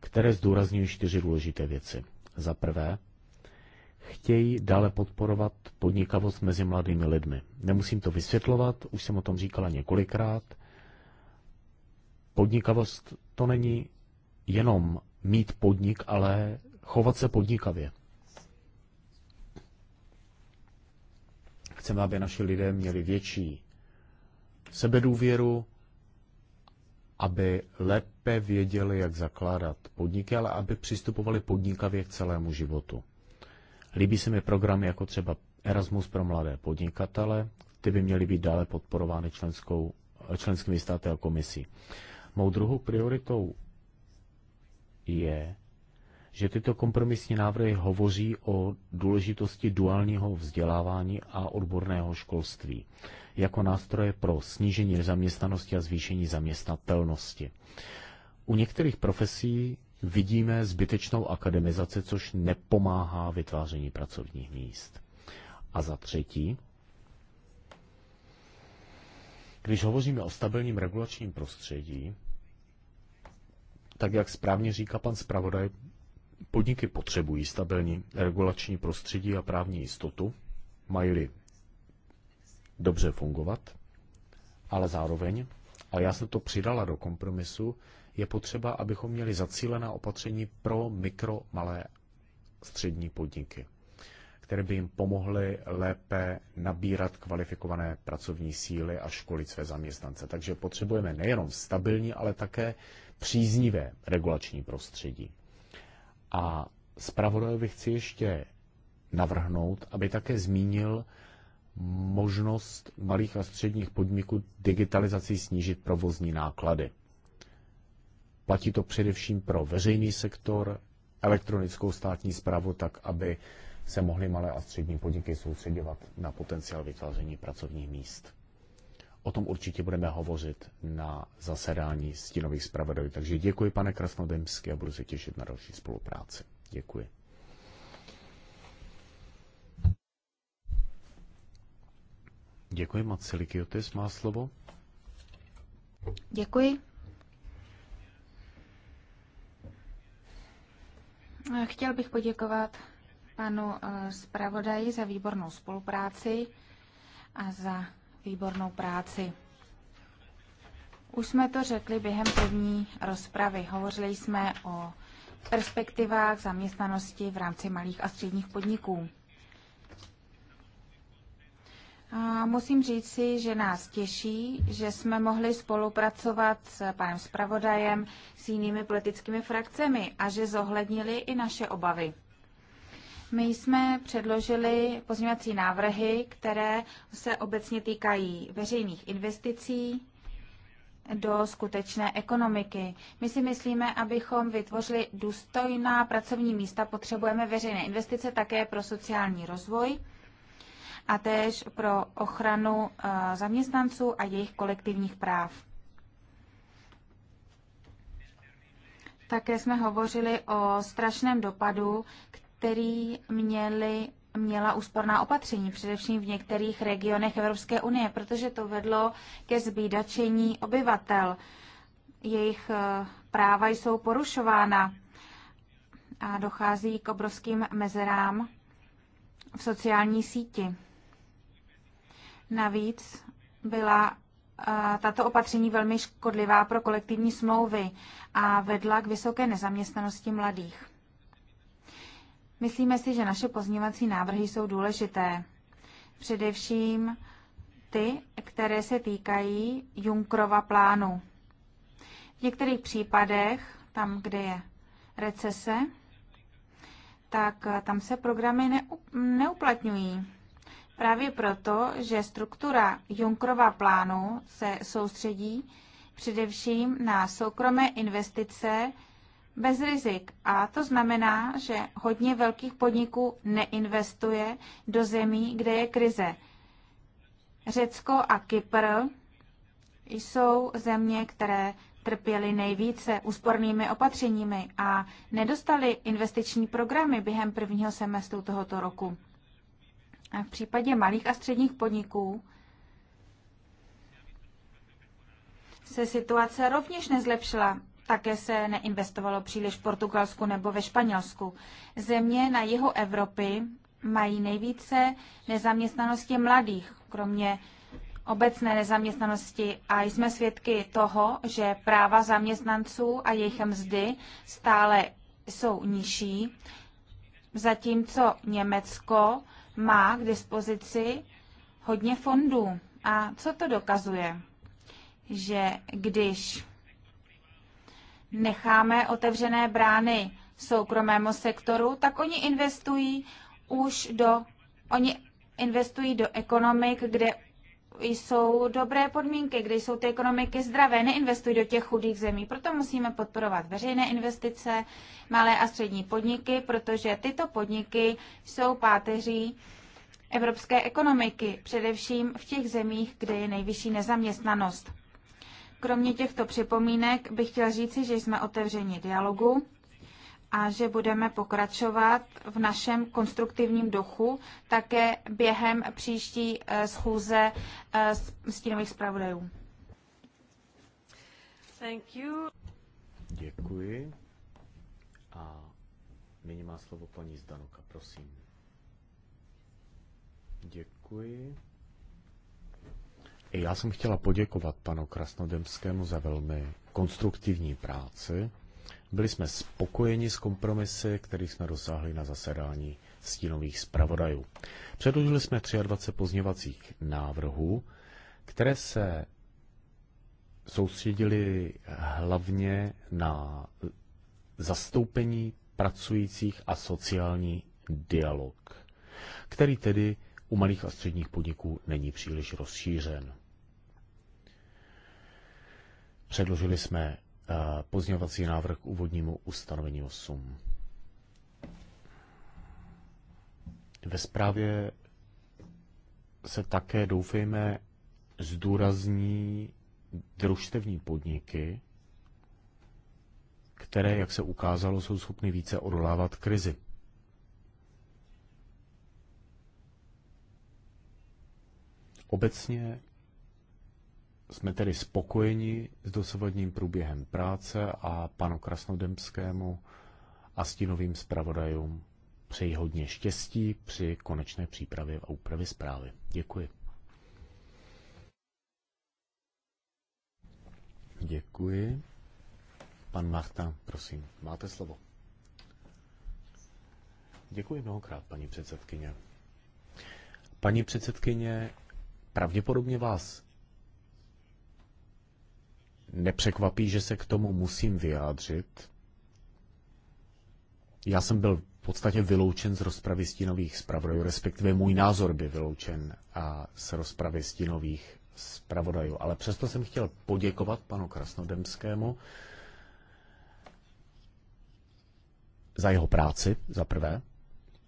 které zdůrazňují čtyři důležité věci. Za prvé, chtějí dále podporovat podnikavost mezi mladými lidmi. Nemusím to vysvětlovat, už jsem o tom říkala několikrát. Podnikavost to není jenom mít podnik, ale chovat se podnikavě. Chceme, aby naši lidé měli větší sebedůvěru, aby lépe věděli, jak zakládat podniky, ale aby přistupovali podnikavě k celému životu. Líbí se mi programy jako třeba Erasmus pro mladé podnikatele, ty by měly být dále podporovány členskou, členskými státy a komisí. Mou druhou prioritou je že tyto kompromisní návrhy hovoří o důležitosti duálního vzdělávání a odborného školství jako nástroje pro snížení nezaměstnanosti a zvýšení zaměstnatelnosti. U některých profesí vidíme zbytečnou akademizaci, což nepomáhá vytváření pracovních míst. A za třetí, když hovoříme o stabilním regulačním prostředí, tak jak správně říká pan zpravodaj, Podniky potřebují stabilní regulační prostředí a právní jistotu, mají-li dobře fungovat, ale zároveň, a já jsem to přidala do kompromisu, je potřeba, abychom měli zacílená opatření pro mikro, malé, střední podniky, které by jim pomohly lépe nabírat kvalifikované pracovní síly a školit své zaměstnance. Takže potřebujeme nejenom stabilní, ale také příznivé regulační prostředí. A zpravodajovi chci ještě navrhnout, aby také zmínil možnost malých a středních podniků digitalizací snížit provozní náklady. Platí to především pro veřejný sektor, elektronickou státní zprávu, tak aby se mohly malé a střední podniky soustředovat na potenciál vytváření pracovních míst. O tom určitě budeme hovořit na zasedání stínových zpravodajů. Takže děkuji, pane Krasnodemsky, a budu se těšit na další spolupráci. Děkuji. Děkuji, Kiotis má slovo. Děkuji. Chtěl bych poděkovat panu eh, zpravodaji za výbornou spolupráci a za výbornou práci. Už jsme to řekli během první rozpravy. Hovořili jsme o perspektivách zaměstnanosti v rámci malých a středních podniků. A musím říct si, že nás těší, že jsme mohli spolupracovat s panem zpravodajem, s jinými politickými frakcemi a že zohlednili i naše obavy. My jsme předložili pozměňovací návrhy, které se obecně týkají veřejných investicí do skutečné ekonomiky. My si myslíme, abychom vytvořili důstojná pracovní místa, potřebujeme veřejné investice také pro sociální rozvoj a též pro ochranu eh, zaměstnanců a jejich kolektivních práv. Také jsme hovořili o strašném dopadu, který měli, měla úsporná opatření, především v některých regionech Evropské unie, protože to vedlo ke zbídačení obyvatel. Jejich eh, práva jsou porušována a dochází k obrovským mezerám v sociální síti. Navíc byla eh, tato opatření velmi škodlivá pro kolektivní smlouvy a vedla k vysoké nezaměstnanosti mladých. Myslíme si, že naše pozměňovací návrhy jsou důležité. Především ty, které se týkají Junkrova plánu. V některých případech, tam, kde je recese, tak tam se programy neuplatňují. Právě proto, že struktura Junkrova plánu se soustředí především na soukromé investice bez rizik. A to znamená, že hodně velkých podniků neinvestuje do zemí, kde je krize. Řecko a Kypr jsou země, které trpěly nejvíce úspornými opatřeními a nedostali investiční programy během prvního semestru tohoto roku. A v případě malých a středních podniků se situace rovněž nezlepšila také se neinvestovalo příliš v Portugalsku nebo ve Španělsku. Země na jihu Evropy mají nejvíce nezaměstnanosti mladých, kromě obecné nezaměstnanosti a jsme svědky toho, že práva zaměstnanců a jejich mzdy stále jsou nižší, zatímco Německo má k dispozici hodně fondů. A co to dokazuje? Že když necháme otevřené brány soukromému sektoru, tak oni investují už do, oni investují do ekonomik, kde jsou dobré podmínky, kde jsou ty ekonomiky zdravé, neinvestují do těch chudých zemí. Proto musíme podporovat veřejné investice, malé a střední podniky, protože tyto podniky jsou páteří evropské ekonomiky, především v těch zemích, kde je nejvyšší nezaměstnanost. Kromě těchto připomínek bych chtěl říci, že jsme otevřeni dialogu a že budeme pokračovat v našem konstruktivním duchu také během příští eh, schůze eh, stínových zpravodajů. Thank you. Děkuji. A nyní má slovo paní Zdanoka, prosím. Děkuji. Já jsem chtěla poděkovat panu Krasnodemskému za velmi konstruktivní práci. Byli jsme spokojeni s kompromisy, který jsme dosáhli na zasedání stínových zpravodajů. Předložili jsme 23 pozněvacích návrhů, které se soustředili hlavně na zastoupení pracujících a sociální dialog, který tedy u malých a středních podniků není příliš rozšířen. Předložili jsme eh, pozměňovací návrh k úvodnímu ustanovení 8. Ve zprávě se také, doufejme, zdůrazní družstevní podniky, které, jak se ukázalo, jsou schopny více odolávat krizi. Obecně jsme tedy spokojeni s dosavadním průběhem práce a panu Krasnodemskému a stínovým zpravodajům přeji hodně štěstí při konečné přípravě a úpravě zprávy. Děkuji. Děkuji. Pan Marta, prosím, máte slovo. Děkuji mnohokrát, paní předsedkyně. Paní předsedkyně, pravděpodobně vás nepřekvapí, že se k tomu musím vyjádřit. Já jsem byl v podstatě vyloučen z rozpravy stínových zpravodajů, respektive můj názor by vyloučen a z rozpravy stínových zpravodajů. Ale přesto jsem chtěl poděkovat panu Krasnodemskému za jeho práci, za prvé,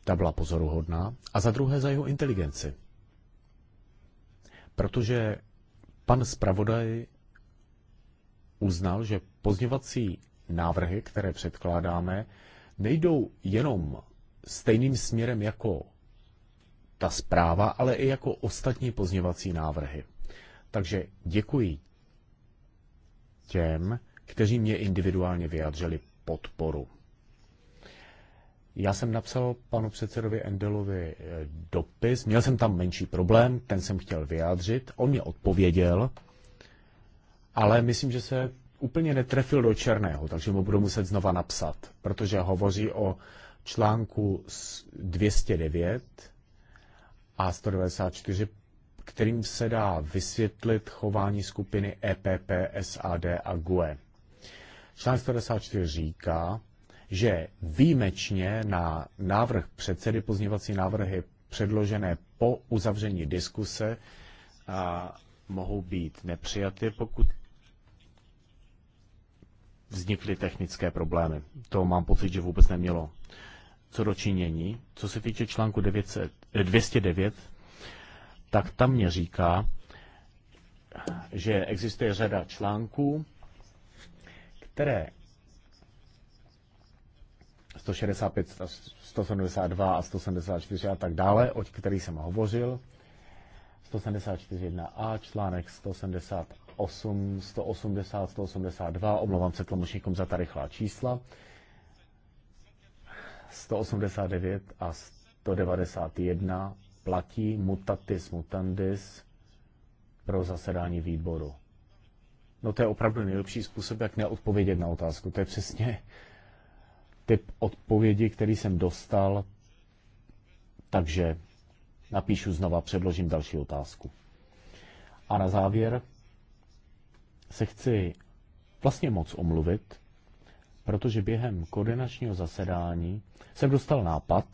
ta byla pozoruhodná, a za druhé za jeho inteligenci. Protože pan zpravodaj uznal, že pozněvací návrhy, které předkládáme, nejdou jenom stejným směrem jako ta zpráva, ale i jako ostatní pozněvací návrhy. Takže děkuji těm, kteří mě individuálně vyjádřili podporu. Já jsem napsal panu předsedovi Endelovi eh, dopis, měl jsem tam menší problém, ten jsem chtěl vyjádřit, on mě odpověděl, ale myslím, že se úplně netrefil do černého, takže mu budu muset znova napsat, protože hovoří o článku 209 a 194, kterým se dá vysvětlit chování skupiny EPP, SAD a GUE. Článek 194 říká, že výjimečně na návrh předsedy pozněvací návrhy předložené po uzavření diskuse a mohou být nepřijaty, pokud vznikly technické problémy. To mám pocit, že vůbec nemělo co dočinění. Co se týče článku 900, 209, eh, tak tam mě říká, že existuje řada článků, které 165, 172 a 174 a tak dále, o kterých jsem hovořil, 174.1a, článek 8, 180, 182, omlouvám se tlumočníkům za ta rychlá čísla, 189 a 191 platí mutatis mutandis pro zasedání výboru. No to je opravdu nejlepší způsob, jak neodpovědět na otázku. To je přesně typ odpovědi, který jsem dostal, takže napíšu znova, předložím další otázku. A na závěr se chci vlastně moc omluvit, protože během koordinačního zasedání jsem dostal nápad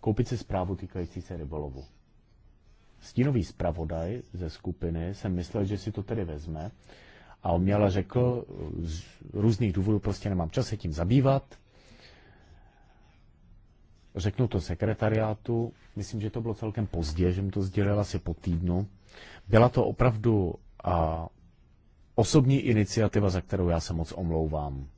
koupit si zprávu týkající se rybolovu. Stínový zpravodaj ze skupiny jsem myslel, že si to tedy vezme a on měla řekl, z různých důvodů prostě nemám čas se tím zabývat, řeknu to sekretariátu, myslím, že to bylo celkem pozdě, že mi to sdělila asi po týdnu. Byla to opravdu a osobní iniciativa, za kterou já se moc omlouvám.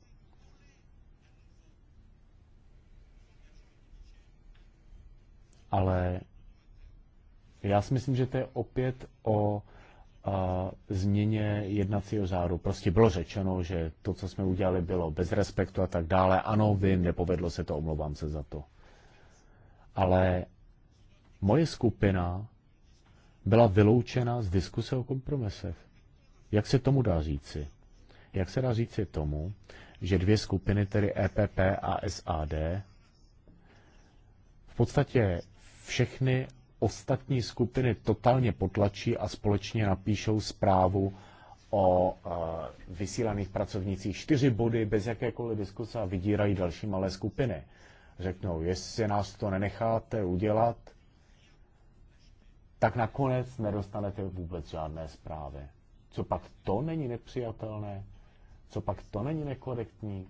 Ale já si myslím, že to je opět o a, změně jednacího řádu. Prostě bylo řečeno, že to, co jsme udělali, bylo bez respektu a tak dále. Ano, vím, nepovedlo se to, omlouvám se za to. Ale moje skupina byla vyloučena z diskuse o kompromisech. Jak se tomu dá říci? Jak se dá říci tomu, že dvě skupiny, tedy EPP a SAD, v podstatě všechny ostatní skupiny totálně potlačí a společně napíšou zprávu o eh, vysílaných pracovnicích čtyři body bez jakékoliv diskuse a vydírají další malé skupiny. Řeknou, jestli nás to nenecháte udělat, tak nakonec nedostanete vůbec žádné zprávy. Co pak to není nepřijatelné? Co pak to není nekorektní?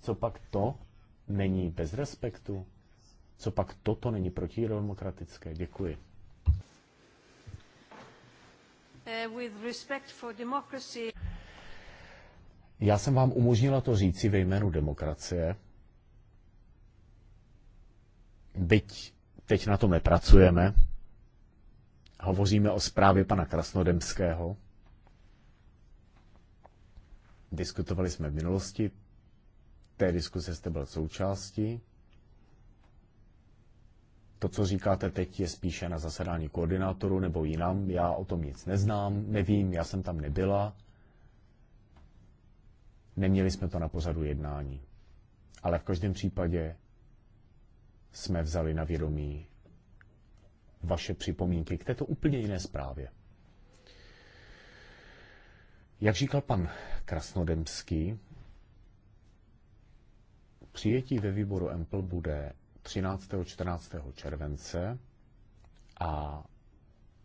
Co pak to není bez respektu? Co pak toto není protidemokratické? Děkuji. Eh, Já jsem vám umožnila to říci ve jménu demokracie, byť teď na tom nepracujeme, Hovoříme o zprávě pana Krasnodemského. Diskutovali jsme v minulosti, té diskuse jste byl součástí. To, co říkáte teď, je spíše na zasedání koordinátoru nebo jinam. Já o tom nic neznám, nevím, já jsem tam nebyla. Neměli jsme to na pořadu jednání. Ale v každém případě jsme vzali na vědomí vaše připomínky k této úplně jiné zprávě. Jak říkal pan Krasnodemský, přijetí ve výboru EMPL bude 13. 14. července a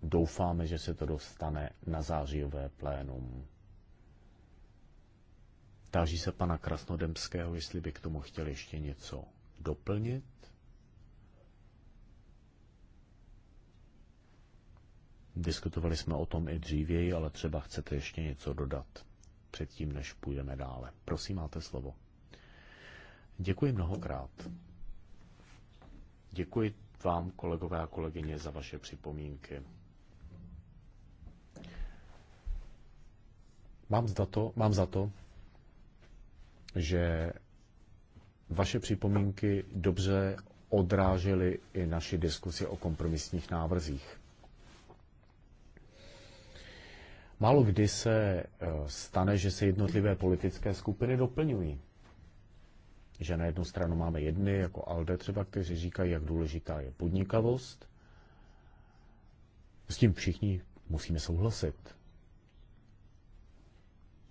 doufáme, že se to dostane na zářijové plénum. Táží se pana Krasnodemského, jestli by k tomu chtěl ještě něco doplnit. Diskutovali jsme o tom i dřívěji, ale třeba chcete ještě něco dodat předtím, než půjdeme dále. Prosím, máte slovo. Děkuji mnohokrát. Děkuji vám, kolegové a kolegyně, za vaše připomínky. Mám za to, mám za to že vaše připomínky dobře odrážely i naši diskusi o kompromisních návrzích. Málo kdy se eh, stane, že se jednotlivé politické skupiny doplňují. Že na jednu stranu máme jedny, jako ALDE třeba, kteří říkají, jak důležitá je podnikavost. S tím všichni musíme souhlasit.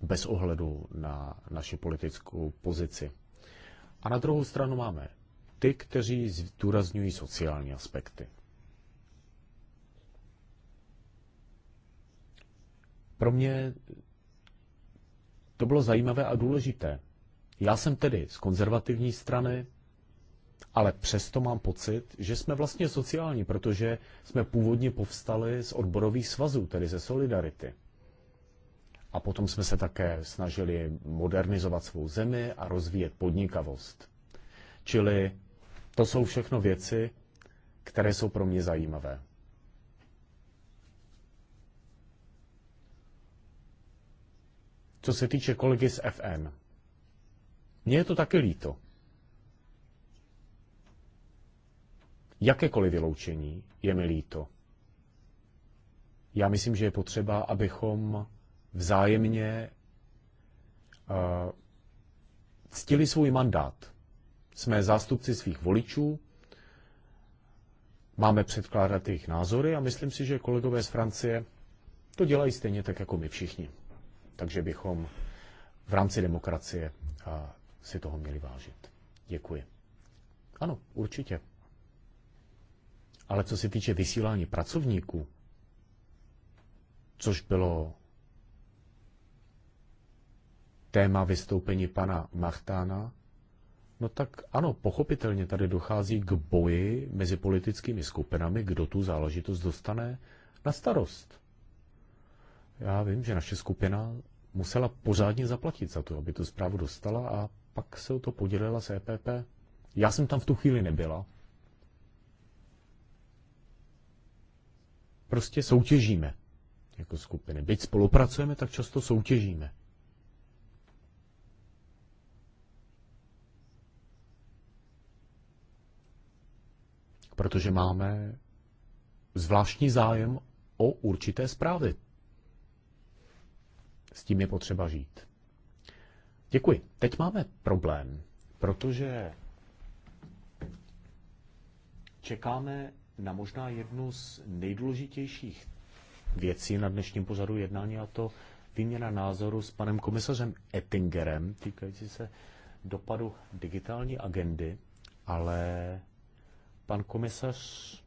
Bez ohledu na naši politickou pozici. A na druhou stranu máme ty, kteří zdůrazňují sociální aspekty. Pro mě to bylo zajímavé a důležité. Já jsem tedy z konzervativní strany, ale přesto mám pocit, že jsme vlastně sociální, protože jsme původně povstali z odborových svazů, tedy ze Solidarity. A potom jsme se také snažili modernizovat svou zemi a rozvíjet podnikavost. Čili to jsou všechno věci, které jsou pro mě zajímavé. co se týče kolegy z FN. Mně je to taky líto. Jakékoliv vyloučení je mi líto. Já myslím, že je potřeba, abychom vzájemně uh, ctili svůj mandát. Jsme zástupci svých voličů, máme předkládat jejich názory a myslím si, že kolegové z Francie to dělají stejně tak jako my všichni. Takže bychom v rámci demokracie si toho měli vážit. Děkuji. Ano, určitě. Ale co se týče vysílání pracovníků, což bylo téma vystoupení pana Machtána, no tak ano, pochopitelně tady dochází k boji mezi politickými skupinami, kdo tu záležitost dostane na starost. Já vím, že naše skupina musela pořádně zaplatit za to, aby tu zprávu dostala a pak se o to podělila s EPP. Já jsem tam v tu chvíli nebyla. Prostě soutěžíme jako skupiny. Byť spolupracujeme, tak často soutěžíme. Protože máme zvláštní zájem o určité zprávy. S tím je potřeba žít. Děkuji. Teď máme problém, protože čekáme na možná jednu z nejdůležitějších věcí na dnešním pořadu jednání, a to výměna názoru s panem komisařem Ettingerem týkající se dopadu digitální agendy, ale pan komisař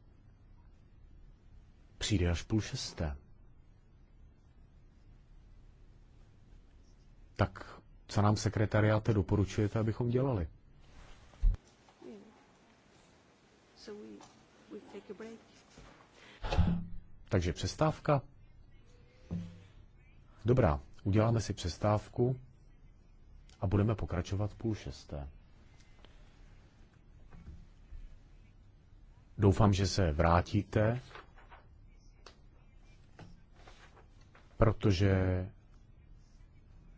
přijde až půl šesté. tak co nám sekretariáte doporučujete, abychom dělali? Takže přestávka. Dobrá, uděláme si přestávku a budeme pokračovat půl šesté. Doufám, že se vrátíte, protože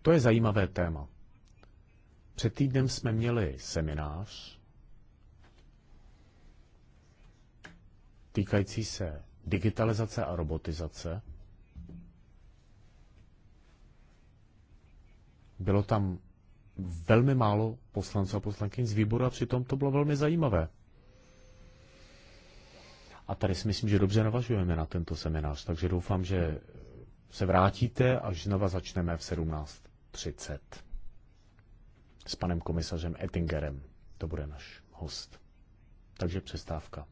to je zajímavé téma. Před týdnem jsme měli seminář týkající se digitalizace a robotizace. Bylo tam velmi málo poslanců a poslankyň z výboru a přitom to bylo velmi zajímavé. A tady si myslím, že dobře navažujeme na tento seminář, takže doufám, že se vrátíte, až znova začneme v 17. 30 s panem komisařem Ettingerem. To bude náš host. Takže přestávka.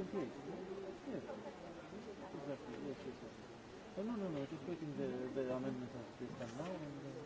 no, no, no. Just waiting the, the amendments as they come now. And, uh,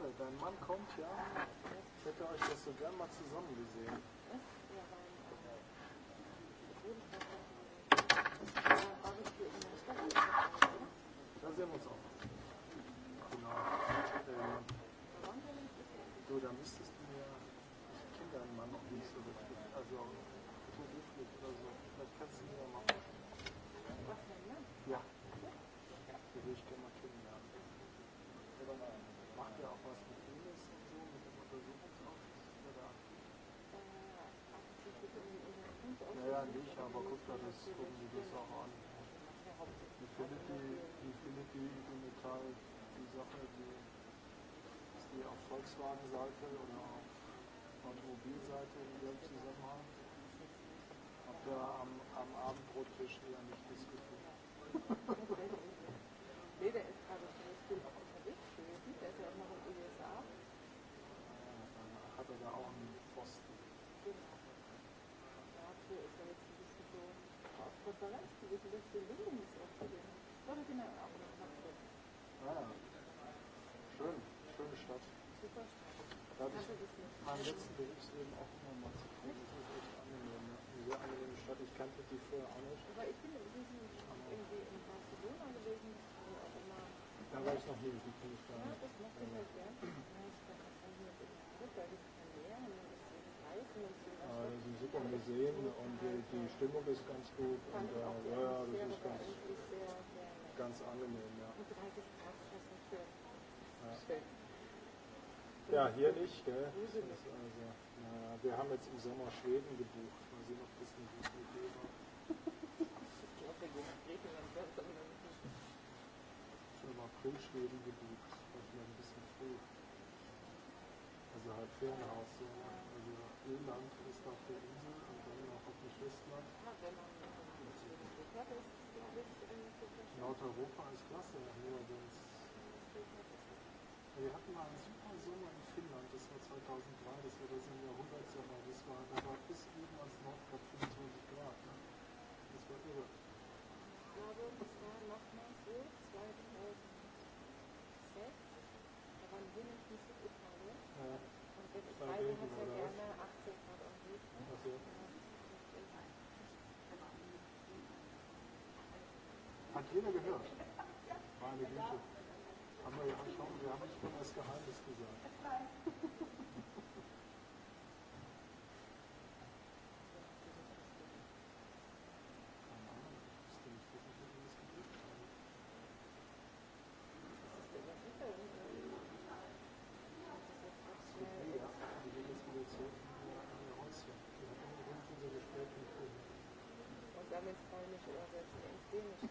schade. Dein Mann kommt, ja. Ich hätte euch das so gern mal zusammen gesehen. Da sehen wir uns auch. Genau. Ähm, du, da müsstest du mir, ich kenne deinen Mann noch nicht so richtig, also beruflich oder so. Vielleicht kannst du mir mal. Was Ja. Naja, nicht, aber guck da, das, gucken dir das auch an. Wie findet die, wie findet die, die Metall, die Sache, die, die auf Volkswagen-Seite oder auf Automobilseite in dem Zusammenhang, habt ihr am, am Abendbrottisch eher nicht diskutiert. nee, der ist gerade zum Beispiel auch unterwegs gewesen, der ist ja auch noch in den USA. Ja, hat er da auch einen restaurant qui was listed in dem Museum. Wurde genau schön, schöne Stadt. Super Stadt. Da habe ich meinen letzten Berufsleben auch immer mal zu tun. Das ist echt angenehm. Ne? Eine sehr angenehme Stadt. Ich kannte die vorher auch nicht. Aber ich bin irgendwie in Barcelona gewesen. Da war ich noch nie, ich gar nicht. Ja, das macht mich halt gern. Ja, ich kann das das ist super Museen und die, die Stimmung ist ganz gut. Und, äh, ja, das ist ganz, ganz angenehm. Ja. Ja. hier nicht. Gell? Das ist also, na, wir haben jetzt im Sommer Schweden gebucht. Mal sehen, ob das eine gute Idee war. Ich glaube, wir gehen Schon mal Schweden gebucht. Das war ein bisschen früh. Also halt Ferienhaus. So. Ja. Irland ist auf der Insel und dann auch auf dem Festland. Nordeuropa ist klasse, nur wenn es. wir hatten mal einen super Sommer in Finnland, das war 2003, das war das Jahrhundertsommer, das war, da war bis eben ans Nordkap 25 Grad. Ne? Das war irre. Ich glaube, das war nochmal so 2006, da waren wir nicht so gut, ne? Ja. Und wir beide haben ja gerne jeder gehört. Meine Güte. Haben wir, haben schon, wir haben nicht nur Geheimnis gesagt. damit freue ich mich oder selbst entstehe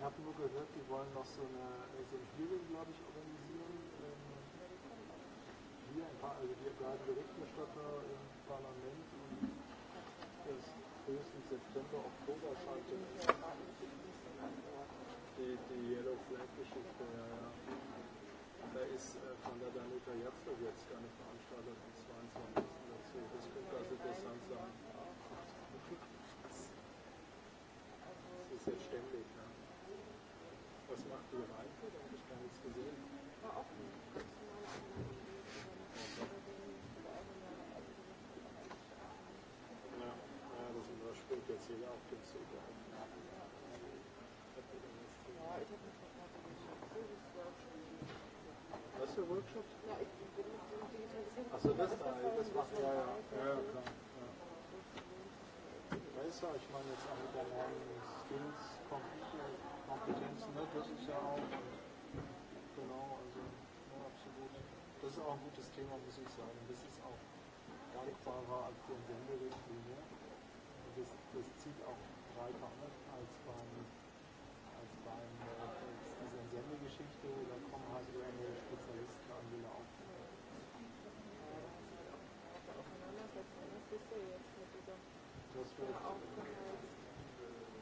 Ich habe nur gehört, die wollen noch so, eine, so ein Hearing, glaube ich, organisieren. Ähm, hier, ein paar, also wir bleiben Berichterstatter im Parlament und bis höchstens September, Oktober scheint die, die Yellow Flag-Geschichte. Ja, ja. Da ist äh, von der Danita Jatzler jetzt eine Veranstaltung am 22. dazu. Das könnte also interessant sein. Das ist jetzt ständig. Ne? Was macht Uwe Alke? Da habe ich gar nichts gesehen. War auch ein ganz normaler Anlass. das spielt jetzt hier auf dem Zug. Was für Workshops? Na, ich bin mit Digitalisierung. Achso, das da, das macht ja, ja, ja, klar. Ja. Weißt du, ich meine jetzt auch mit der neuen Skills Computer. Kompetenzen, ne? das ist ja auch, genau, also ja, absolut. Das ist auch ein gutes Thema, muss ich sagen. Das ist auch dankbarer als die Entsenderichtlinie. Das, das zieht auch breiter an als beim, als beim als dieser Entsendegeschichte. Da kommen halt mehrere Spezialisten angelaufen. Das wird,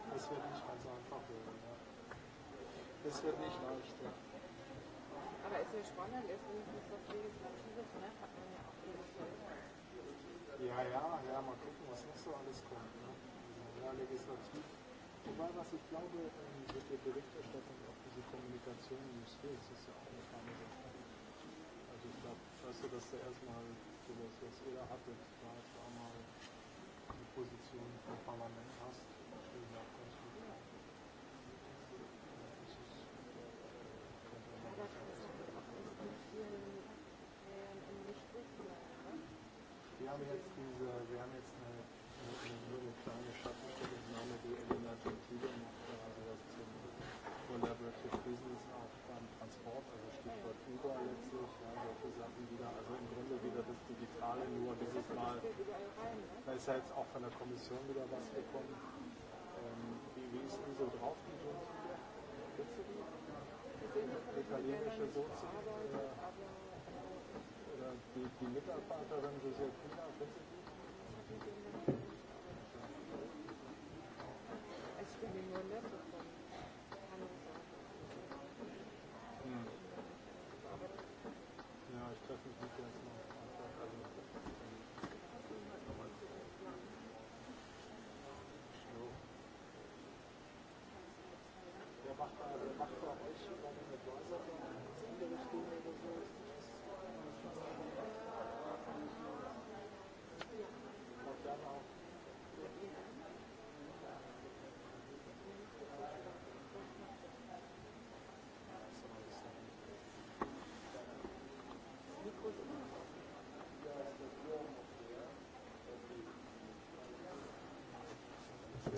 das wird nicht ganz einfach werden. Das wird nicht leicht. Aber es ist spannend, ist wenigstens was Legislatives, ne? Hat man ja auch jedes Ja, ja, ja, mal gucken, was noch so alles kommt. Ne? Ja, legislativ. Wobei, was ich glaube, mit ähm, der Berichterstattung auch diese Kommunikation im den das ist ja auch eine Frage Sache. Also ich glaube, weißt du, dass da erstmal sowas, was ihr da hattet, da erstmal eine Position vom Parlament hast, ist auch von der Kommission wieder was bekommen. Ähm, wie, wie ist denn so drauf, die Jungs? Kennst du die? Die italienische Soße? Oder, äh, oder die, die Mitarbeiterin Josefina, kennst du die?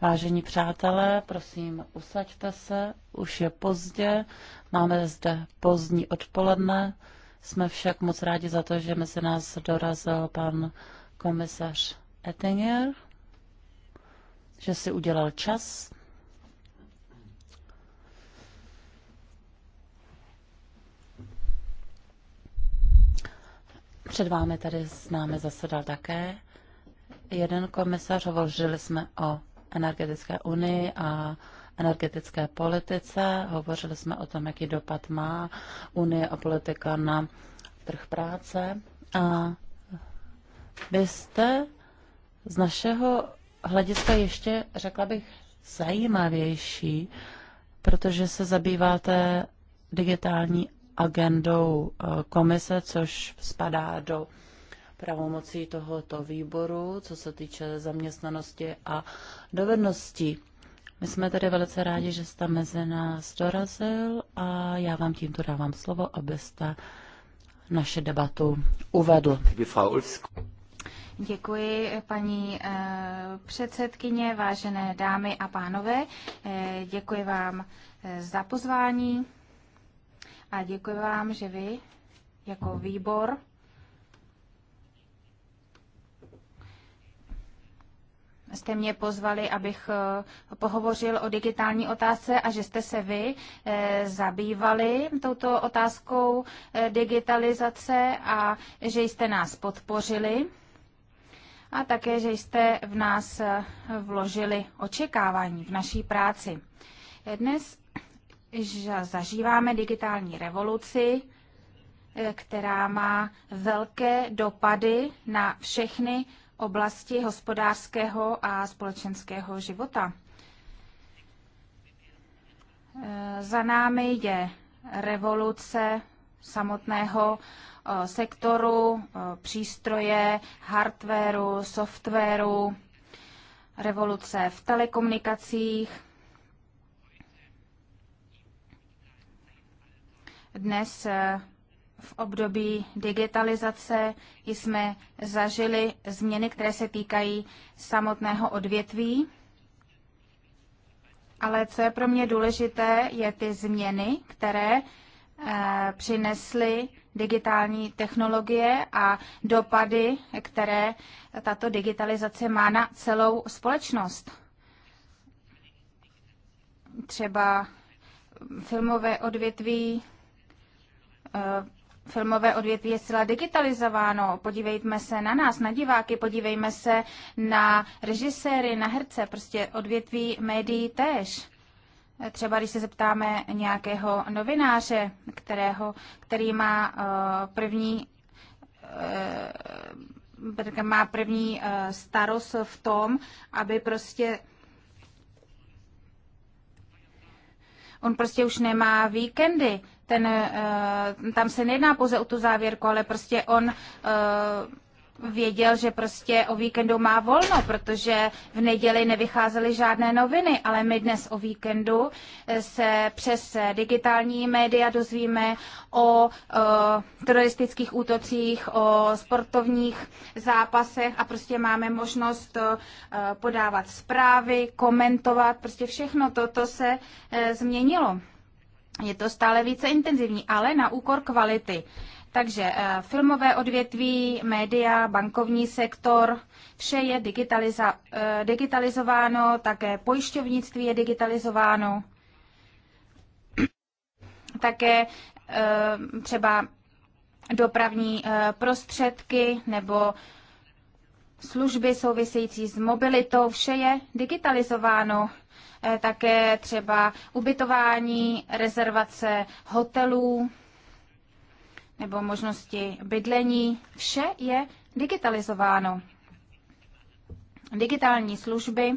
Vážení přátelé, prosím, usaďte se, už je pozdě, máme zde pozdní odpoledne, jsme však moc rádi za to, že mezi nás dorazil pan komisař Ettinger, že si udělal čas. Před vámi tady s námi zasedal také jeden komisař, hovořili jsme o energetické unii a energetické politice, hovořili jsme o tom, jaký dopad má unie a politika na trh práce. A byste z našeho hlediska ještě, řekla bych, zajímavější, protože se zabýváte digitální agendou eh, komise, což spadá do pravomocí tohoto výboru, co se týče zaměstnanosti a dovedností. My jsme tedy velice rádi, že jste mezi nás dorazil a já vám tímto dávám slovo, abyste naše debatu uvedl. Děkuji, paní eh, předsedkyně, vážené dámy a pánové. Eh, děkuji vám eh, za pozvání a děkuji vám, že vy jako výbor jste mě pozvali, abych eh, pohovořil o digitální otázce a že jste se vy eh, zabývali touto otázkou eh, digitalizace a že jste nás podpořili a také, že jste v nás vložili očekávání v naší práci. Dnes zažíváme digitální revoluci, která má velké dopady na všechny oblasti hospodářského a společenského života. E, za námi je revoluce samotného e, sektoru, e, přístroje, hardwareu, softwaru, revoluce v telekomunikacích. Dnes v období digitalizace jsme zažili změny, které se týkají samotného odvětví. Ale co je pro mě důležité, je ty změny, které eh, přinesly digitální technologie a dopady, které tato digitalizace má na celou společnost. Třeba filmové odvětví, eh, filmové odvětví je zcela digitalizováno. Podívejme se na nás, na diváky, podívejme se na režiséry, na herce, prostě odvětví médií též. Třeba když se zeptáme nějakého novináře, kterého, který má uh, první uh, má první uh, starost v tom, aby prostě on prostě už nemá víkendy, ten, eh, tam se nejedná pouze o tu závěrku, ale prostě on eh, věděl, že prostě o víkendu má volno, protože v neděli nevycházely žádné noviny, ale my dnes o víkendu eh, se přes digitální média dozvíme o, o teroristických útocích, o sportovních zápasech a prostě máme možnost o, podávat zprávy, komentovat, prostě všechno toto se e, změnilo je to stále více intenzivní, ale na úkor kvality. Takže eh, filmové odvětví, média, bankovní sektor, vše je digitaliza- eh, digitalizováno, také pojišťovnictví je digitalizováno, také eh, třeba dopravní prostředky nebo služby související s mobilitou, vše je digitalizováno Eh, také třeba ubytování, rezervace hotelů nebo možnosti bydlení. Vše je digitalizováno. Digitální služby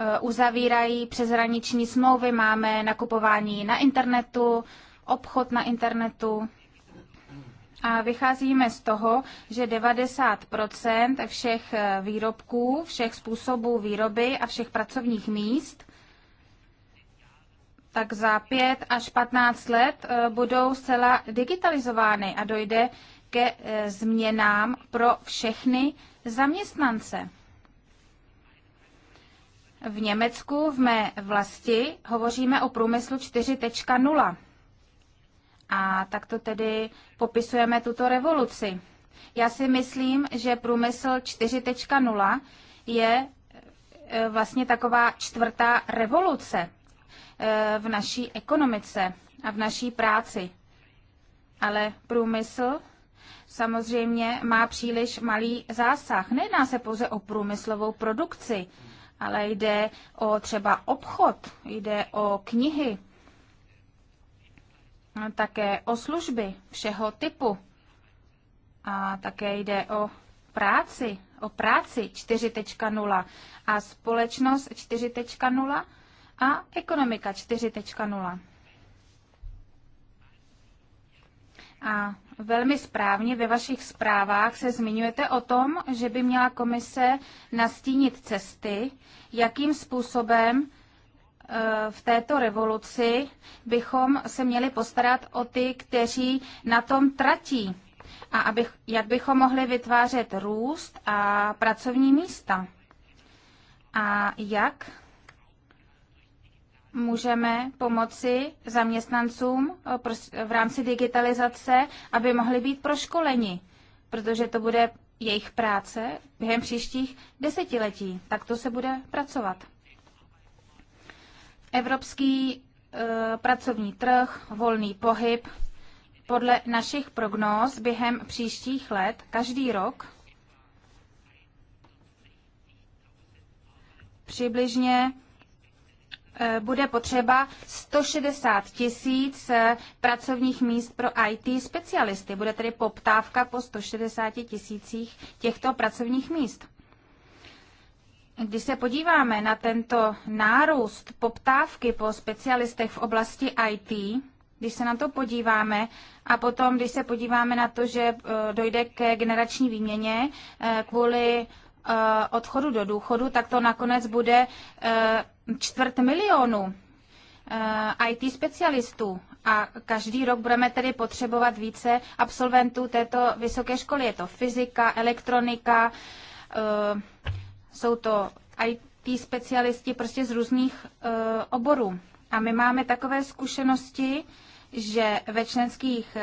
eh, uzavírají přeshraniční smlouvy, máme nakupování na internetu, obchod na internetu a vycházíme z toho, že 90 všech eh, výrobků, všech způsobů výroby a všech pracovních míst tak za 5 až 15 let eh, budou zcela digitalizovány a dojde ke eh, změnám pro všechny zaměstnance. V Německu, v mé vlasti, hovoříme o průmyslu 4.0. A takto tedy popisujeme tuto revoluci. Já si myslím, že průmysl 4.0 je e, vlastně taková čtvrtá revoluce e, v naší ekonomice a v naší práci. Ale průmysl samozřejmě má příliš malý zásah. Nejedná se pouze o průmyslovou produkci, ale jde o třeba obchod, jde o knihy, také o služby všeho typu. A také jde o práci, o práci 4.0 a společnost 4.0 a ekonomika 4.0. A velmi správně ve vašich zprávách se zmiňujete o tom, že by měla komise nastínit cesty, jakým způsobem v této revoluci bychom se měli postarat o ty, kteří na tom tratí a abych, jak bychom mohli vytvářet růst a pracovní místa. A jak můžeme pomoci zaměstnancům eh, v rámci digitalizace, aby mohli být proškoleni, protože to bude jejich práce během příštích desetiletí. Tak to se bude pracovat. Evropský eh, pracovní trh, volný pohyb. Podle našich prognóz během příštích let každý rok přibližně eh, bude potřeba 160 tisíc eh, pracovních míst pro IT specialisty. Bude tedy poptávka po 160 tisících těchto pracovních míst. Když se podíváme na tento nárůst poptávky po specialistech v oblasti IT, když se na to podíváme a potom, když se podíváme na to, že e, dojde ke generační výměně e, kvůli e, odchodu do důchodu, tak to nakonec bude čtvrt milionu IT specialistů a každý rok budeme tedy potřebovat více absolventů této vysoké školy. Je to fyzika, elektronika, jsou to IT specialisti prostě z různých uh, oborů. A my máme takové zkušenosti, že ve členských uh,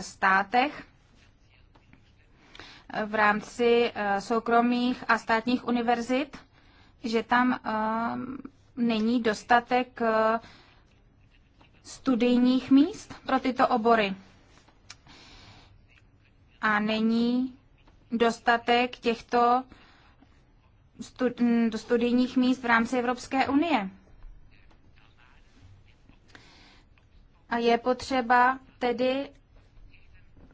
státech eh, v rámci uh, soukromých a státních univerzit, že tam uh, není dostatek uh, studijních míst pro tyto obory. A není dostatek těchto Mm, do studijních míst v rámci Evropské unie. A je potřeba tedy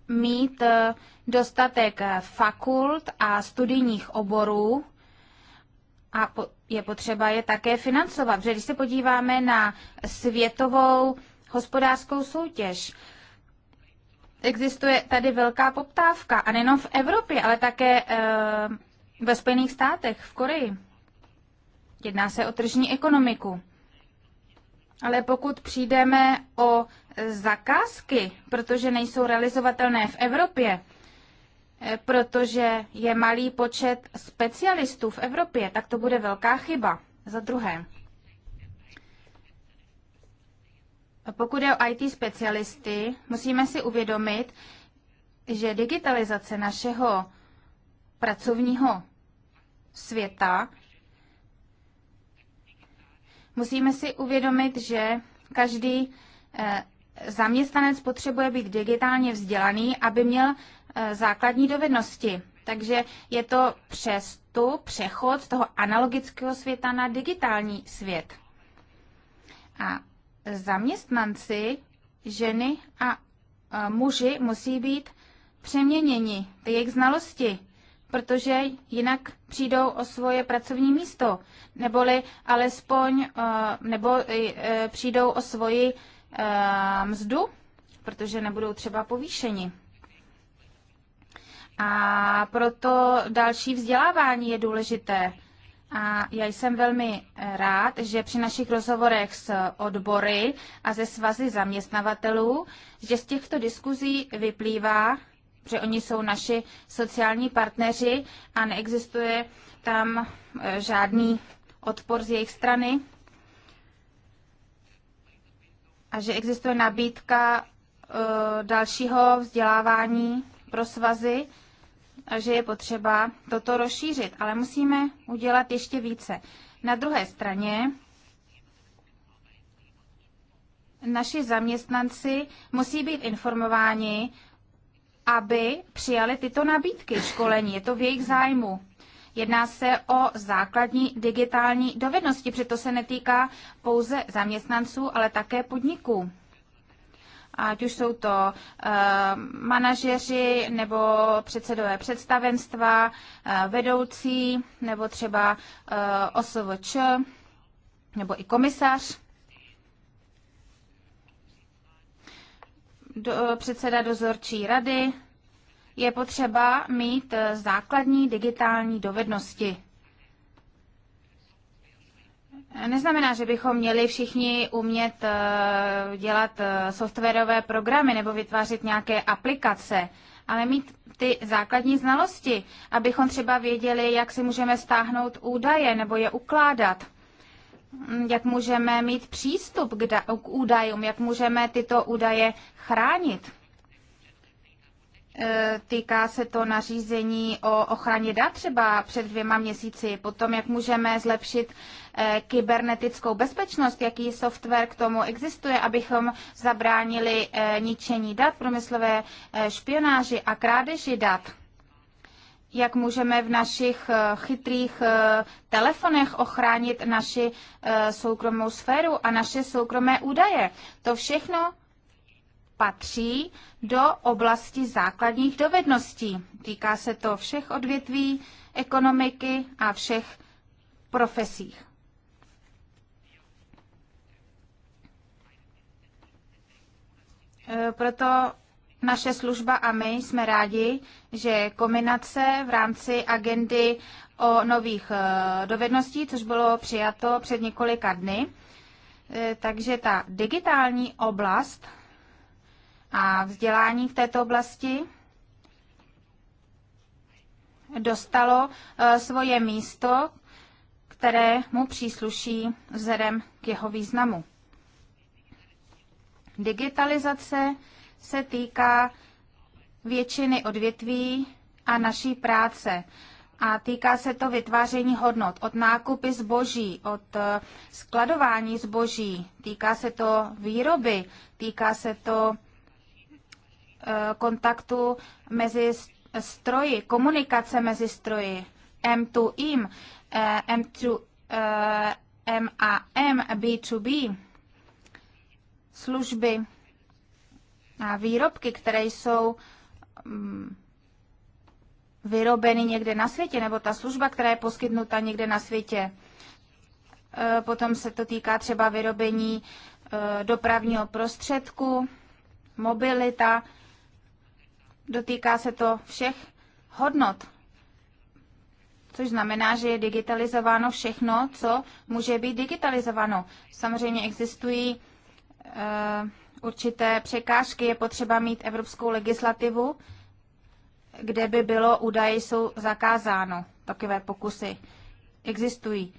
mít eh, dostatek eh, fakult a studijních oborů a je potřeba je také financovat. Protože když se podíváme na světovou hospodářskou soutěž, existuje tady velká poptávka a nejenom v Evropě, ale také eh, ve Spojených státech, v Koreji. Jedná se o tržní ekonomiku. Ale pokud přijdeme o zakázky, protože nejsou realizovatelné v Evropě, eh, protože je malý počet specialistů v Evropě, tak to bude velká chyba. Za druhé, pokud je o IT specialisty, musíme si uvědomit, že digitalizace našeho pracovního světa, musíme si uvědomit, že každý eh, zaměstnanec potřebuje být digitálně vzdělaný, aby měl eh, základní dovednosti. Takže je to přes tu přechod z toho analogického světa na digitální svět. A zaměstnanci, ženy a eh, muži musí být přeměněni, ty jejich znalosti protože jinak přijdou o svoje pracovní místo, neboli alespoň, eh, nebo eh, přijdou o svoji eh, mzdu, protože nebudou třeba povýšeni. A proto další vzdělávání je důležité. A já jsem velmi rád, že při našich rozhovorech s odbory a ze svazy zaměstnavatelů, že z těchto diskuzí vyplývá, protože oni jsou naši sociální partneři a neexistuje tam e, žádný odpor z jejich strany. A že existuje nabídka e, dalšího vzdělávání pro svazy a že je potřeba toto rozšířit, ale musíme udělat ještě více. Na druhé straně naši zaměstnanci musí být informováni aby přijali tyto nabídky školení. Je to v jejich zájmu. Jedná se o základní digitální dovednosti, přitom se netýká pouze zaměstnanců, ale také podniků. Ať už jsou to e, manažeři nebo předsedové představenstva, e, vedoucí nebo třeba e, eh, OSVČ nebo i komisař. do, eh, předseda dozorčí rady, je potřeba mít eh, základní digitální dovednosti. Neznamená, že bychom měli všichni umět eh, dělat softwarové programy nebo vytvářet nějaké aplikace, ale mít ty základní znalosti, abychom třeba věděli, jak si můžeme stáhnout údaje nebo je ukládat jak můžeme mít přístup k, da- k údajům, jak můžeme tyto údaje chránit. E, týká se to nařízení o ochraně dat třeba před dvěma měsíci, potom jak můžeme zlepšit e, kybernetickou bezpečnost, jaký software k tomu existuje, abychom zabránili e, ničení dat, průmyslové špionáži a krádeži dat jak můžeme v našich eh, chytrých eh, telefonech ochránit naši eh, soukromou sféru a naše soukromé údaje. To všechno patří do oblasti základních dovedností. Týká se to všech odvětví ekonomiky a všech profesích. Proto naše služba a my jsme rádi, že kombinace v rámci agendy o nových eh, dovedností, což bylo přijato před několika dny, eh, takže ta digitální oblast a vzdělání v této oblasti dostalo eh, svoje místo, které mu přísluší vzhledem k jeho významu. Digitalizace se týká většiny odvětví a naší práce. A týká se to vytváření hodnot, od nákupy zboží, od eh, skladování zboží, týká se to výroby, týká se to eh, kontaktu mezi stroji, komunikace mezi stroji, m to m eh, m to M a M, B2B, služby výrobky, které jsou mm, vyrobeny někde na světě, nebo ta služba, která je poskytnuta někde na světě. E, potom se to týká třeba vyrobení e, dopravního prostředku, mobilita. Dotýká se to všech hodnot, což znamená, že je digitalizováno všechno, co může být digitalizováno. Samozřejmě existují e, určité překážky, je potřeba mít evropskou legislativu, kde by bylo údaje jsou zakázáno. Takové pokusy existují.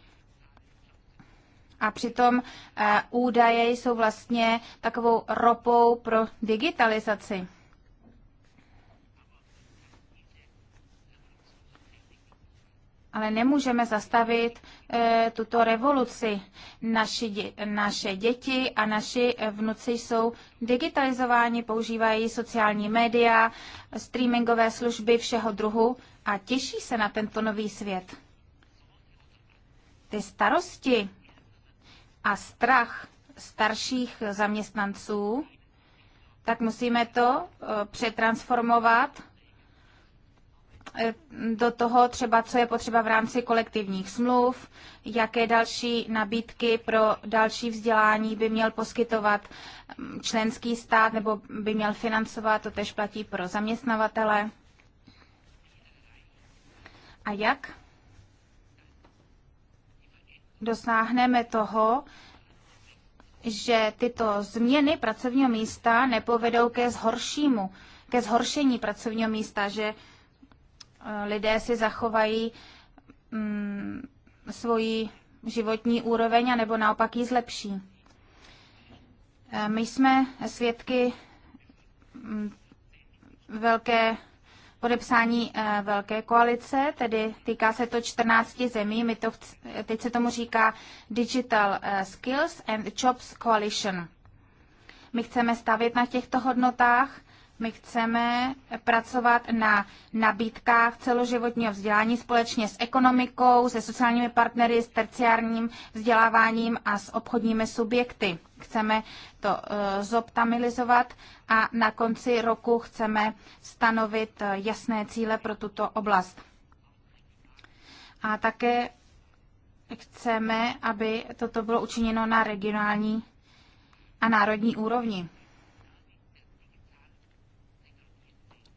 A přitom eh, údaje jsou vlastně takovou ropou pro digitalizaci. Ale nemůžeme zastavit e, tuto revoluci. Naši dě, naše děti a naši vnuci jsou digitalizováni, používají sociální média, streamingové služby všeho druhu a těší se na tento nový svět. Ty starosti a strach starších zaměstnanců, tak musíme to e, přetransformovat Eh, do toho třeba, co je potřeba v rámci kolektivních smluv, jaké další nabídky pro další vzdělání by měl poskytovat mm, členský stát nebo by měl financovat, to tež platí pro zaměstnavatele. A jak dosáhneme toho, že tyto změny pracovního místa nepovedou ke zhoršímu, ke zhoršení pracovního místa, že lidé si zachovají mm, svoji životní úroveň, anebo naopak ji zlepší. E, my jsme svědky mm, velké podepsání e, velké koalice, tedy týká se to 14 zemí, my to, teď se tomu říká Digital e, Skills and Jobs Coalition. My chceme stavět na těchto hodnotách my chceme pracovat na nabídkách celoživotního vzdělání společně s ekonomikou, se sociálními partnery, s terciárním vzděláváním a s obchodními subjekty. Chceme to eh, zoptamilizovat a na konci roku chceme stanovit eh, jasné cíle pro tuto oblast. A také chceme, aby toto bylo učiněno na regionální a národní úrovni.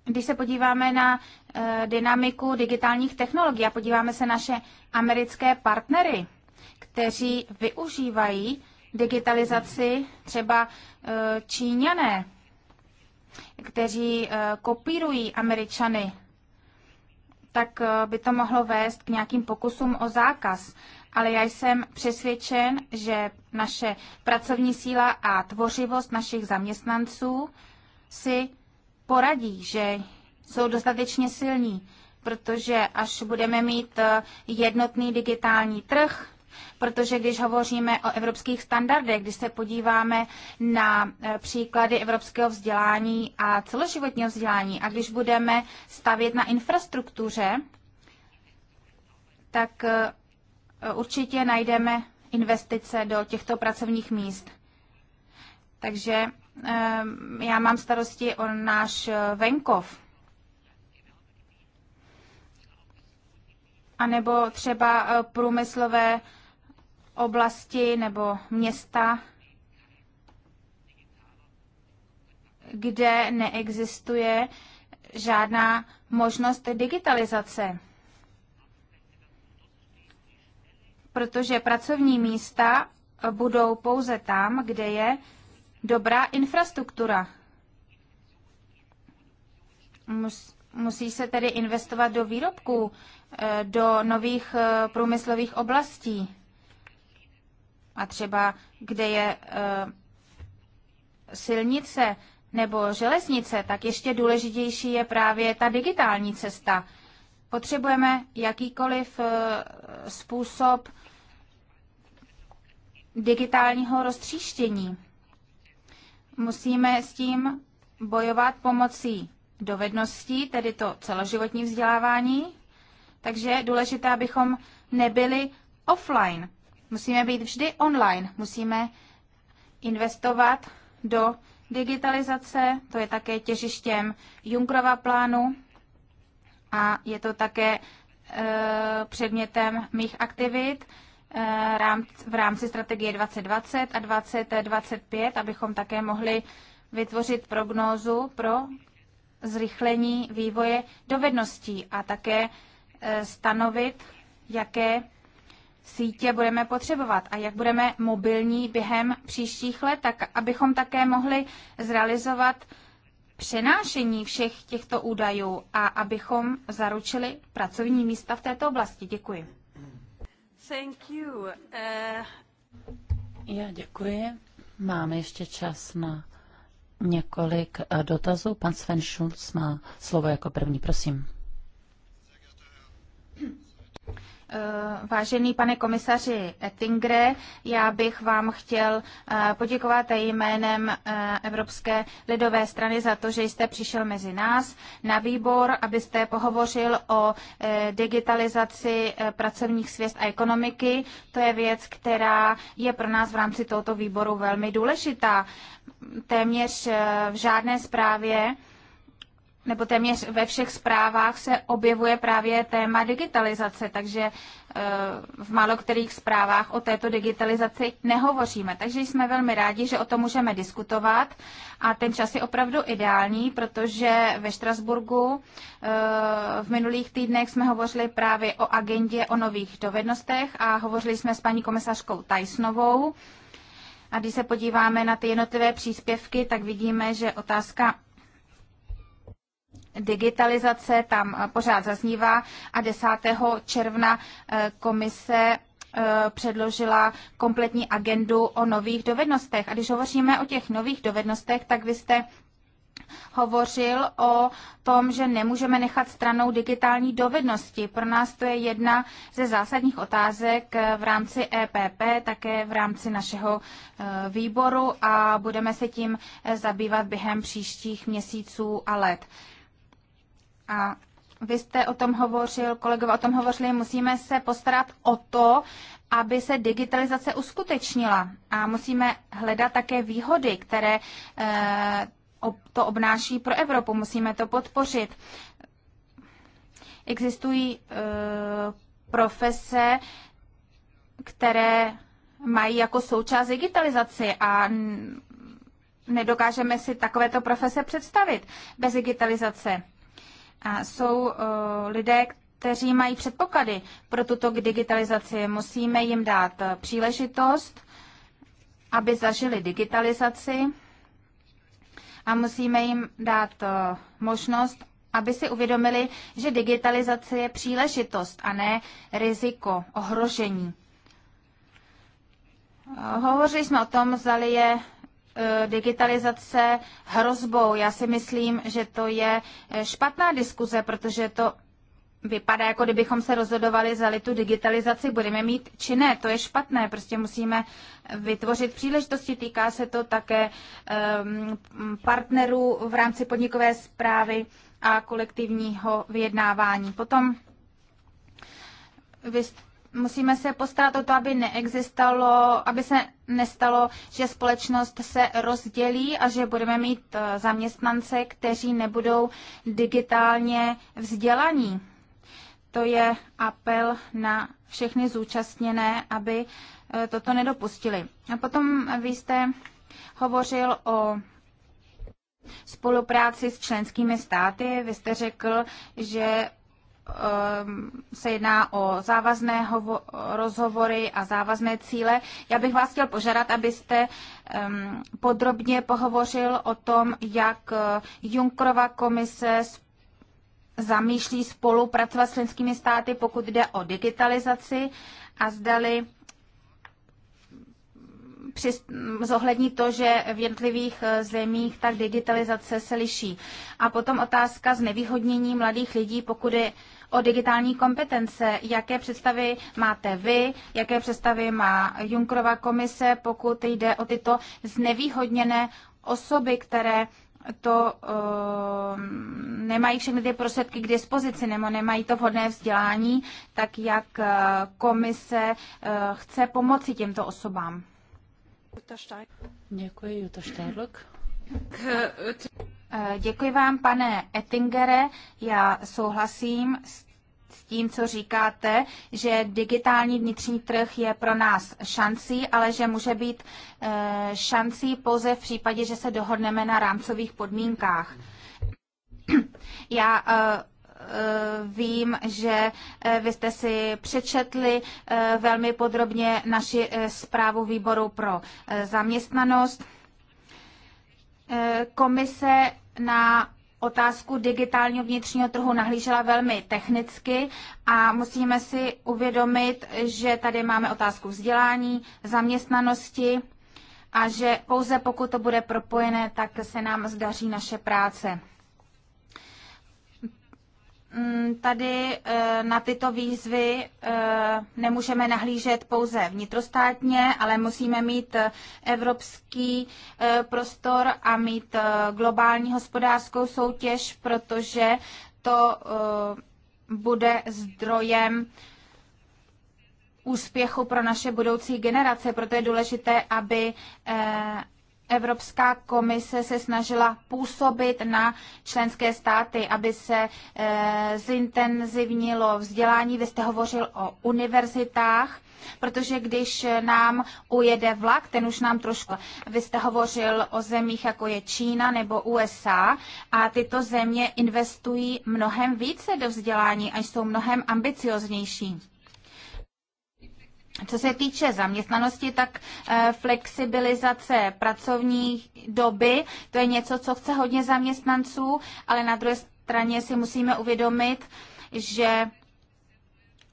Když se podíváme na eh, dynamiku digitálních technologií a podíváme se naše americké partnery, kteří využívají digitalizaci, třeba eh, Číňané, kteří eh, kopírují Američany, tak by to mohlo vést k nějakým pokusům o zákaz. Ale já jsem přesvědčen, že naše pracovní síla a tvořivost našich zaměstnanců si poradí, že jsou dostatečně silní, protože až budeme mít eh, jednotný digitální trh, protože když hovoříme o evropských standardech, když se podíváme na eh, příklady evropského vzdělání a celoživotního vzdělání a když budeme stavět na infrastruktuře, tak eh, určitě najdeme investice do těchto pracovních míst. Takže Ehm, já mám starosti o náš eh, venkov. A nebo třeba eh, průmyslové oblasti nebo města, kde neexistuje žádná možnost digitalizace. Protože pracovní místa budou pouze tam, kde je dobrá infrastruktura. Mus, musí se tedy investovat do výrobků, eh, do nových eh, průmyslových oblastí. A třeba, kde je eh, silnice nebo železnice, tak ještě důležitější je právě ta digitální cesta. Potřebujeme jakýkoliv způsob digitálního roztříštění musíme s tím bojovat pomocí dovedností, tedy to celoživotní vzdělávání. Takže je důležité, abychom nebyli offline. Musíme být vždy online. Musíme investovat do digitalizace, to je také těžištěm Junkrova plánu a je to také e, předmětem mých aktivit. Eh, v rámci strategie 2020 a 2025, abychom také mohli vytvořit prognózu pro zrychlení vývoje dovedností a také eh, stanovit, jaké sítě budeme potřebovat a jak budeme mobilní během příštích let, tak abychom také mohli zrealizovat přenášení všech těchto údajů a abychom zaručili pracovní místa v této oblasti. Děkuji. Thank you. Uh... Já děkuji. Máme ještě čas na několik eh, dotazů. Pan Sven Schulz má slovo jako první, prosím. Eh, vážený pane komisaři Ettingre, já bych vám chtěl eh, poděkovat jménem eh, Evropské lidové strany za to, že jste přišel mezi nás na výbor, abyste pohovořil o digitalizaci pracovních svěst a ekonomiky. To je věc, která je pro nás v rámci tohoto výboru velmi důležitá. Téměř v žádné zprávě nebo téměř ve všech zprávách se objevuje právě téma digitalizace, takže eh, v málo kterých zprávách o této digitalizaci nehovoříme. Takže jsme velmi rádi, že o tom můžeme diskutovat a ten čas je opravdu ideální, protože ve Štrasburgu eh, v minulých týdnech jsme hovořili právě o agendě o nových dovednostech a hovořili jsme s paní komisařkou Tajsnovou. A když se podíváme na ty jednotlivé příspěvky, tak vidíme, že otázka digitalizace tam eh, pořád zaznívá a 10. června eh, komise eh, předložila kompletní agendu o nových dovednostech. A když hovoříme o těch nových dovednostech, tak vy jste hovořil o tom, že nemůžeme nechat stranou digitální dovednosti. Pro nás to je jedna ze zásadních otázek v rámci EPP, také v rámci našeho výboru a budeme se tím zabývat během příštích měsíců a let a vy jste o tom hovořil, kolegové o tom hovořili, musíme se postarat o to, aby se digitalizace uskutečnila a musíme hledat také výhody, které eh, to obnáší pro Evropu. Musíme to podpořit. Existují eh, profese, které mají jako součást digitalizaci a nedokážeme si takovéto profese představit bez digitalizace. A jsou eh, lidé, kteří mají předpoklady pro tuto digitalizaci. Musíme jim dát eh, příležitost, aby zažili digitalizaci a musíme jim dát eh, možnost, aby si uvědomili, že digitalizace je příležitost a ne riziko, ohrožení. Hovořili jsme o tom, zda je Eh, digitalizace hrozbou. Já si myslím, že to je eh, špatná diskuze, protože to vypadá, jako kdybychom se rozhodovali, za tu digitalizaci budeme mít či ne. To je špatné, prostě musíme vytvořit příležitosti. Týká se to také um, partnerů v rámci podnikové zprávy a kolektivního vyjednávání. Potom vy musíme se postarat o to, aby neexistalo, aby se nestalo, že společnost se rozdělí a že budeme mít eh, zaměstnance, kteří nebudou digitálně vzdělaní. To je apel na všechny zúčastněné, aby eh, toto nedopustili. A potom vy jste hovořil o spolupráci s členskými státy. Vy jste řekl, že Ehm, se jedná o závazné rozhovory a závazné cíle. Já bych vás chtěl požádat, abyste ehm, podrobně pohovořil o tom, jak eh, Junkrova komise zamýšlí spolupracovat s členskými státy, pokud jde o digitalizaci a zdali při zohlední to, že v jednotlivých eh, zemích tak digitalizace se liší. A potom otázka znevýhodnění mladých lidí, pokud je o digitální kompetence. Jaké představy máte vy, jaké představy má Junkrova komise, pokud jde o tyto znevýhodněné osoby, které to uh, nemají všechny ty prostředky k dispozici nebo nemají to vhodné vzdělání, tak jak eh, komise uh, chce pomoci těmto osobám? Děkuji, Jutta eh, Děkuji vám, pane Ettingere. Já souhlasím s s tím, co říkáte, že digitální vnitřní trh je pro nás šancí, ale že může být eh, šancí pouze v případě, že se dohodneme na rámcových podmínkách. Já eh, Eh, vím, že eh, vy jste si přečetli eh, velmi podrobně naši zprávu výboru pro zaměstnanost. Komise na otázku digitálního vnitřního trhu nahlížela velmi technicky a musíme si uvědomit, že tady máme otázku vzdělání, zaměstnanosti a že pouze pokud to bude propojené, tak se nám zdaří naše práce. Mm, tady eh, na tyto výzvy eh, nemůžeme nahlížet pouze vnitrostátně, ale musíme mít eh, evropský prostor a mít globální hospodářskou soutěž, protože to bude zdrojem úspěchu pro naše budoucí generace. Proto je důležité, aby Evropská komise se snažila působit na členské státy, aby se e, zintenzivnilo vzdělání. Vy jste hovořil o univerzitách, protože když nám ujede vlak, ten už nám trošku. Vy jste hovořil o zemích, jako je Čína nebo USA, a tyto země investují mnohem více do vzdělání a jsou mnohem ambicioznější. Co se týče zaměstnanosti, tak eh, flexibilizace pracovní doby, to je něco, co chce hodně zaměstnanců, ale na druhé straně si musíme uvědomit, že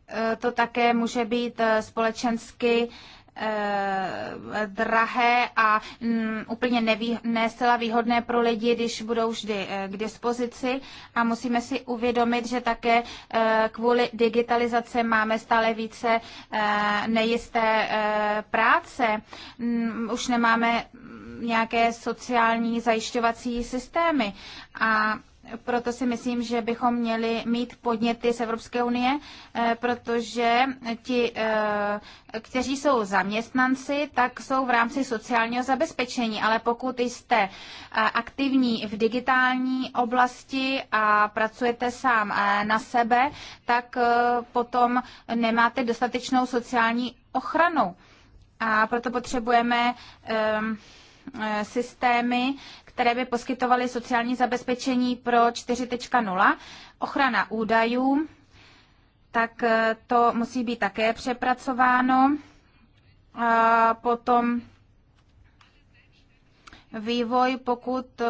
eh, to také může být eh, společensky Eh, drahé a mm, úplně nevý, ne zcela výhodné pro lidi, když budou vždy eh, k dispozici. A musíme si uvědomit, že také eh, kvůli digitalizace máme stále více nejisté práce. Mm, už nemáme nějaké sociální zajišťovací systémy. A proto si myslím, že bychom měli mít podněty z Evropské unie, eh, protože ti, eh, kteří jsou zaměstnanci, tak jsou v rámci sociálního zabezpečení, ale pokud jste eh, aktivní v digitální oblasti a pracujete sám na sebe, tak potom nemáte dostatečnou sociální ochranu. A proto potřebujeme systémy, které by poskytovaly sociální zabezpečení pro 4.0, ochrana údajů, tak eh, to musí být také přepracováno. A potom vývoj, pokud eh,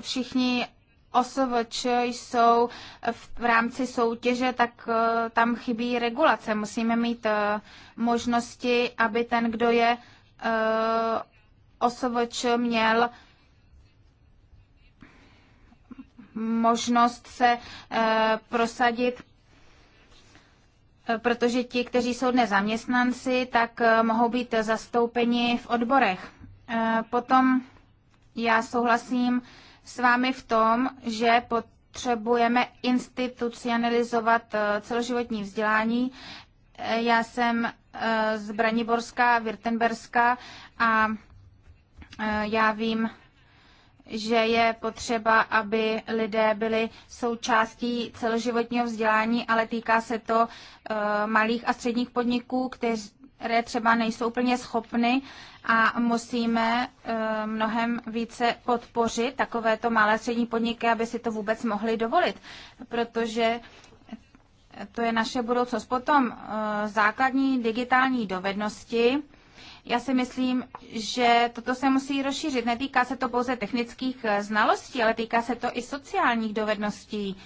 všichni OSVČ jsou v rámci soutěže, tak eh, tam chybí regulace. Musíme mít možnosti, aby ten, kdo je OSVČ, měl možnost se eh, prosadit eh, protože ti, kteří jsou dnes zaměstnanci, tak eh, mohou být zastoupeni v odborech. Potom já souhlasím s vámi v tom, že potřebujeme institucionalizovat celoživotní vzdělání. Já jsem z Braniborska, Wirtenberska a já vím, že je potřeba, aby lidé byli součástí celoživotního vzdělání, ale týká se to eh, malých a středních podniků, které třeba nejsou úplně schopny a musíme eh, mnohem více podpořit takovéto malé a střední podniky, aby si to vůbec mohli dovolit, protože to je naše budoucnost. Potom eh, základní digitální dovednosti já si myslím, že toto se musí rozšířit. Netýká se to pouze technických eh, znalostí, ale týká se to i sociálních dovedností.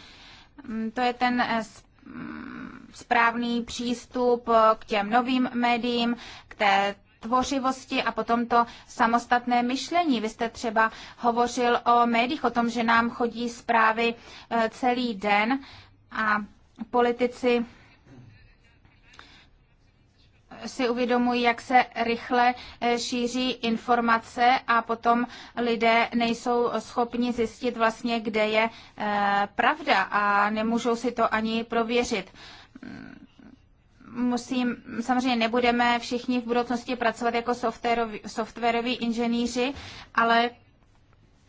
Mm, to je ten eh, mm, správný přístup eh, k těm novým médiím, k té tvořivosti a potom to samostatné myšlení. Vy jste třeba hovořil o médiích, o tom, že nám chodí zprávy celý den a politici si uvědomují, jak se rychle eh, šíří informace a potom lidé nejsou schopni zjistit vlastně, kde je eh, pravda a nemůžou si to ani prověřit musím, samozřejmě nebudeme všichni v budoucnosti pracovat jako softwaroví, inženýři, ale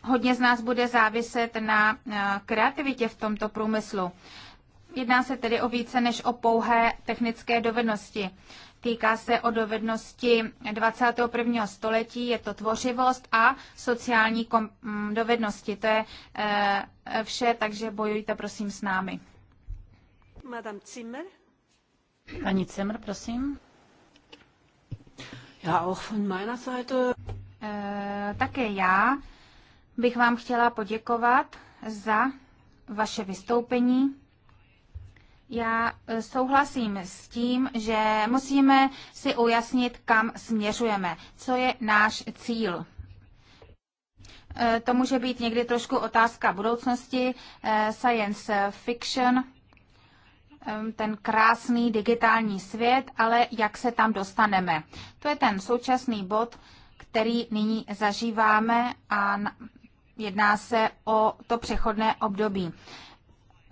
hodně z nás bude záviset na eh, kreativitě v tomto průmyslu. Jedná se tedy o více než o pouhé technické dovednosti. Týká se o dovednosti 21. století, je to tvořivost a sociální kom- mm, dovednosti. To je e, vše, takže bojujte prosím s námi. Madame Zimmer. Pani Zimmer, prosím. Já auch von meiner Seite. E, také já bych vám chtěla poděkovat za vaše vystoupení já e, souhlasím s tím, že musíme si ujasnit, kam směřujeme, co je náš cíl. E, to může být někdy trošku otázka budoucnosti, e, science fiction, ten krásný digitální svět, ale jak se tam dostaneme. To je ten současný bod, který nyní zažíváme a jedná se o to přechodné období.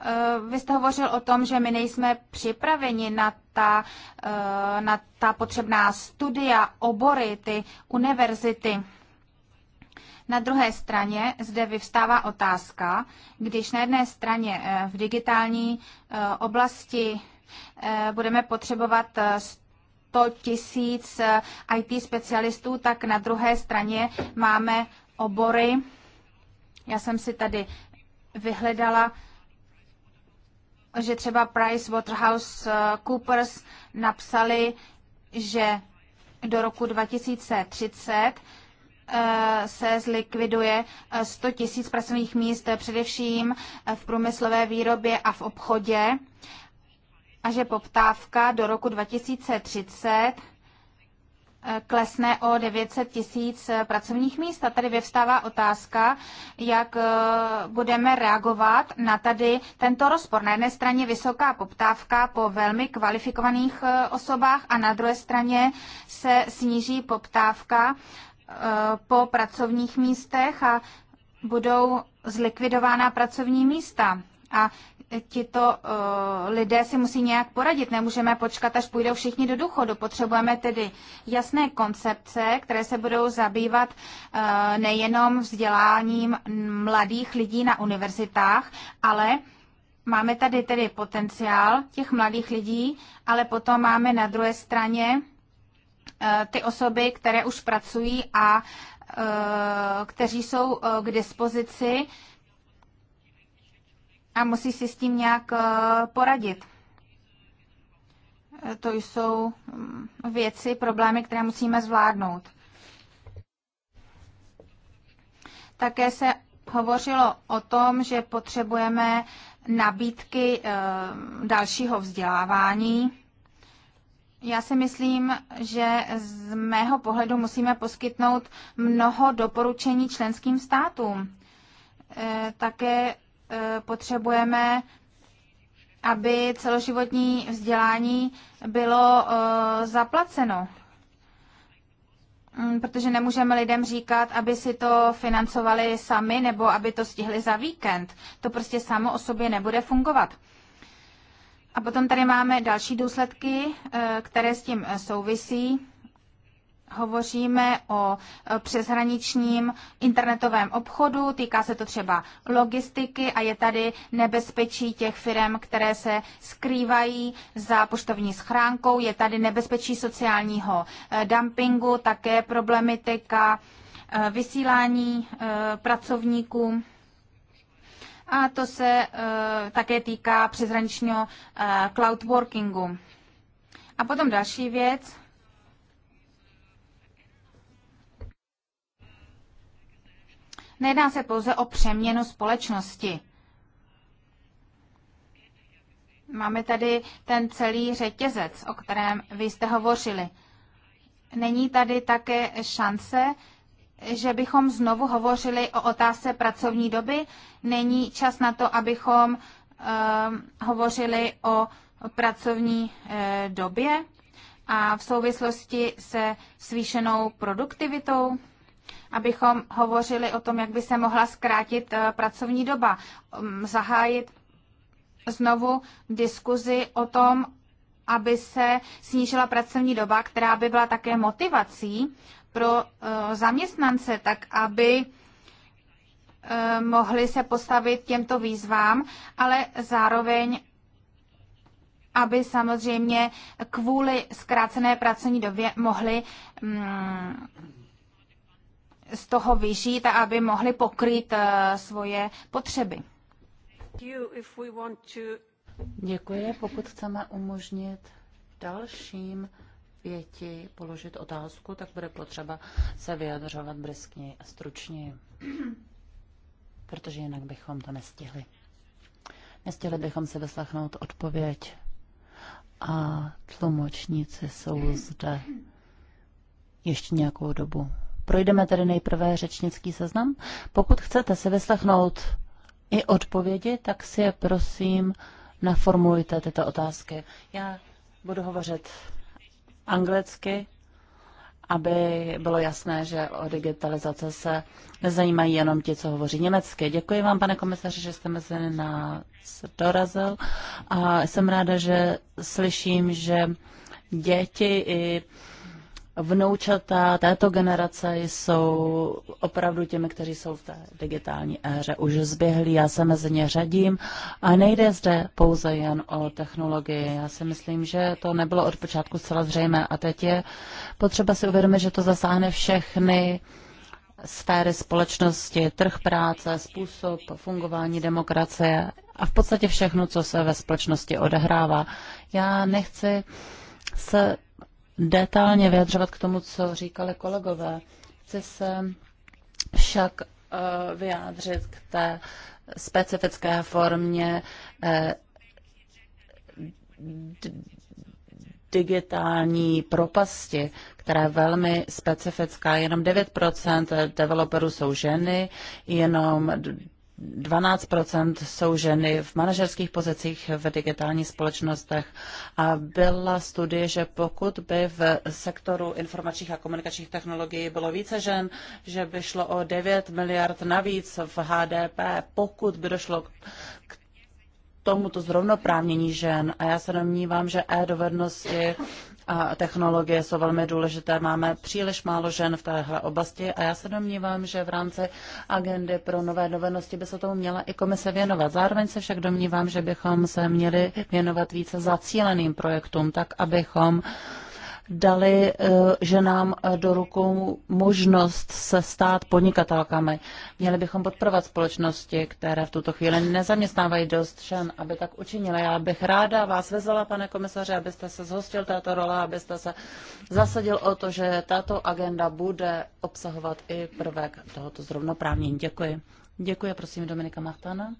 Eh, vy jste hovořil o tom, že my nejsme připraveni na ta, eh, na ta potřebná studia, obory, ty univerzity. Na druhé straně zde vyvstává otázka, když na jedné straně eh, v digitální oblasti budeme potřebovat 100 tisíc IT specialistů, tak na druhé straně máme obory. Já jsem si tady vyhledala uh, že třeba Price Waterhouse eh, Coopers napsali, že do roku 2030 eh, se zlikviduje 100 eh, tisíc pracovních míst, především v průmyslové výrobě a v obchodě, a že poptávka do roku 2030 klesne o 900 tisíc eh, pracovních míst. A tady vyvstává otázka, jak eh, budeme reagovat na tady tento rozpor. Na jedné straně vysoká poptávka po velmi kvalifikovaných eh, osobách a na druhé straně se sníží poptávka po pracovních místech a budou zlikvidována pracovní místa. A tito uh, eh, lidé si musí nějak poradit. Nemůžeme počkat, až půjdou všichni do důchodu. Potřebujeme tedy jasné koncepce, které se budou zabývat uh, nejenom vzděláním mladých lidí na univerzitách, ale máme tady tedy potenciál těch mladých lidí, ale potom máme na druhé straně uh, ty osoby, které už pracují a kteří jsou k dispozici a musí si s tím nějak eh, poradit. Eh, to jsou mm, věci, problémy, které musíme zvládnout. Také se hovořilo o tom, že potřebujeme nabídky eh, dalšího vzdělávání. Já si myslím, že z mého pohledu musíme poskytnout mnoho doporučení členským státům. Také Eh, potřebujeme, aby celoživotní vzdělání bylo eh, zaplaceno. Mm, protože nemůžeme lidem říkat, aby si to financovali sami nebo aby to stihli za víkend. To prostě samo o sobě nebude fungovat. A potom tady máme další důsledky, eh, které s tím souvisí hovoříme o e, přeshraničním internetovém obchodu, týká se to třeba logistiky a je tady nebezpečí těch firm, které se skrývají za poštovní schránkou, je tady nebezpečí sociálního e, dumpingu, také problematika vysílání e, pracovníků. A to se také týká přeshraničního cloud workingu. A potom další věc, Nejedná se pouze o přeměnu společnosti. Máme tady ten celý řetězec, o kterém vy jste hovořili. Není tady také šance, že bychom znovu hovořili o otázce pracovní doby? Není čas na to, abychom uh, hovořili o pracovní uh, době a v souvislosti se zvýšenou produktivitou? abychom hovořili o tom, jak by se mohla zkrátit eh, pracovní doba, um, zahájit znovu diskuzi o tom, aby se snížila pracovní doba, která by byla také motivací pro eh, zaměstnance, tak aby eh, mohli se postavit těmto výzvám, ale zároveň aby samozřejmě kvůli zkrácené pracovní době mohli mm, z toho vyžít a aby mohli pokrýt eh, svoje potřeby. Děkuji. Pokud chceme umožnit dalším pěti položit otázku, tak bude potřeba se vyjadřovat briskně a stručně, protože jinak bychom to nestihli. Nestihli bychom se vyslechnout odpověď a tlumočníci jsou zde ještě nějakou dobu. Projdeme tedy nejprve řečnický seznam. Pokud chcete si vyslechnout i odpovědi, tak si je prosím naformulujte tyto otázky. Já budu hovořit anglicky, aby bylo jasné, že o digitalizace se nezajímají jenom ti, co hovoří německy. Děkuji vám, pane komisaři, že jste mezi nás dorazil a jsem ráda, že slyším, že děti i vnoučata této generace jsou opravdu těmi, kteří jsou v té digitální éře už zběhlí, já se mezi ně řadím a nejde zde pouze jen o technologii. Já si myslím, že to nebylo od počátku zcela zřejmé a teď je potřeba si uvědomit, že to zasáhne všechny sféry společnosti, trh práce, způsob fungování demokracie a v podstatě všechno, co se ve společnosti odehrává. Já nechci se detailně vyjadřovat k tomu, co říkali kolegové. Chci se však eh, vyjádřit k té specifické formě eh, digitální propasti, která je velmi specifická. Jenom 9% developerů jsou ženy, jenom 12 jsou ženy v manažerských pozicích v digitálních společnostech a byla studie, že pokud by v sektoru informačních a komunikačních technologií bylo více žen, že by šlo o 9 miliard navíc v HDP, pokud by došlo k tomuto zrovnoprávnění žen. A já se domnívám, že e-dovednosti a technologie jsou velmi důležité. Máme příliš málo žen v téhle oblasti a já se domnívám, že v rámci agendy pro nové dovednosti by se tomu měla i komise věnovat. Zároveň se však domnívám, že bychom se měli věnovat více zacíleným projektům, tak abychom uh, dali eh, ženám eh, do rukou možnost se stát podnikatelkami. Měli bychom podporovat společnosti, které v tuto chvíli nezaměstnávají dost žen, aby tak učinili. Já bych ráda vás vezala, pane komisaře, abyste se zhostil této role, abyste se zasadil o to, že tato agenda bude obsahovat i prvek tohoto zrovnoprávnění. Děkuji. Děkuji, prosím, Dominika Martana.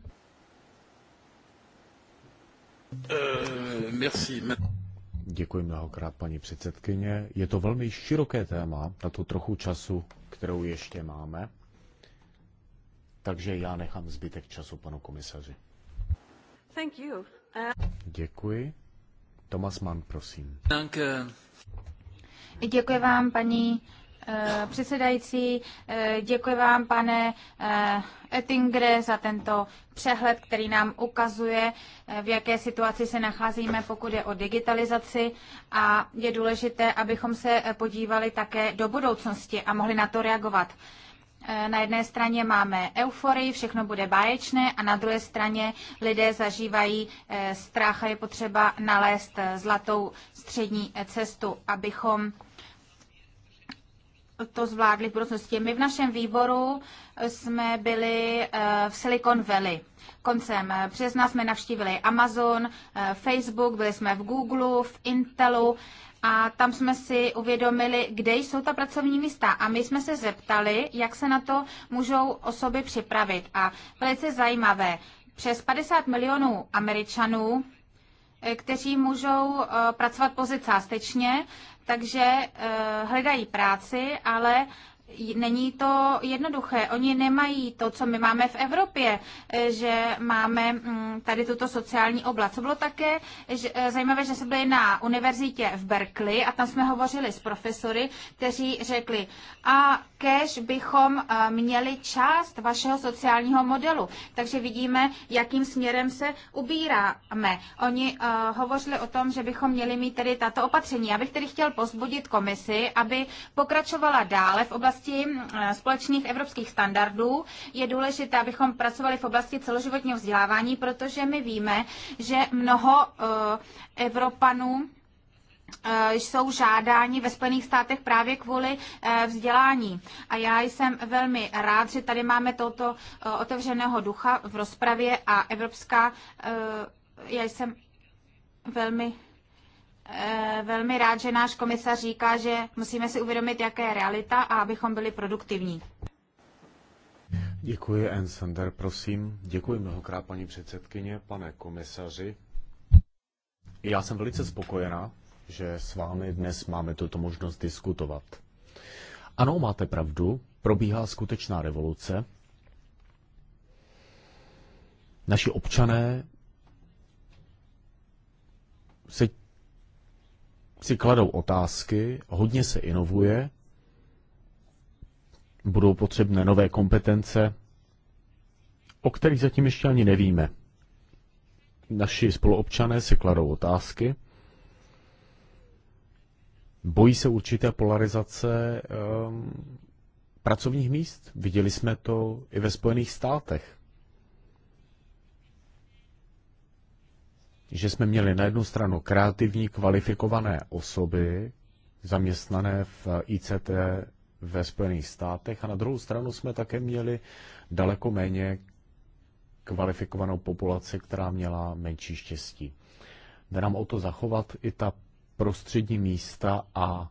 Uh, merci. Děkuji mnohokrát, paní předsedkyně. Je to velmi široké téma, na tu trochu času, kterou ještě máme. Takže já nechám zbytek času panu komisaři. Thank you. Uh... Děkuji. Tomas Mann, prosím. Danke. Děkuji vám, paní Eh, předsedající, eh, děkuji vám, pane eh, Ettingre, za tento přehled, který nám ukazuje, v jaké situaci se nacházíme, pokud je o digitalizaci a je důležité, abychom se podívali také do budoucnosti a mohli na to reagovat. Na jedné straně máme euforii, všechno bude báječné a na druhé straně lidé zažívají strach a je potřeba nalézt zlatou střední cestu, abychom to zvládli v budoucnosti. My v našem výboru jsme byli eh, v Silicon Valley. Koncem eh, března jsme navštívili Amazon, eh, Facebook, byli jsme v Google, v Intelu a tam jsme si uvědomili, kde jsou ta pracovní místa. A my jsme se zeptali, jak se na to můžou osoby připravit. A velice zajímavé, přes 50 milionů Američanů Eh, kteří můžou eh, pracovat pouze částečně, takže eh, hledají práci, ale není to jednoduché. Oni nemají to, co my máme v Evropě, eh, že máme mm, tady tuto sociální oblast. Co bylo také že, eh, zajímavé, že jsme byli na univerzitě v Berkeley a tam jsme hovořili s profesory, kteří řekli, a kež bychom eh, měli část vašeho sociálního modelu. Takže vidíme, jakým směrem se ubíráme. Oni uh, hovořili o tom, že bychom měli mít tedy tato opatření. Já bych tedy chtěl pozbudit komisi, aby pokračovala dále v oblasti oblasti eh, společných evropských standardů. Je důležité, abychom pracovali v oblasti celoživotního vzdělávání, protože my víme, že mnoho eh, Evropanů eh, jsou žádáni ve Spojených státech právě kvůli vzdělání. A já jsem velmi rád, že tady máme touto otevřeného ducha v rozpravě a Evropská, já jsem velmi Eh, velmi rád, že náš komisař říká, že musíme si uvědomit, jaká je realita a abychom byli produktivní. Děkuji, Ensander, prosím. Děkuji mnohokrát, paní předsedkyně, pane komisaři. Já jsem velice spokojená, že s vámi dnes máme tuto možnost diskutovat. Ano, máte pravdu, probíhá skutečná revoluce. Naši občané se si kladou otázky, hodně se inovuje, budou potřebné nové kompetence, o kterých zatím ještě ani nevíme. Naši spoluobčané si kladou otázky, bojí se určité polarizace um, pracovních míst. Viděli jsme to i ve Spojených státech. že jsme měli na jednu stranu kreativní, kvalifikované osoby zaměstnané v ICT ve Spojených státech a na druhou stranu jsme také měli daleko méně kvalifikovanou populaci, která měla menší štěstí. Jde nám o to zachovat i ta prostřední místa a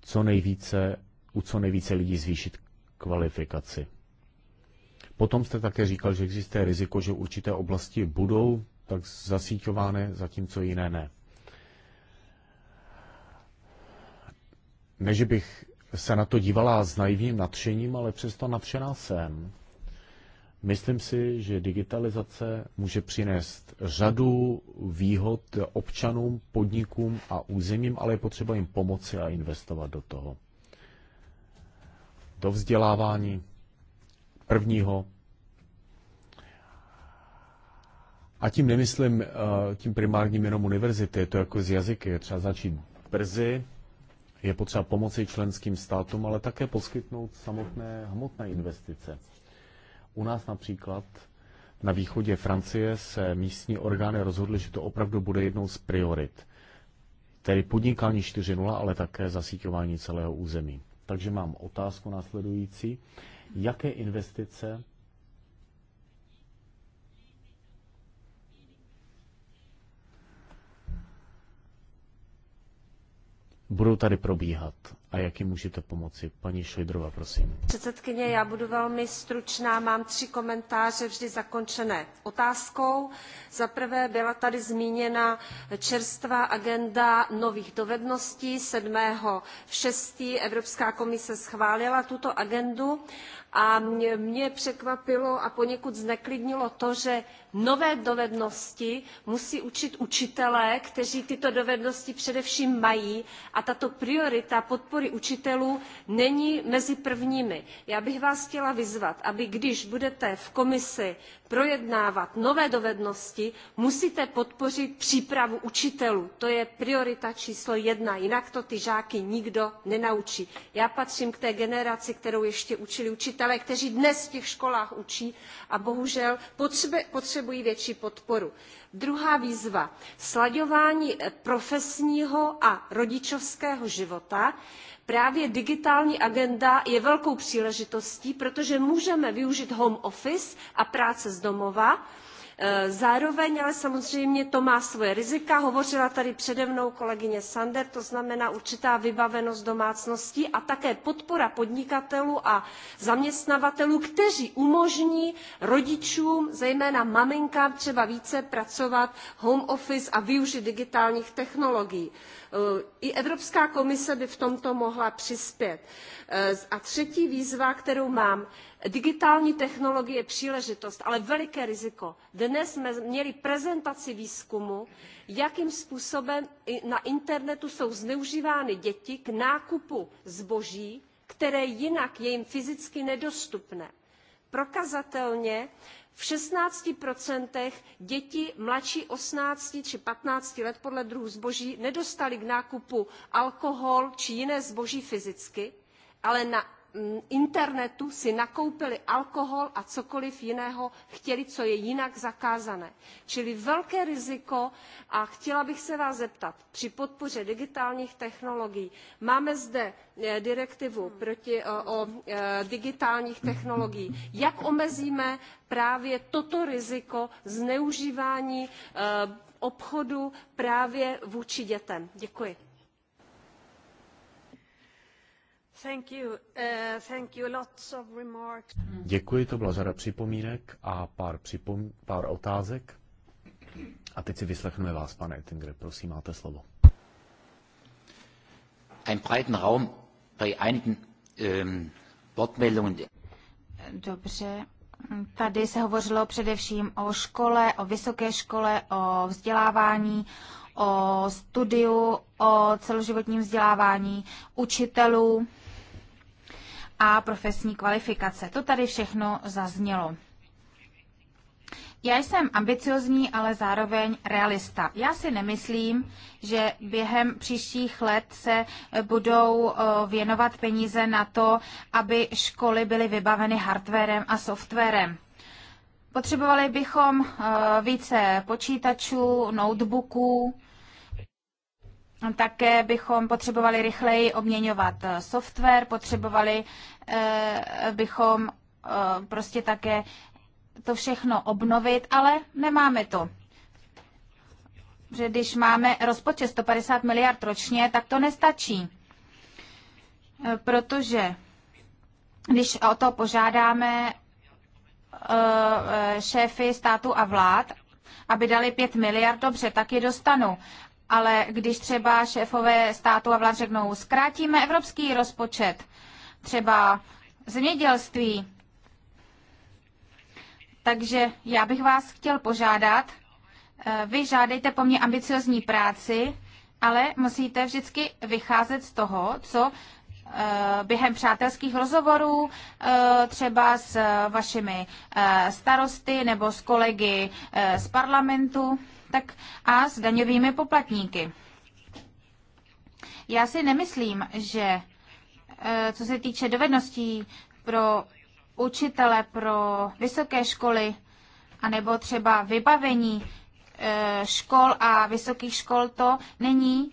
co nejvíce, u co nejvíce lidí zvýšit kvalifikaci. Potom jste také říkal, že existuje riziko, že určité oblasti budou tak zasíťovány, zatímco jiné ne. Ne, že bych se na to dívala s naivním nadšením, ale přesto nadšená jsem. Myslím si, že digitalizace může přinést řadu výhod občanům, podnikům a územím, ale je potřeba jim pomoci a investovat do toho. Do vzdělávání, prvního. A tím nemyslím eh, tím primárním jenom univerzity, je to jako z jazyky, je třeba začít brzy, je potřeba pomoci členským státům, ale také poskytnout samotné hmotné investice. U nás například na východě Francie se místní orgány rozhodly, že to opravdu bude jednou z priorit. Tedy podnikání 4.0, ale také zasíťování celého území. Takže mám otázku následující jaké investice budou tady probíhat a jak jim můžete pomoci. Paní Šojdrova, prosím. Předsedkyně, já budu velmi stručná. Mám tři komentáře vždy zakončené otázkou. Za prvé byla tady zmíněna čerstvá agenda nových dovedností. 7. 6. Evropská komise schválila tuto agendu a mě, mě překvapilo a poněkud zneklidnilo to, že nové dovednosti musí učit učitelé, kteří tyto dovednosti především mají a tato priorita podporuje podpory učitelů není mezi prvními. Já bych vás chtěla vyzvat, aby když budete v komisi projednávat nové dovednosti, musíte podpořit přípravu učitelů. To je priorita číslo jedna, jinak to ty žáky nikdo nenaučí. Já patřím k té generaci, kterou ještě učili učitelé, kteří dnes v těch školách učí a bohužel potřebují větší podporu. Druhá výzva. Slaďování eh, profesního a rodičovského života. Právě digitální agenda je velkou příležitostí, protože můžeme využít home office a práce z domova, Eh, zároveň ale samozřejmě to má svoje rizika. Hovořila tady přede mnou kolegyně Sander, to znamená určitá vybavenost domácností a také podpora podnikatelů a zaměstnavatelů, kteří umožní rodičům, zejména maminkám, třeba více pracovat home office a využít digitálních technologií. Eh, I Evropská komise by v tomto mohla přispět. Eh, a třetí výzva, kterou mám, digitální technologie je příležitost ale veliké riziko. dnes jsme měli prezentaci výzkumu jakým způsobem na internetu jsou zneužívány děti k nákupu zboží které jinak je jim fyzicky nedostupné. prokazatelně v sixteen děti mladší eighteen či fifteen let podle druhu zboží nedostaly k nákupu alkohol či jiné zboží fyzicky ale na Mm, internetu si nakoupili alkohol a cokoliv jiného chtěli, co je jinak zakázané. Čili velké riziko a chtěla bych se vás zeptat, při podpoře digitálních technologií máme zde eh, direktivu proti, eh, o, o eh, digitálních technologiích. Jak omezíme právě toto riziko zneužívání obchodu právě vůči dětem? Děkuji. Uh, Děkuji, to byla řada připomínek a pár, připom- pár otázek. A teď si vyslechneme vás, pane Ettinger. Prosím, máte slovo. Ein breiten Raum bei einigen ähm, Wortmeldungen. Dobře. Tady se hovořilo především o škole, o vysoké škole, o vzdělávání, o studiu, o celoživotním vzdělávání učitelů a profesní kvalifikace. To tady všechno zaznělo. Já jsem ambiciozní, ale zároveň realista. Já si nemyslím, že během příštích let se budou věnovat peníze na to, aby školy byly vybaveny hardwarem a softwarem. Potřebovali bychom více počítačů, notebooků, také bychom potřebovali rychleji obměňovat eh, software, potřebovali eh, bychom eh, prostě také to všechno obnovit, ale nemáme to. Že když máme rozpočet 150 miliard ročně, tak to nestačí. Protože když o to požádáme šéfy státu a vlád, aby dali 5 miliard, dobře, tak je dostanu ale když třeba šéfové státu a vlád řeknou, zkrátíme evropský rozpočet, třeba zemědělství, takže já bych vás chtěl požádat, eh, vy žádejte po mně ambiciozní práci, ale musíte vždycky vycházet z toho, co eh, během přátelských rozhovorů eh, třeba s vašimi starosty nebo s kolegy z parlamentu tak a s daňovými poplatníky. Já si nemyslím, že e, co se týče dovedností pro učitele, pro vysoké školy, anebo třeba vybavení e, škol a vysokých škol, to není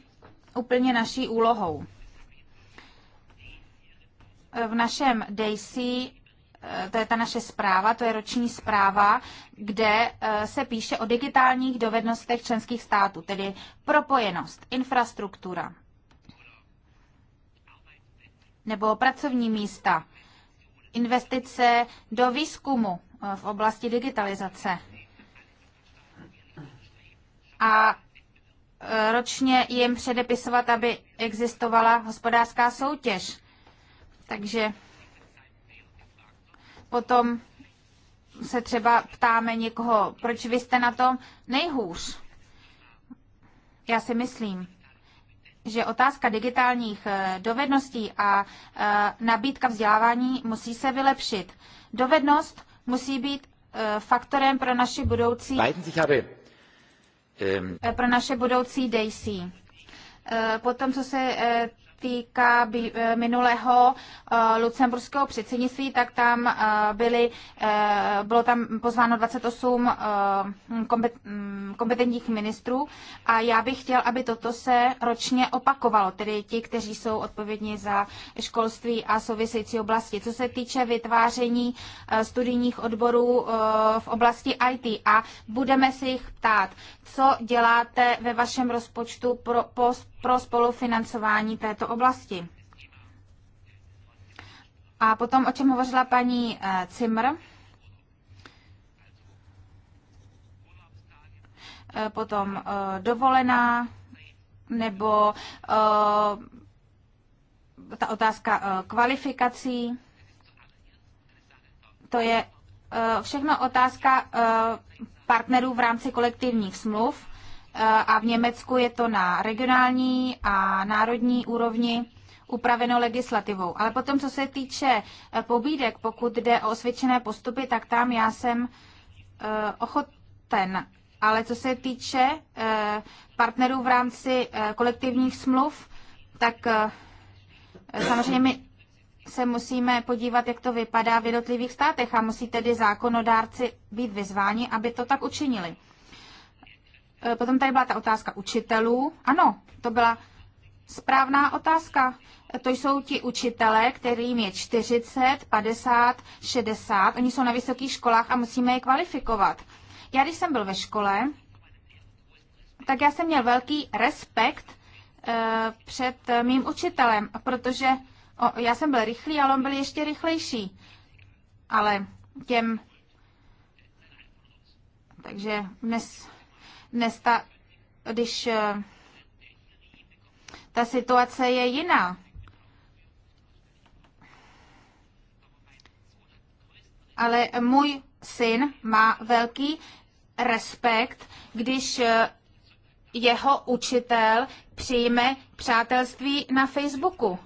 úplně naší úlohou. V našem DC. Eh, to je ta naše zpráva, to je roční zpráva, kde eh, se píše o digitálních dovednostech členských států, tedy propojenost, infrastruktura nebo pracovní místa, investice do výzkumu eh, v oblasti digitalizace. A ročně jim předepisovat, aby existovala hospodářská soutěž. Takže potom se třeba ptáme někoho, proč vy jste na tom nejhůř. Já si myslím, že otázka digitálních eh, dovedností a eh, nabídka vzdělávání musí se vylepšit. Dovednost musí být eh, faktorem ähm, pro naše budoucí pro naše budoucí DC. Potom, co se týká eh, minulého eh, lucemburského předsednictví, tak tam eh, byly, bylo tam pozváno 28 mm, kompetentních ministrů a já bych chtěl, aby toto se ročně opakovalo, tedy ti, kteří jsou odpovědní za školství a související oblasti. Co se týče vytváření studijních odborů v oblasti IT a budeme se jich ptát, co děláte ve vašem rozpočtu pro post pro spolufinancování této oblasti. A potom, o čem hovořila paní eh, Cimr, eh, potom eh, dovolená nebo ta otázka kvalifikací. To je všechno otázka partnerů v rámci kolektivních smluv. Eh, a v Německu je to na regionální a národní úrovni upraveno legislativou. Ale potom, co se týče eh, pobídek, pokud jde o osvědčené postupy, tak tam já jsem eh, ochoten. Ale co se týče partnerů v rámci kolektivních smluv, tak samozřejmě my se musíme podívat, jak to vypadá v jednotlivých státech a musí tedy zákonodárci být vyzváni, aby to tak učinili. Eh, potom tady byla ta otázka učitelů. Ano, to byla správná otázka. Eh, to jsou ti učitele, kterým je 40, 50, 60. Oni jsou na vysokých školách a musíme je kvalifikovat. Já, když jsem byl ve škole, tak já jsem měl velký respekt eh, před mým učitelem, protože o, já jsem byl rychlý, ale on byl ještě rychlejší. Ale těm... Takže dnes nesta, když eh, ta situace je jiná. Ale můj syn má velký respekt, když eh, jeho učitel přijme přátelství na Facebooku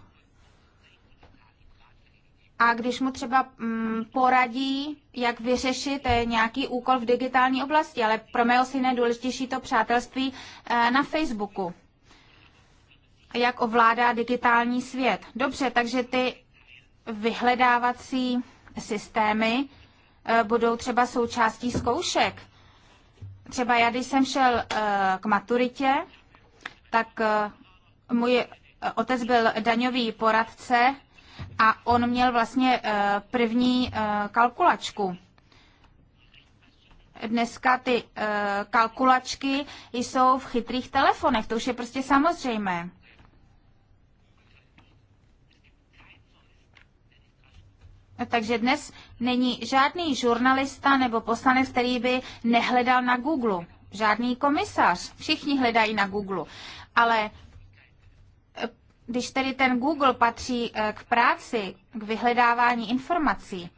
a když mu třeba mm, poradí, jak vyřešit eh, nějaký úkol v digitální oblasti, ale pro mého syna je důležitější to přátelství eh, na Facebooku. Jak ovládá digitální svět. Dobře, takže ty vyhledávací systémy eh, budou třeba součástí zkoušek. Třeba já, když jsem šel k maturitě, tak můj otec byl daňový poradce a on měl vlastně eh, první eh, kalkulačku. Dneska ty eh, kalkulačky jsou v chytrých telefonech, to už je prostě samozřejmé. Takže dnes není žádný žurnalista nebo poslanec, který by nehledal na Google. Žádný komisař. Všichni hledají na Google. Ale když tedy ten Google patří eh, k práci, k vyhledávání informací,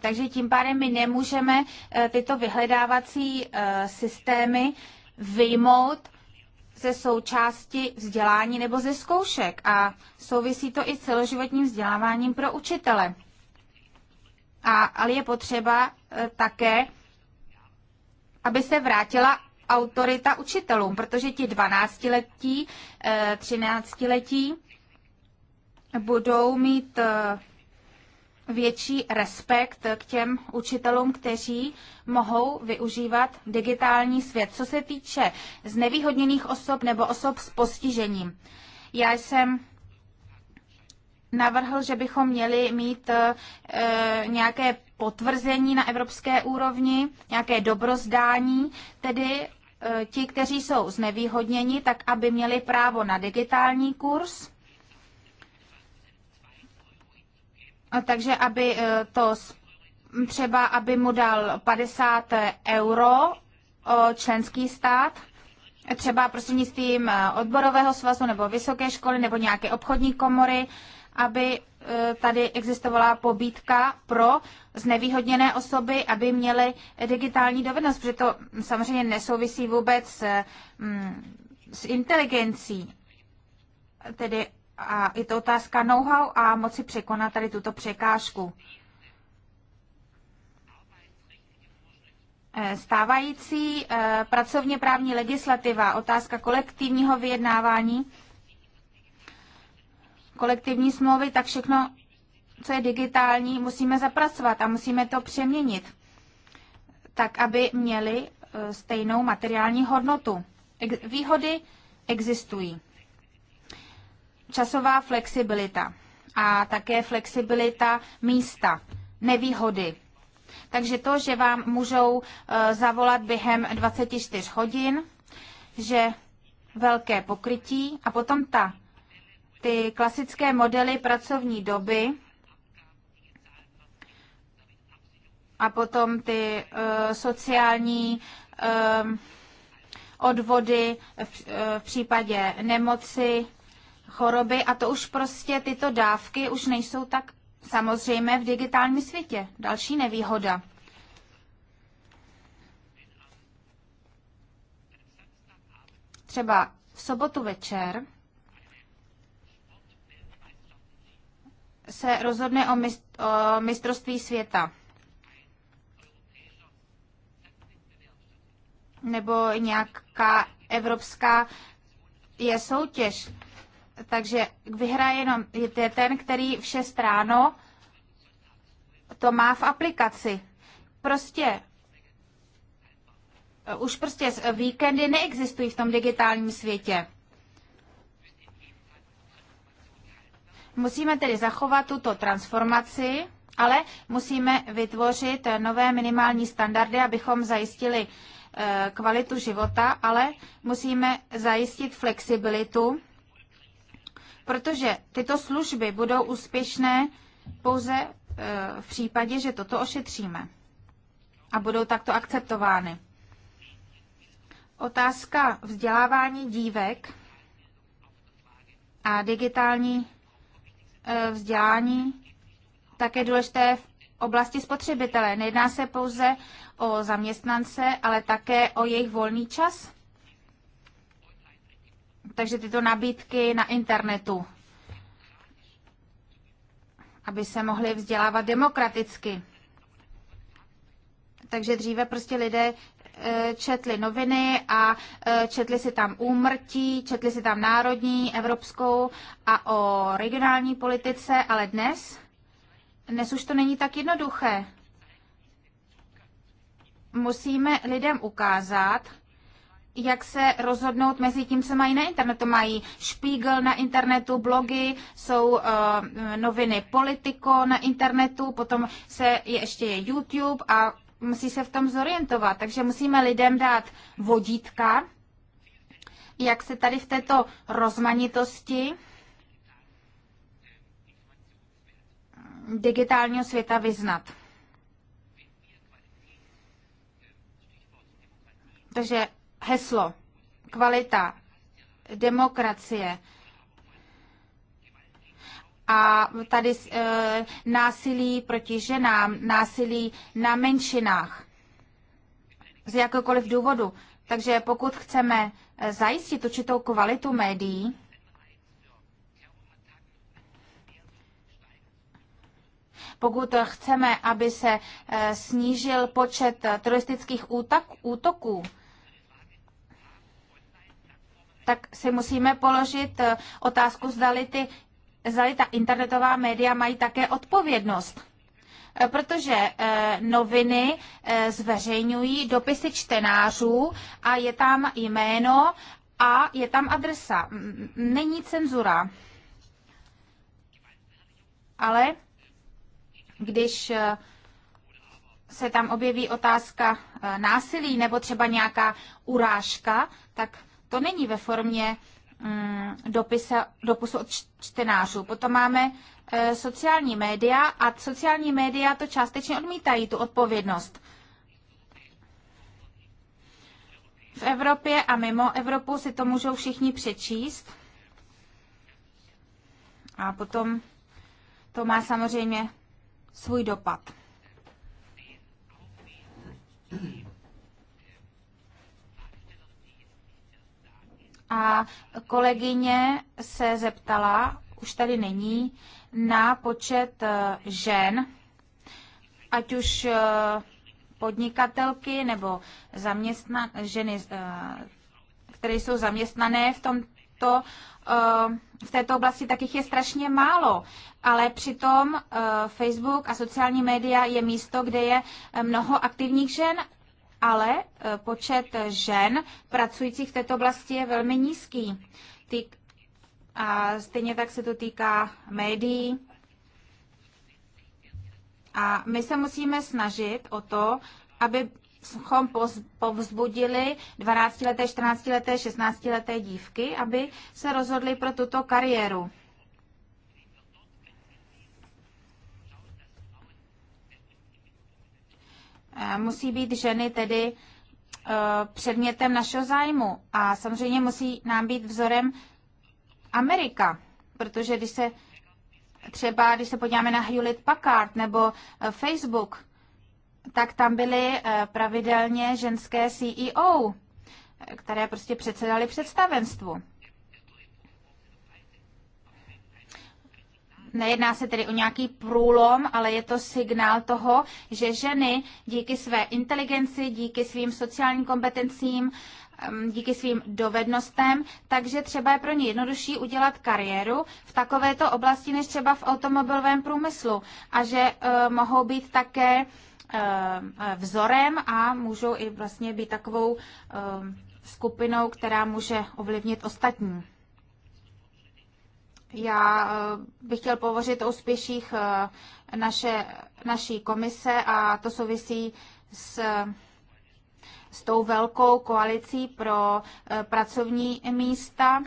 takže tím pádem my nemůžeme eh, tyto vyhledávací eh, systémy vyjmout ze součásti vzdělání nebo ze zkoušek a souvisí to i s celoživotním vzděláváním pro učitele. A, ale je potřeba také, aby se vrátila autorita učitelům, protože ti 12-letí, 13-letí eh, budou mít eh, větší respekt k těm učitelům, kteří mohou využívat digitální svět. Co se týče znevýhodněných osob nebo osob s postižením, já jsem navrhl, že bychom měli mít e, nějaké potvrzení na evropské úrovni, nějaké dobrozdání, tedy Eh, ti, kteří jsou znevýhodněni, tak aby měli právo na digitální kurz, takže aby eh, to třeba, aby mu dal 50 euro členský stát, třeba prostřednictvím eh, odborového svazu nebo vysoké školy nebo nějaké obchodní komory, aby e, tady existovala pobídka pro znevýhodněné osoby, aby měly digitální dovednost, protože to samozřejmě nesouvisí vůbec s, mm, s inteligencí. Tedy a je to otázka know-how a moci překonat tady tuto překážku. E, stávající e, pracovně právní legislativa, otázka kolektivního vyjednávání, kolektivní smlouvy, tak všechno, co je digitální, musíme zapracovat a musíme to přeměnit, tak aby měli e, stejnou materiální hodnotu. Výhody existují. Časová flexibilita a také flexibilita místa, nevýhody. Takže to, že vám můžou e, zavolat během 24 hodin, že velké pokrytí a potom ta ty klasické modely pracovní doby a potom ty uh, sociální uh, odvody v, uh, v případě nemoci, choroby a to už prostě tyto dávky už nejsou tak samozřejmé v digitálním světě. Další nevýhoda. Třeba v sobotu večer se rozhodne o, mist, o mistrovství světa. Nebo nějaká evropská je soutěž. Takže vyhraje jenom je ten, který v 6 ráno to má v aplikaci. Prostě už prostě víkendy neexistují v tom digitálním světě. Musíme tedy zachovat tuto transformaci, ale musíme vytvořit nové minimální standardy, abychom zajistili eh, kvalitu života, ale musíme zajistit flexibilitu, protože tyto služby budou úspěšné pouze eh, v případě, že toto ošetříme a budou takto akceptovány. Otázka vzdělávání dívek a digitální Eh, vzdělání také důležité v oblasti spotřebitele. Nejedná se pouze o zaměstnance, ale také o jejich volný čas. Takže tyto nabídky na internetu, aby se mohli vzdělávat demokraticky. Takže dříve prostě lidé Eh, četli noviny a eh, četli si tam úmrtí, četli si tam národní, evropskou a o regionální politice, ale dnes, dnes už to není tak jednoduché. Musíme lidem ukázat, jak se rozhodnout mezi tím, co mají na internetu. Mají Spiegel na internetu, blogy, jsou uh, noviny Politico na internetu, potom se je, ještě je YouTube a musí se v tom zorientovat. Takže musíme lidem dát vodítka, jak se tady v této rozmanitosti digitálního světa vyznat. Takže heslo, kvalita, demokracie, a tady e, násilí proti ženám, násilí na menšinách z jakéhokoliv důvodu. Takže pokud chceme eh, zajistit určitou kvalitu médií, pokud chceme, aby se eh, snížil počet turistických útoků, tak si musíme položit otázku, zdali ty zdali ta internetová média mají také odpovědnost. E, protože e, noviny e, zveřejňují dopisy čtenářů a je tam jméno a je tam adresa. Není cenzura. Ale když se tam objeví otázka násilí nebo třeba nějaká urážka, tak to není ve formě Mm, dopise, dopisu od čtenářů. Potom máme e, sociální média a sociální média to částečně odmítají, tu odpovědnost. V Evropě a mimo Evropu si to můžou všichni přečíst. A potom to má samozřejmě svůj dopad. A kolegyně se zeptala, už tady není, na počet eh, žen, ať už eh, podnikatelky nebo zaměstna, ženy, eh, které jsou zaměstnané v tomto v této oblasti tak jich je strašně málo, ale přitom Facebook a sociální média je místo, kde je mnoho aktivních žen ale eh, počet žen pracujících v této oblasti je velmi nízký. A stejně tak se to týká médií. A my se musíme snažit o to, aby abychom povzbudili 12-leté, 14-leté, 16-leté dívky, aby se rozhodly pro tuto kariéru. Eh, musí být ženy tedy eh, předmětem našeho zájmu a samozřejmě musí nám být vzorem Amerika, protože když se třeba, když se podíváme na Hewlett Packard nebo eh, Facebook, tak tam byly pravidelně ženské CEO, které prostě předsedaly představenstvu. Nejedná se tedy o nějaký průlom, ale je to signál toho, že ženy díky své inteligenci, díky svým sociálním kompetencím, díky svým dovednostem, takže třeba je pro ně jednodušší udělat kariéru v takovéto oblasti než třeba v automobilovém průmyslu a že uh, mohou být také uh, vzorem a můžou i vlastně být takovou uh, skupinou, která může ovlivnit ostatní. Já eh, bych chtěl povořit o úspěších eh, naše, naší komise a to souvisí s, s tou velkou koalicí pro eh, pracovní místa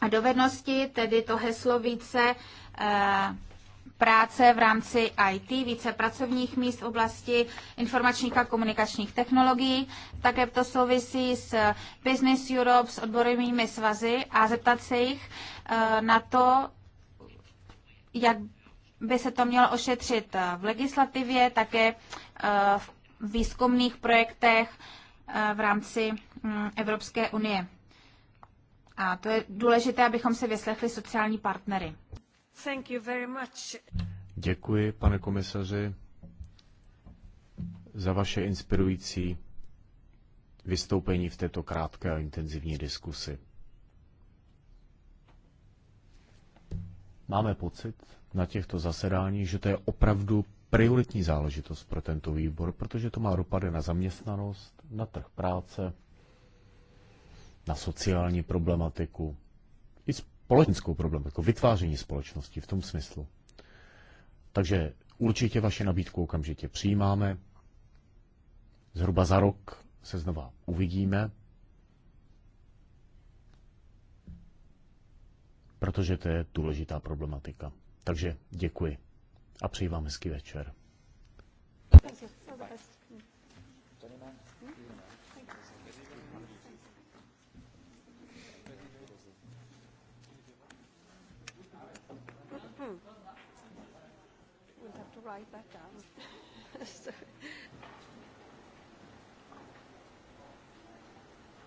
a dovednosti, tedy to heslo více práce v rámci IT, více pracovních míst v oblasti informačních a komunikačních technologií. Také to souvisí s Business Europe, s odborovými svazy a zeptat se jich eh, na to, jak by se to mělo ošetřit eh, v legislativě, také eh, v výzkumných projektech v rámci mm, Evropské unie. A to je důležité, abychom se vyslechli sociální partnery. Thank you very much. Děkuji, pane komisaři, za vaše inspirující vystoupení v této krátké a intenzivní diskusi. Máme pocit na těchto zasedáních, že to je opravdu prioritní záležitost pro tento výbor, protože to má dopady na zaměstnanost, na trh práce, na sociální problematiku, společenskou problém, jako vytváření společnosti v tom smyslu. Takže určitě vaše nabídku okamžitě přijímáme. Zhruba za rok se znova uvidíme, protože to je důležitá problematika. Takže děkuji a přeji vám hezký večer. Thank you. right back down. so,